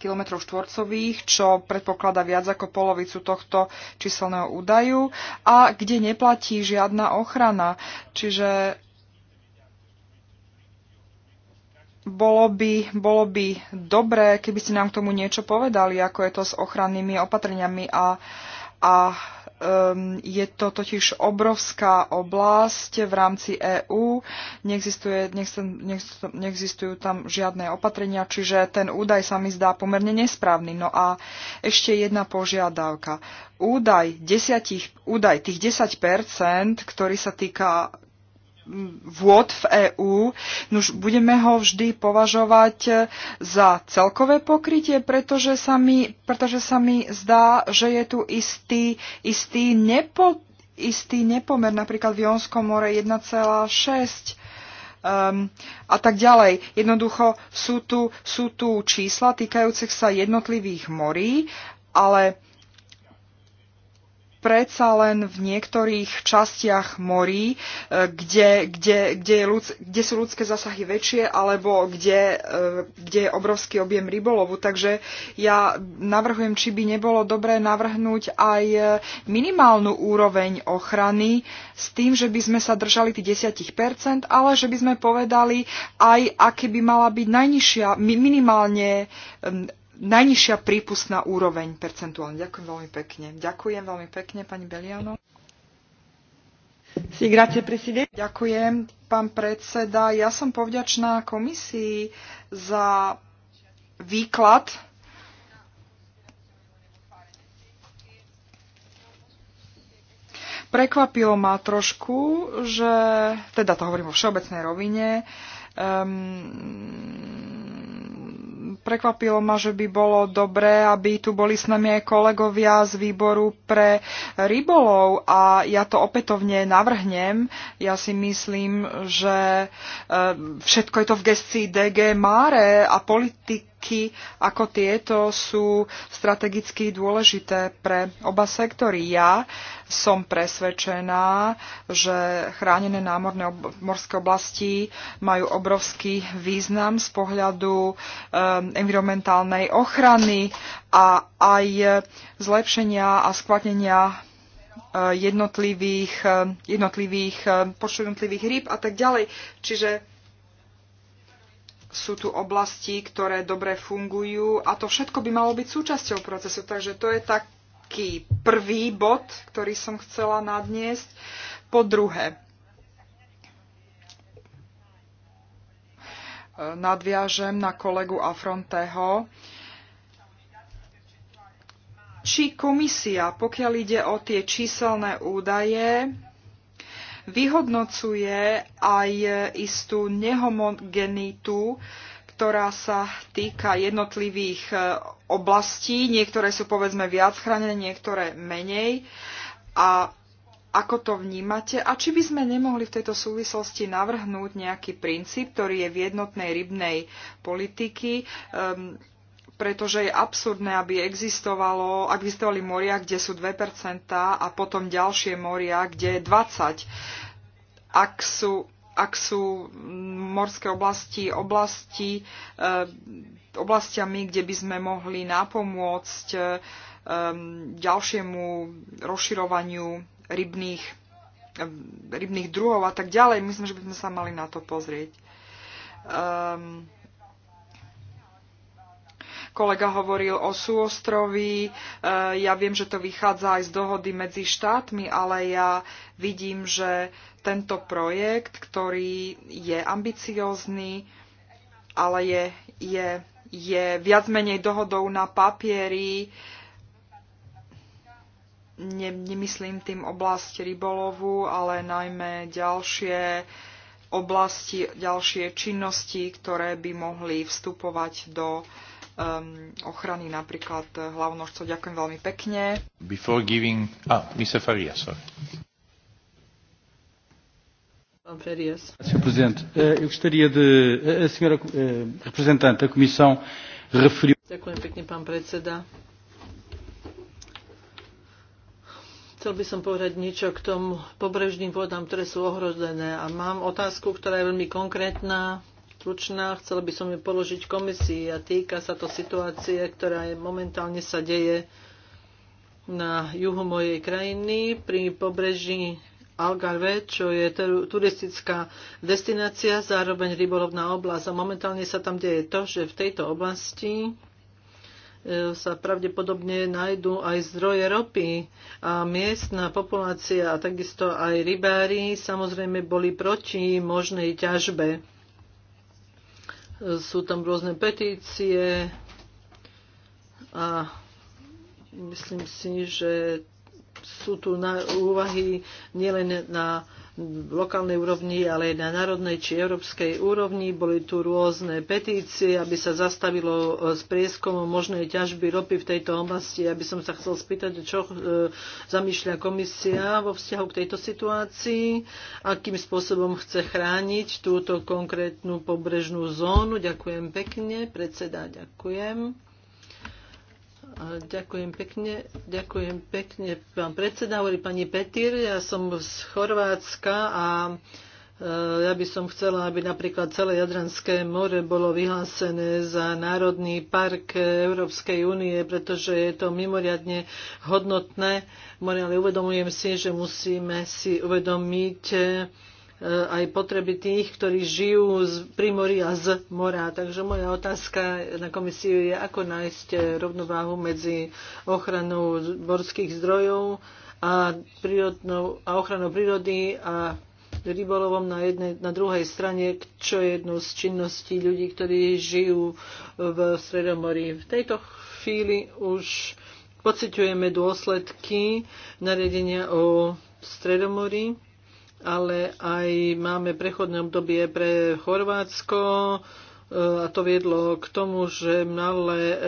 km štvorcových, čo predpokladá viac ako polovicu tohto číselného údaju a kde neplatí žiadna ochrana. Čiže bolo by, bolo by dobré, keby ste nám k tomu niečo povedali, ako je to s ochrannými opatreniami a, a Um, je to totiž obrovská oblasť v rámci EÚ, neexistuje, neexistujú tam žiadne opatrenia, čiže ten údaj sa mi zdá pomerne nesprávny. No a ešte jedna požiadavka. Údaj, desiatich, údaj tých 10%, ktorý sa týka vôd v EÚ, nuž budeme ho vždy považovať e, za celkové pokrytie, pretože sa mi, pretože sa mi zdá, že je tu istý, istý, nepo, istý nepomer, napríklad v Jonskom more 1,6 um, ehm, a tak ďalej. Jednoducho sú tu, sú tu čísla týkajúcich sa jednotlivých morí, ale predsa len v niektorých častiach morí, e, kde, kde, kde, je ľud, kde sú ľudské zásahy väčšie alebo kde, e, kde je obrovský objem rybolovu. Takže ja navrhujem, či by nebolo dobré navrhnúť aj e, minimálnu úroveň ochrany s tým, že by sme sa držali tých 10%, ale že by sme povedali aj, aké by mala byť najnižšia minimálne najnižšia prípustná úroveň percentuálne. Ďakujem veľmi pekne. Ďakujem veľmi pekne, pani Beliano. Si grazie, Ďakujem, pán predseda. Ja som povďačná komisii za výklad Prekvapilo ma trošku, že, teda to hovorím o všeobecnej rovine, um, prekvapilo ma, že by bolo dobré, aby tu boli s nami aj kolegovia z výboru pre rybolov a ja to opätovne navrhnem. Ja si myslím, že eh, všetko je to v gestii DG Mare a politik prvky ako tieto sú strategicky dôležité pre oba sektory. Ja som presvedčená, že chránené námorné ob- morské oblasti majú obrovský význam z pohľadu um, environmentálnej ochrany a aj zlepšenia a skvatnenia ehm, jednotlivých, ehm, jednotlivých, počtu jednotlivých rýb a tak ďalej. Čiže sú tu oblasti, ktoré dobre fungujú a to všetko by malo byť súčasťou procesu. Takže to je taký prvý bod, ktorý som chcela nadniesť. Po druhé, nadviažem na kolegu Afronteho. Či komisia, pokiaľ ide o tie číselné údaje, vyhodnocuje aj istú nehomogenitu, ktorá sa týka jednotlivých e, oblastí. Niektoré sú povedzme viac chránené, niektoré menej. A ako to vnímate a či by sme nemohli v tejto súvislosti navrhnúť nejaký princíp, ktorý je v jednotnej rybnej politiky, um, pretože je absurdné, aby existovalo, ak existovali moria, kde sú 2% a potom ďalšie moria, kde je 20. Ak sú, ak sú morské oblasti, oblasti e, oblastiami, kde by sme mohli napomôcť e, ďalšiemu rozširovaniu rybných, e, rybných druhov a tak ďalej, myslím, že by sme sa mali na to pozrieť. Um, kolega hovoril o súostroví. E, ja viem, že to vychádza aj z dohody medzi štátmi, ale ja vidím, že tento projekt, ktorý je ambiciózny, ale je, je, je viac menej dohodou na papieri, ne, nemyslím tým oblasť rybolovu, ale najmä ďalšie oblasti, ďalšie činnosti, ktoré by mohli vstupovať do uh, um, ochrany, napríklad eh, hlavnožcov. Ďakujem veľmi pekne. Before giving... Ah, Mr. Faria, sorry. Sr. Presidente, eh, eu gostaria de... Eh, a senhora representante da Comissão referiu... Ďakujem pekne, pán predseda. Chcel by som povedať niečo k tomu pobrežným vodám, ktoré sú ohrozené. A mám otázku, ktorá je veľmi konkrétna stručná. Chcela by som ju položiť komisii a týka sa to situácie, ktorá je, momentálne sa deje na juhu mojej krajiny pri pobreží Algarve, čo je turistická destinácia, zároveň rybolovná oblasť. A momentálne sa tam deje to, že v tejto oblasti e, sa pravdepodobne nájdú aj zdroje ropy a miestna populácia a takisto aj rybári samozrejme boli proti možnej ťažbe sú tam rôzne petície a myslím si, že sú tu na úvahy nielen na lokálnej úrovni, ale aj na národnej či európskej úrovni. Boli tu rôzne petície, aby sa zastavilo e, s prieskomom možnej ťažby ropy v tejto oblasti. Aby som sa chcel spýtať, čo e, zamýšľa komisia vo vzťahu k tejto situácii, akým spôsobom chce chrániť túto konkrétnu pobrežnú zónu. Ďakujem pekne, predseda, ďakujem. Ďakujem pekne, ďakujem pekne pán predseda, hovorí pani Petir, ja som z Chorvátska a e, ja by som chcela, aby napríklad celé Jadranské more bolo vyhlásené za Národný park Európskej únie, pretože je to mimoriadne hodnotné. More, ale uvedomujem si, že musíme si uvedomiť, Eh, aj potreby tých, ktorí žijú z primoria z mora. Takže moja otázka na komisiu je, ako nájsť eh, rovnováhu medzi ochranou morských zdrojov a, prírodnou, a ochranou prírody a rybolovom na, jednej, na druhej strane, čo je jednou z činností ľudí, ktorí žijú v Sredomorí. V tejto chvíli už pociťujeme dôsledky nariadenia o Stredomorí ale aj máme prechodné obdobie pre Chorvátsko e, a to viedlo k tomu, že malé e,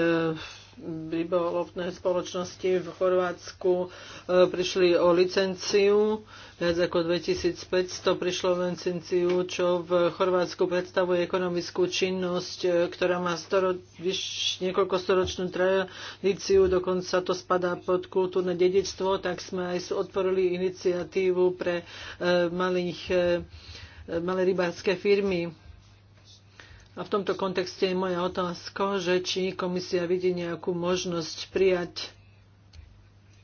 rybolovné spoločnosti v Chorvátsku e, prišli o licenciu. Viac ako 2500 prišlo o licenciu, čo v Chorvátsku predstavuje ekonomickú činnosť, e, ktorá má storo, vyš, niekoľko storočnú tradíciu, dokonca to spadá pod kultúrne dedičstvo, tak sme aj odporili iniciatívu pre e, malých, malé rybárske firmy a v tomto kontexte je moja otázka, že či komisia vidí nejakú možnosť prijať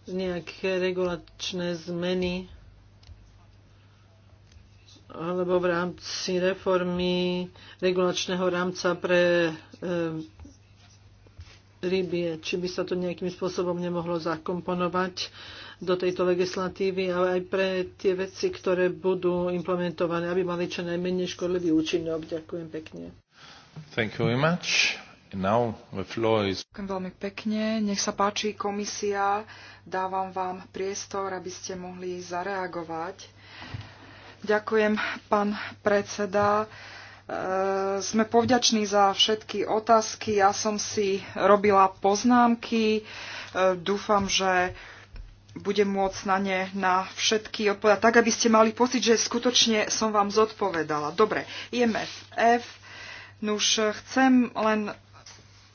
nejaké regulačné zmeny alebo v rámci reformy regulačného rámca pre e, eh, rybie, či by sa to nejakým spôsobom nemohlo zakomponovať do tejto legislatívy, ale aj pre tie veci, ktoré budú implementované, aby mali čo najmenej škodlivý účinok. Ďakujem pekne. Thank you very much. And now the floor is... Ďakujem veľmi pekne. Nech sa páči komisia. Dávam vám priestor, aby ste mohli zareagovať. Ďakujem, pán predseda. E, sme povďační za všetky otázky. Ja som si robila poznámky. E, dúfam, že budem môcť na ne na všetky odpovedať, tak aby ste mali pocit, že skutočne som vám zodpovedala. Dobre, F. Nuž chcem len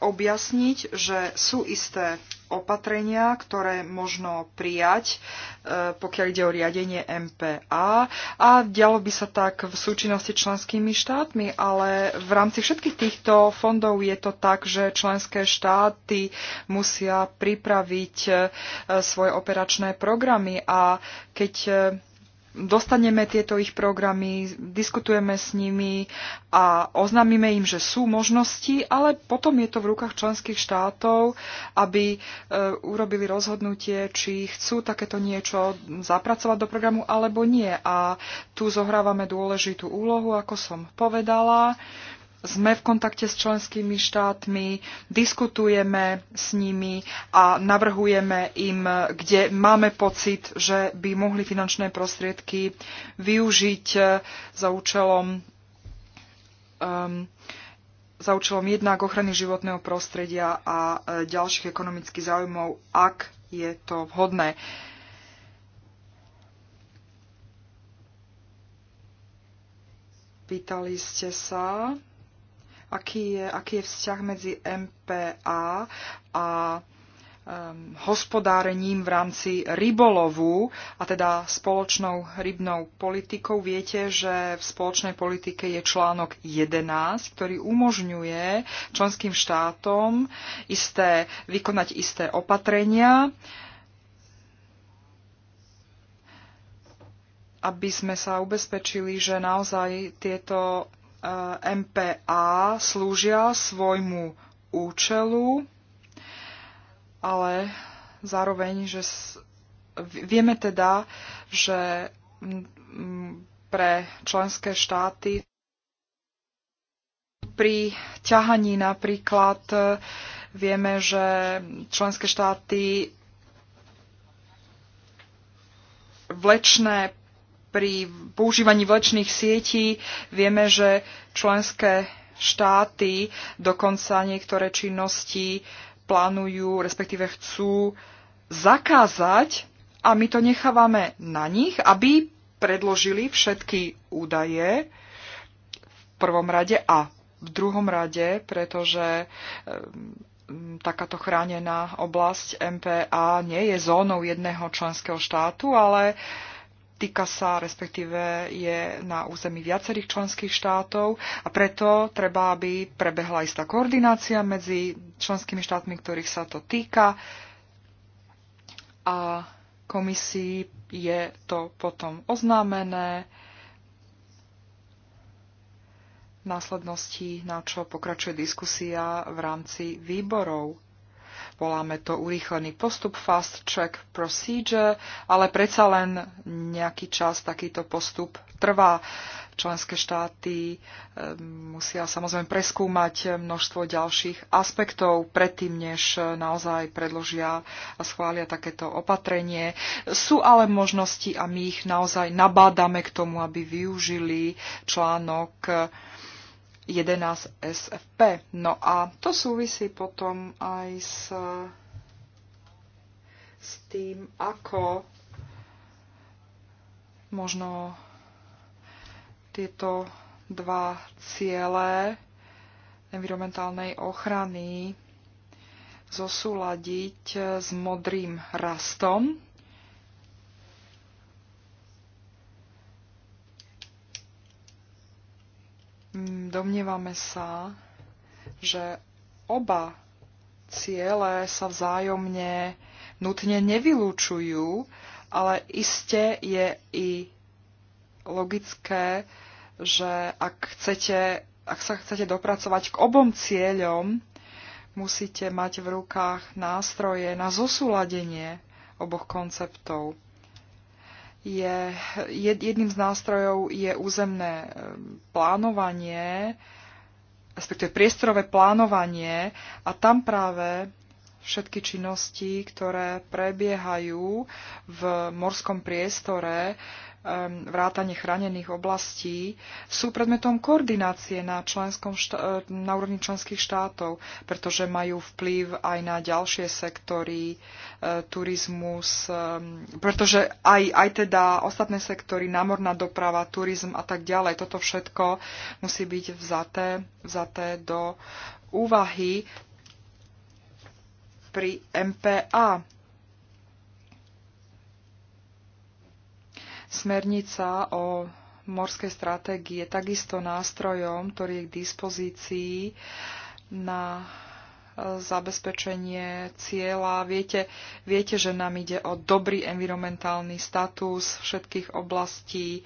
objasniť, že sú isté opatrenia, ktoré možno prijať, e, pokiaľ ide o riadenie MPA. A dialo by sa tak v súčinnosti členskými štátmi, ale v rámci všetkých týchto fondov je to tak, že členské štáty musia pripraviť e, svoje operačné programy a keď e, dostaneme tieto ich programy, diskutujeme s nimi a oznámime im, že sú možnosti, ale potom je to v rukách členských štátov, aby e, urobili rozhodnutie, či chcú takéto niečo zapracovať do programu alebo nie. A tu zohrávame dôležitú úlohu, ako som povedala sme v kontakte s členskými štátmi, diskutujeme s nimi a navrhujeme im, kde máme pocit, že by mohli finančné prostriedky využiť eh, za účelom, um, za účelom jednak ochrany životného prostredia a eh, ďalších ekonomických záujmov, ak je to vhodné. Pýtali ste sa aký je, aký je vzťah medzi MPA a um, hospodárením v rámci rybolovu a teda spoločnou rybnou politikou. Viete, že v spoločnej politike je článok 11, ktorý umožňuje členským štátom isté, vykonať isté opatrenia, aby sme sa ubezpečili, že naozaj tieto E, MPA slúžia svojmu účelu, ale zároveň, že vieme teda, že pre členské štáty pri ťahaní napríklad e, vieme, že členské štáty vlečné pri používaní vlečných sietí vieme, že členské štáty dokonca niektoré činnosti plánujú, respektíve chcú zakázať a my to nechávame na nich, aby predložili všetky údaje v prvom rade a v druhom rade, pretože ehm, takáto chránená oblasť MPA nie je zónou jedného členského štátu, ale uh, týka sa, respektíve je na území viacerých členských štátov a preto treba, aby prebehla istá koordinácia medzi členskými štátmi, ktorých sa to týka a komisii je to potom oznámené v následnosti, na čo pokračuje diskusia v rámci výborov voláme to urýchlený postup, fast track procedure, ale predsa len nejaký čas takýto postup trvá. Členské štáty ehm, musia samozrejme preskúmať množstvo ďalších aspektov predtým, než naozaj predložia a schvália takéto opatrenie. Sú ale možnosti a my ich naozaj nabádame k tomu, aby využili článok 11 SFP. No a to súvisí potom aj s, s tým, ako možno tieto dva ciele environmentálnej ochrany zosúladiť s modrým rastom, Mm, domnievame sa, že oba ciele sa vzájomne nutne nevylúčujú, ale iste je i logické, že ak, chcete, ak sa chcete dopracovať k obom cieľom, musíte mať v rukách nástroje na zosúladenie oboch konceptov je, jedným z nástrojov je územné eh, plánovanie, respektíve priestorové plánovanie a tam práve všetky činnosti, ktoré prebiehajú v morskom priestore, vrátane chránených oblastí sú predmetom koordinácie na, členskom šta- e, na úrovni členských štátov, pretože majú vplyv aj na ďalšie sektory, e, turizmus, pretože aj, aj teda ostatné sektory, námorná doprava, turizm a tak ďalej, toto všetko musí byť vzaté, vzaté do úvahy pri MPA. Smernica o morskej stratégii je takisto nástrojom, ktorý je k dispozícii na e, zabezpečenie cieľa. Viete, viete, že nám ide o dobrý environmentálny status všetkých oblastí. E,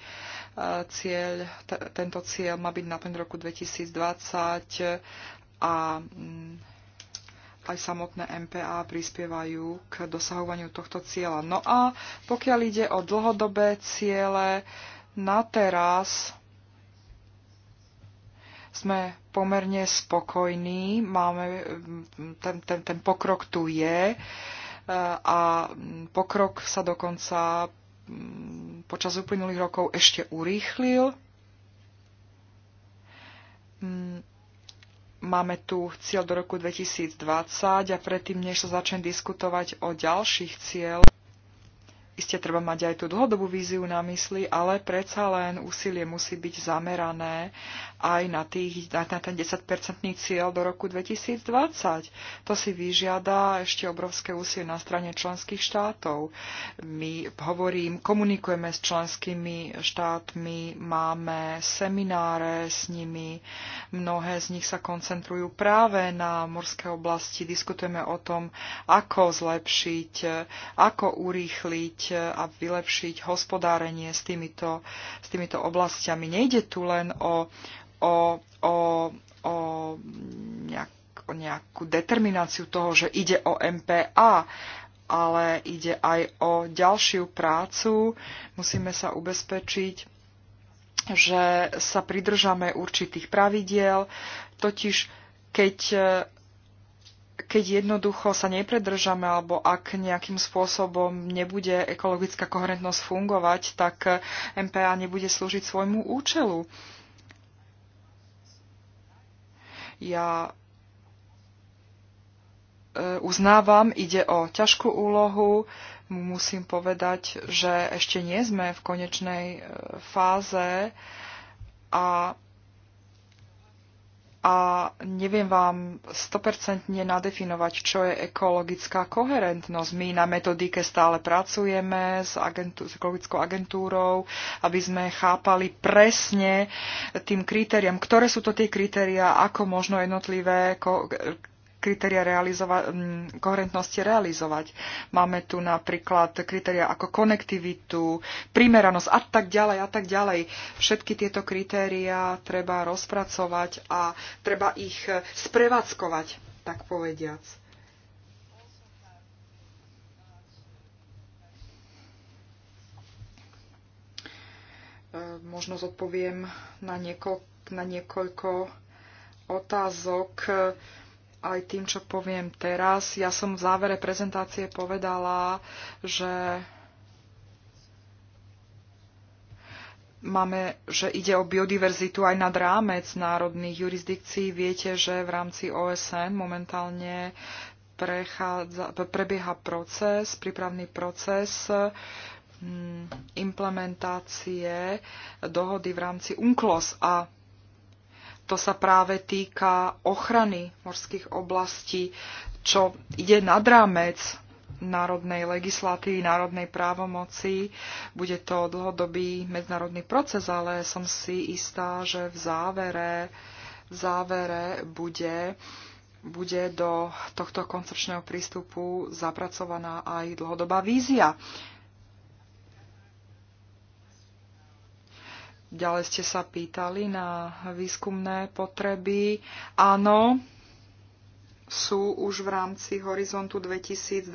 cieľ, tento cieľ má byť na roku 2020 a mm, aj samotné MPA prispievajú k dosahovaniu tohto cieľa. No a pokiaľ ide o dlhodobé ciele, na teraz sme pomerne spokojní, máme, ten, ten, ten pokrok tu je a pokrok sa dokonca mm, počas uplynulých rokov ešte urýchlil. Mm, máme tu cieľ do roku 2020 a predtým, než sa začne diskutovať o ďalších cieľ, Isté treba mať aj tú dlhodobú víziu na mysli, ale predsa len úsilie musí byť zamerané aj na, tých, na ten 10-percentný cieľ do roku 2020. To si vyžiada ešte obrovské úsilie na strane členských štátov. My hovorím, komunikujeme s členskými štátmi, máme semináre s nimi, mnohé z nich sa koncentrujú práve na morské oblasti, diskutujeme o tom, ako zlepšiť, ako urýchliť E, a vylepšiť hospodárenie s týmito, s týmito oblastiami. Nejde tu len o, o, o, o nejak, o nejakú determináciu toho, že ide o MPA, ale ide aj o ďalšiu prácu. Musíme sa ubezpečiť, že sa pridržame určitých pravidiel, totiž keď e, keď jednoducho sa nepredržame alebo ak nejakým spôsobom nebude ekologická koherentnosť fungovať, tak eh, MPA nebude slúžiť svojmu účelu. Ja eh, uznávam, ide o ťažkú úlohu. Musím povedať, že ešte nie sme v konečnej eh, fáze a a neviem vám stopercentne nadefinovať, čo je ekologická koherentnosť. My na metodike stále pracujeme s, agentú- s ekologickou agentúrou, aby sme chápali presne tým kritériám, ktoré sú to tie kritéria, ako možno jednotlivé ko- kritéria realizova- koherentnosti realizovať. Máme tu napríklad kritéria ako konektivitu, primeranosť a tak ďalej a tak ďalej. Všetky tieto kritéria treba rozpracovať a treba ich sprevádzkovať, tak povediac. E, možno zodpoviem na niekoľko, na niekoľko otázok aj tým, čo poviem teraz. Ja som v závere prezentácie povedala, že máme, že ide o biodiverzitu aj nad rámec národných jurisdikcií. Viete, že v rámci OSN momentálne prechádza, prebieha proces, prípravný proces hm, implementácie dohody v rámci UNCLOS a to sa práve týka ochrany morských oblastí, čo ide nad rámec národnej legislatívy, národnej právomoci. Bude to dlhodobý medzinárodný proces, ale som si istá, že v závere, v závere bude, bude do tohto koncepčného prístupu zapracovaná aj dlhodobá vízia Ďalej ste sa pýtali na výskumné potreby. Áno, sú už v rámci Horizontu 2020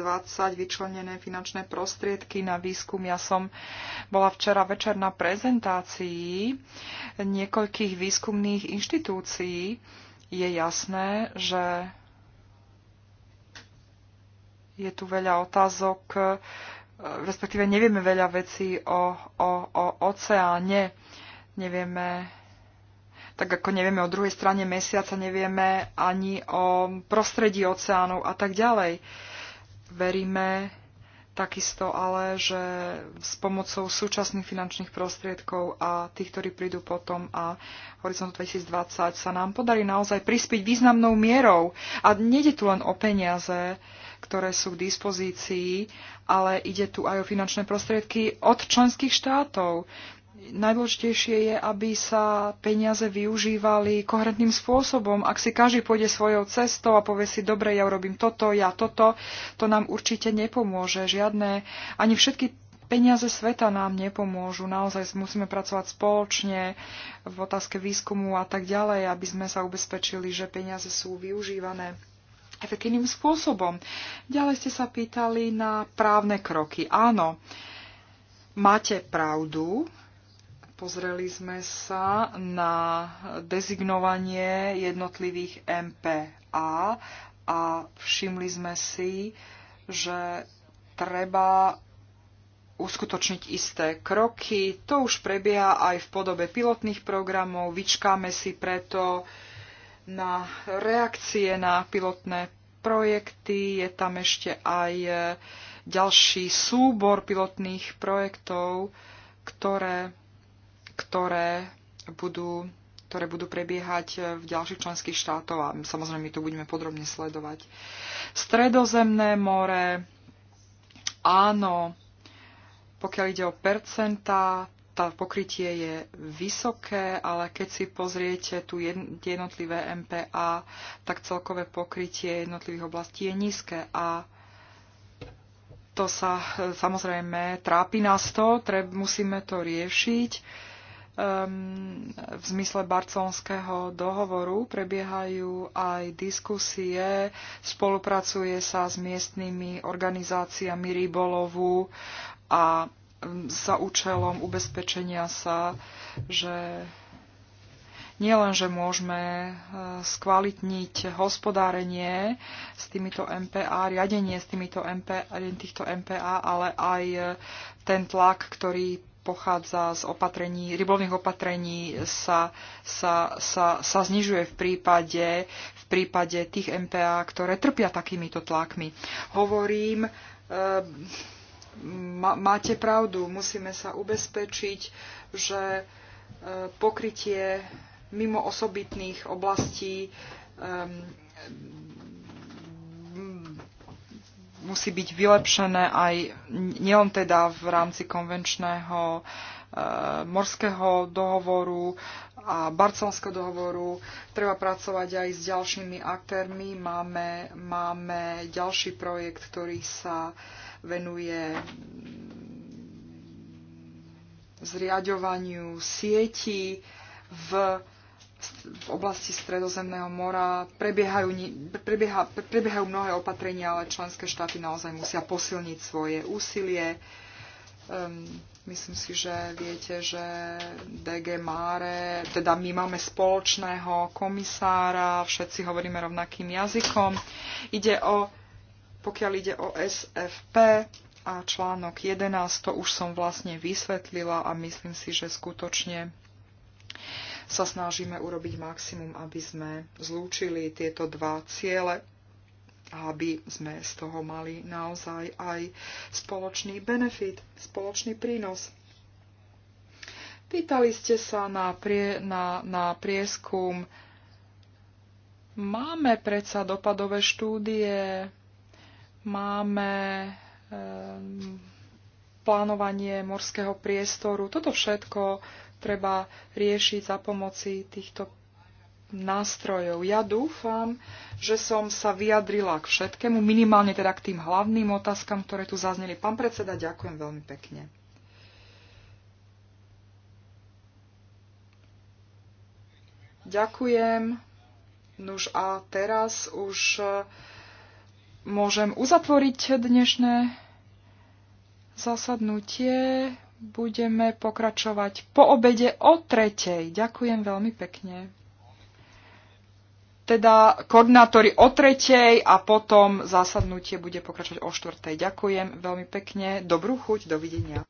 vyčlenené finančné prostriedky na výskum. Ja som bola včera večer na prezentácii niekoľkých výskumných inštitúcií. Je jasné, že je tu veľa otázok, respektíve nevieme veľa vecí o, o, o oceáne nevieme, tak ako nevieme o druhej strane mesiaca, nevieme ani o prostredí oceánov a tak ďalej. Veríme takisto ale, že s pomocou súčasných finančných prostriedkov a tých, ktorí prídu potom a Horizont 2020 sa nám podarí naozaj prispieť významnou mierou. A nejde tu len o peniaze, ktoré sú k dispozícii, ale ide tu aj o finančné prostriedky od členských štátov najdôležitejšie je, aby sa peniaze využívali koherentným spôsobom. Ak si každý pôjde svojou cestou a povie si, dobre, ja urobím toto, ja toto, to nám určite nepomôže. Žiadne, ani všetky peniaze sveta nám nepomôžu. Naozaj musíme pracovať spoločne v otázke výskumu a tak ďalej, aby sme sa ubezpečili, že peniaze sú využívané efektívnym spôsobom. Ďalej ste sa pýtali na právne kroky. Áno, máte pravdu, Pozreli sme sa na dezignovanie jednotlivých MPA a všimli sme si, že treba uskutočniť isté kroky. To už prebieha aj v podobe pilotných programov. Vyčkáme si preto na reakcie na pilotné projekty. Je tam ešte aj ďalší súbor pilotných projektov, ktoré ktoré budú, ktoré budú prebiehať v ďalších členských štátoch a samozrejme my to budeme podrobne sledovať. Stredozemné more, áno, pokiaľ ide o percentá, tá pokrytie je vysoké, ale keď si pozriete tu jednotlivé MPA, tak celkové pokrytie jednotlivých oblastí je nízke a to sa samozrejme trápi nás to, treb, musíme to riešiť um, v zmysle barcelonského dohovoru. Prebiehajú aj diskusie, spolupracuje sa s miestnymi organizáciami rybolovu a za účelom ubezpečenia sa, že nielen, že môžeme eh, skvalitniť hospodárenie s týmito MPA, riadenie s týmito MPA, týchto MPA, ale aj eh, ten tlak, ktorý pochádza z opatrení, rybovných opatrení sa, sa, sa, sa znižuje v prípade, v prípade tých MPA, ktoré trpia takýmito tlakmi. Hovorím, e, máte pravdu, musíme sa ubezpečiť, že ehm, pokrytie mimo osobitných oblastí ehm, musí byť vylepšené aj nielen teda v rámci konvenčného e, morského dohovoru a barcelonského dohovoru. Treba pracovať aj s ďalšími aktérmi. Máme, máme ďalší projekt, ktorý sa venuje zriadovaniu sieti v v oblasti Stredozemného mora prebiehajú, prebieha, prebiehajú mnohé opatrenia, ale členské štáty naozaj musia posilniť svoje úsilie. Um, myslím si, že viete, že DG Mare, teda my máme spoločného komisára, všetci hovoríme rovnakým jazykom. Ide o, pokiaľ ide o SFP, a článok 11, to už som vlastne vysvetlila a myslím si, že skutočne sa snažíme urobiť maximum, aby sme zlúčili tieto dva ciele aby sme z toho mali naozaj aj spoločný benefit, spoločný prínos. Pýtali ste sa na, prie, na, na prieskum. Máme predsa dopadové štúdie, máme e, plánovanie morského priestoru. Toto všetko treba riešiť za pomoci týchto nástrojov. Ja dúfam, že som sa vyjadrila k všetkému, minimálne teda k tým hlavným otázkam, ktoré tu zazneli. Pán predseda, ďakujem veľmi pekne. Ďakujem. Nuž a teraz už e, môžem uzatvoriť dnešné zasadnutie budeme pokračovať po obede o tretej. Ďakujem veľmi pekne. Teda koordinátori o tretej a potom zásadnutie bude pokračovať o štvrtej. Ďakujem veľmi pekne. Dobrú chuť. Dovidenia.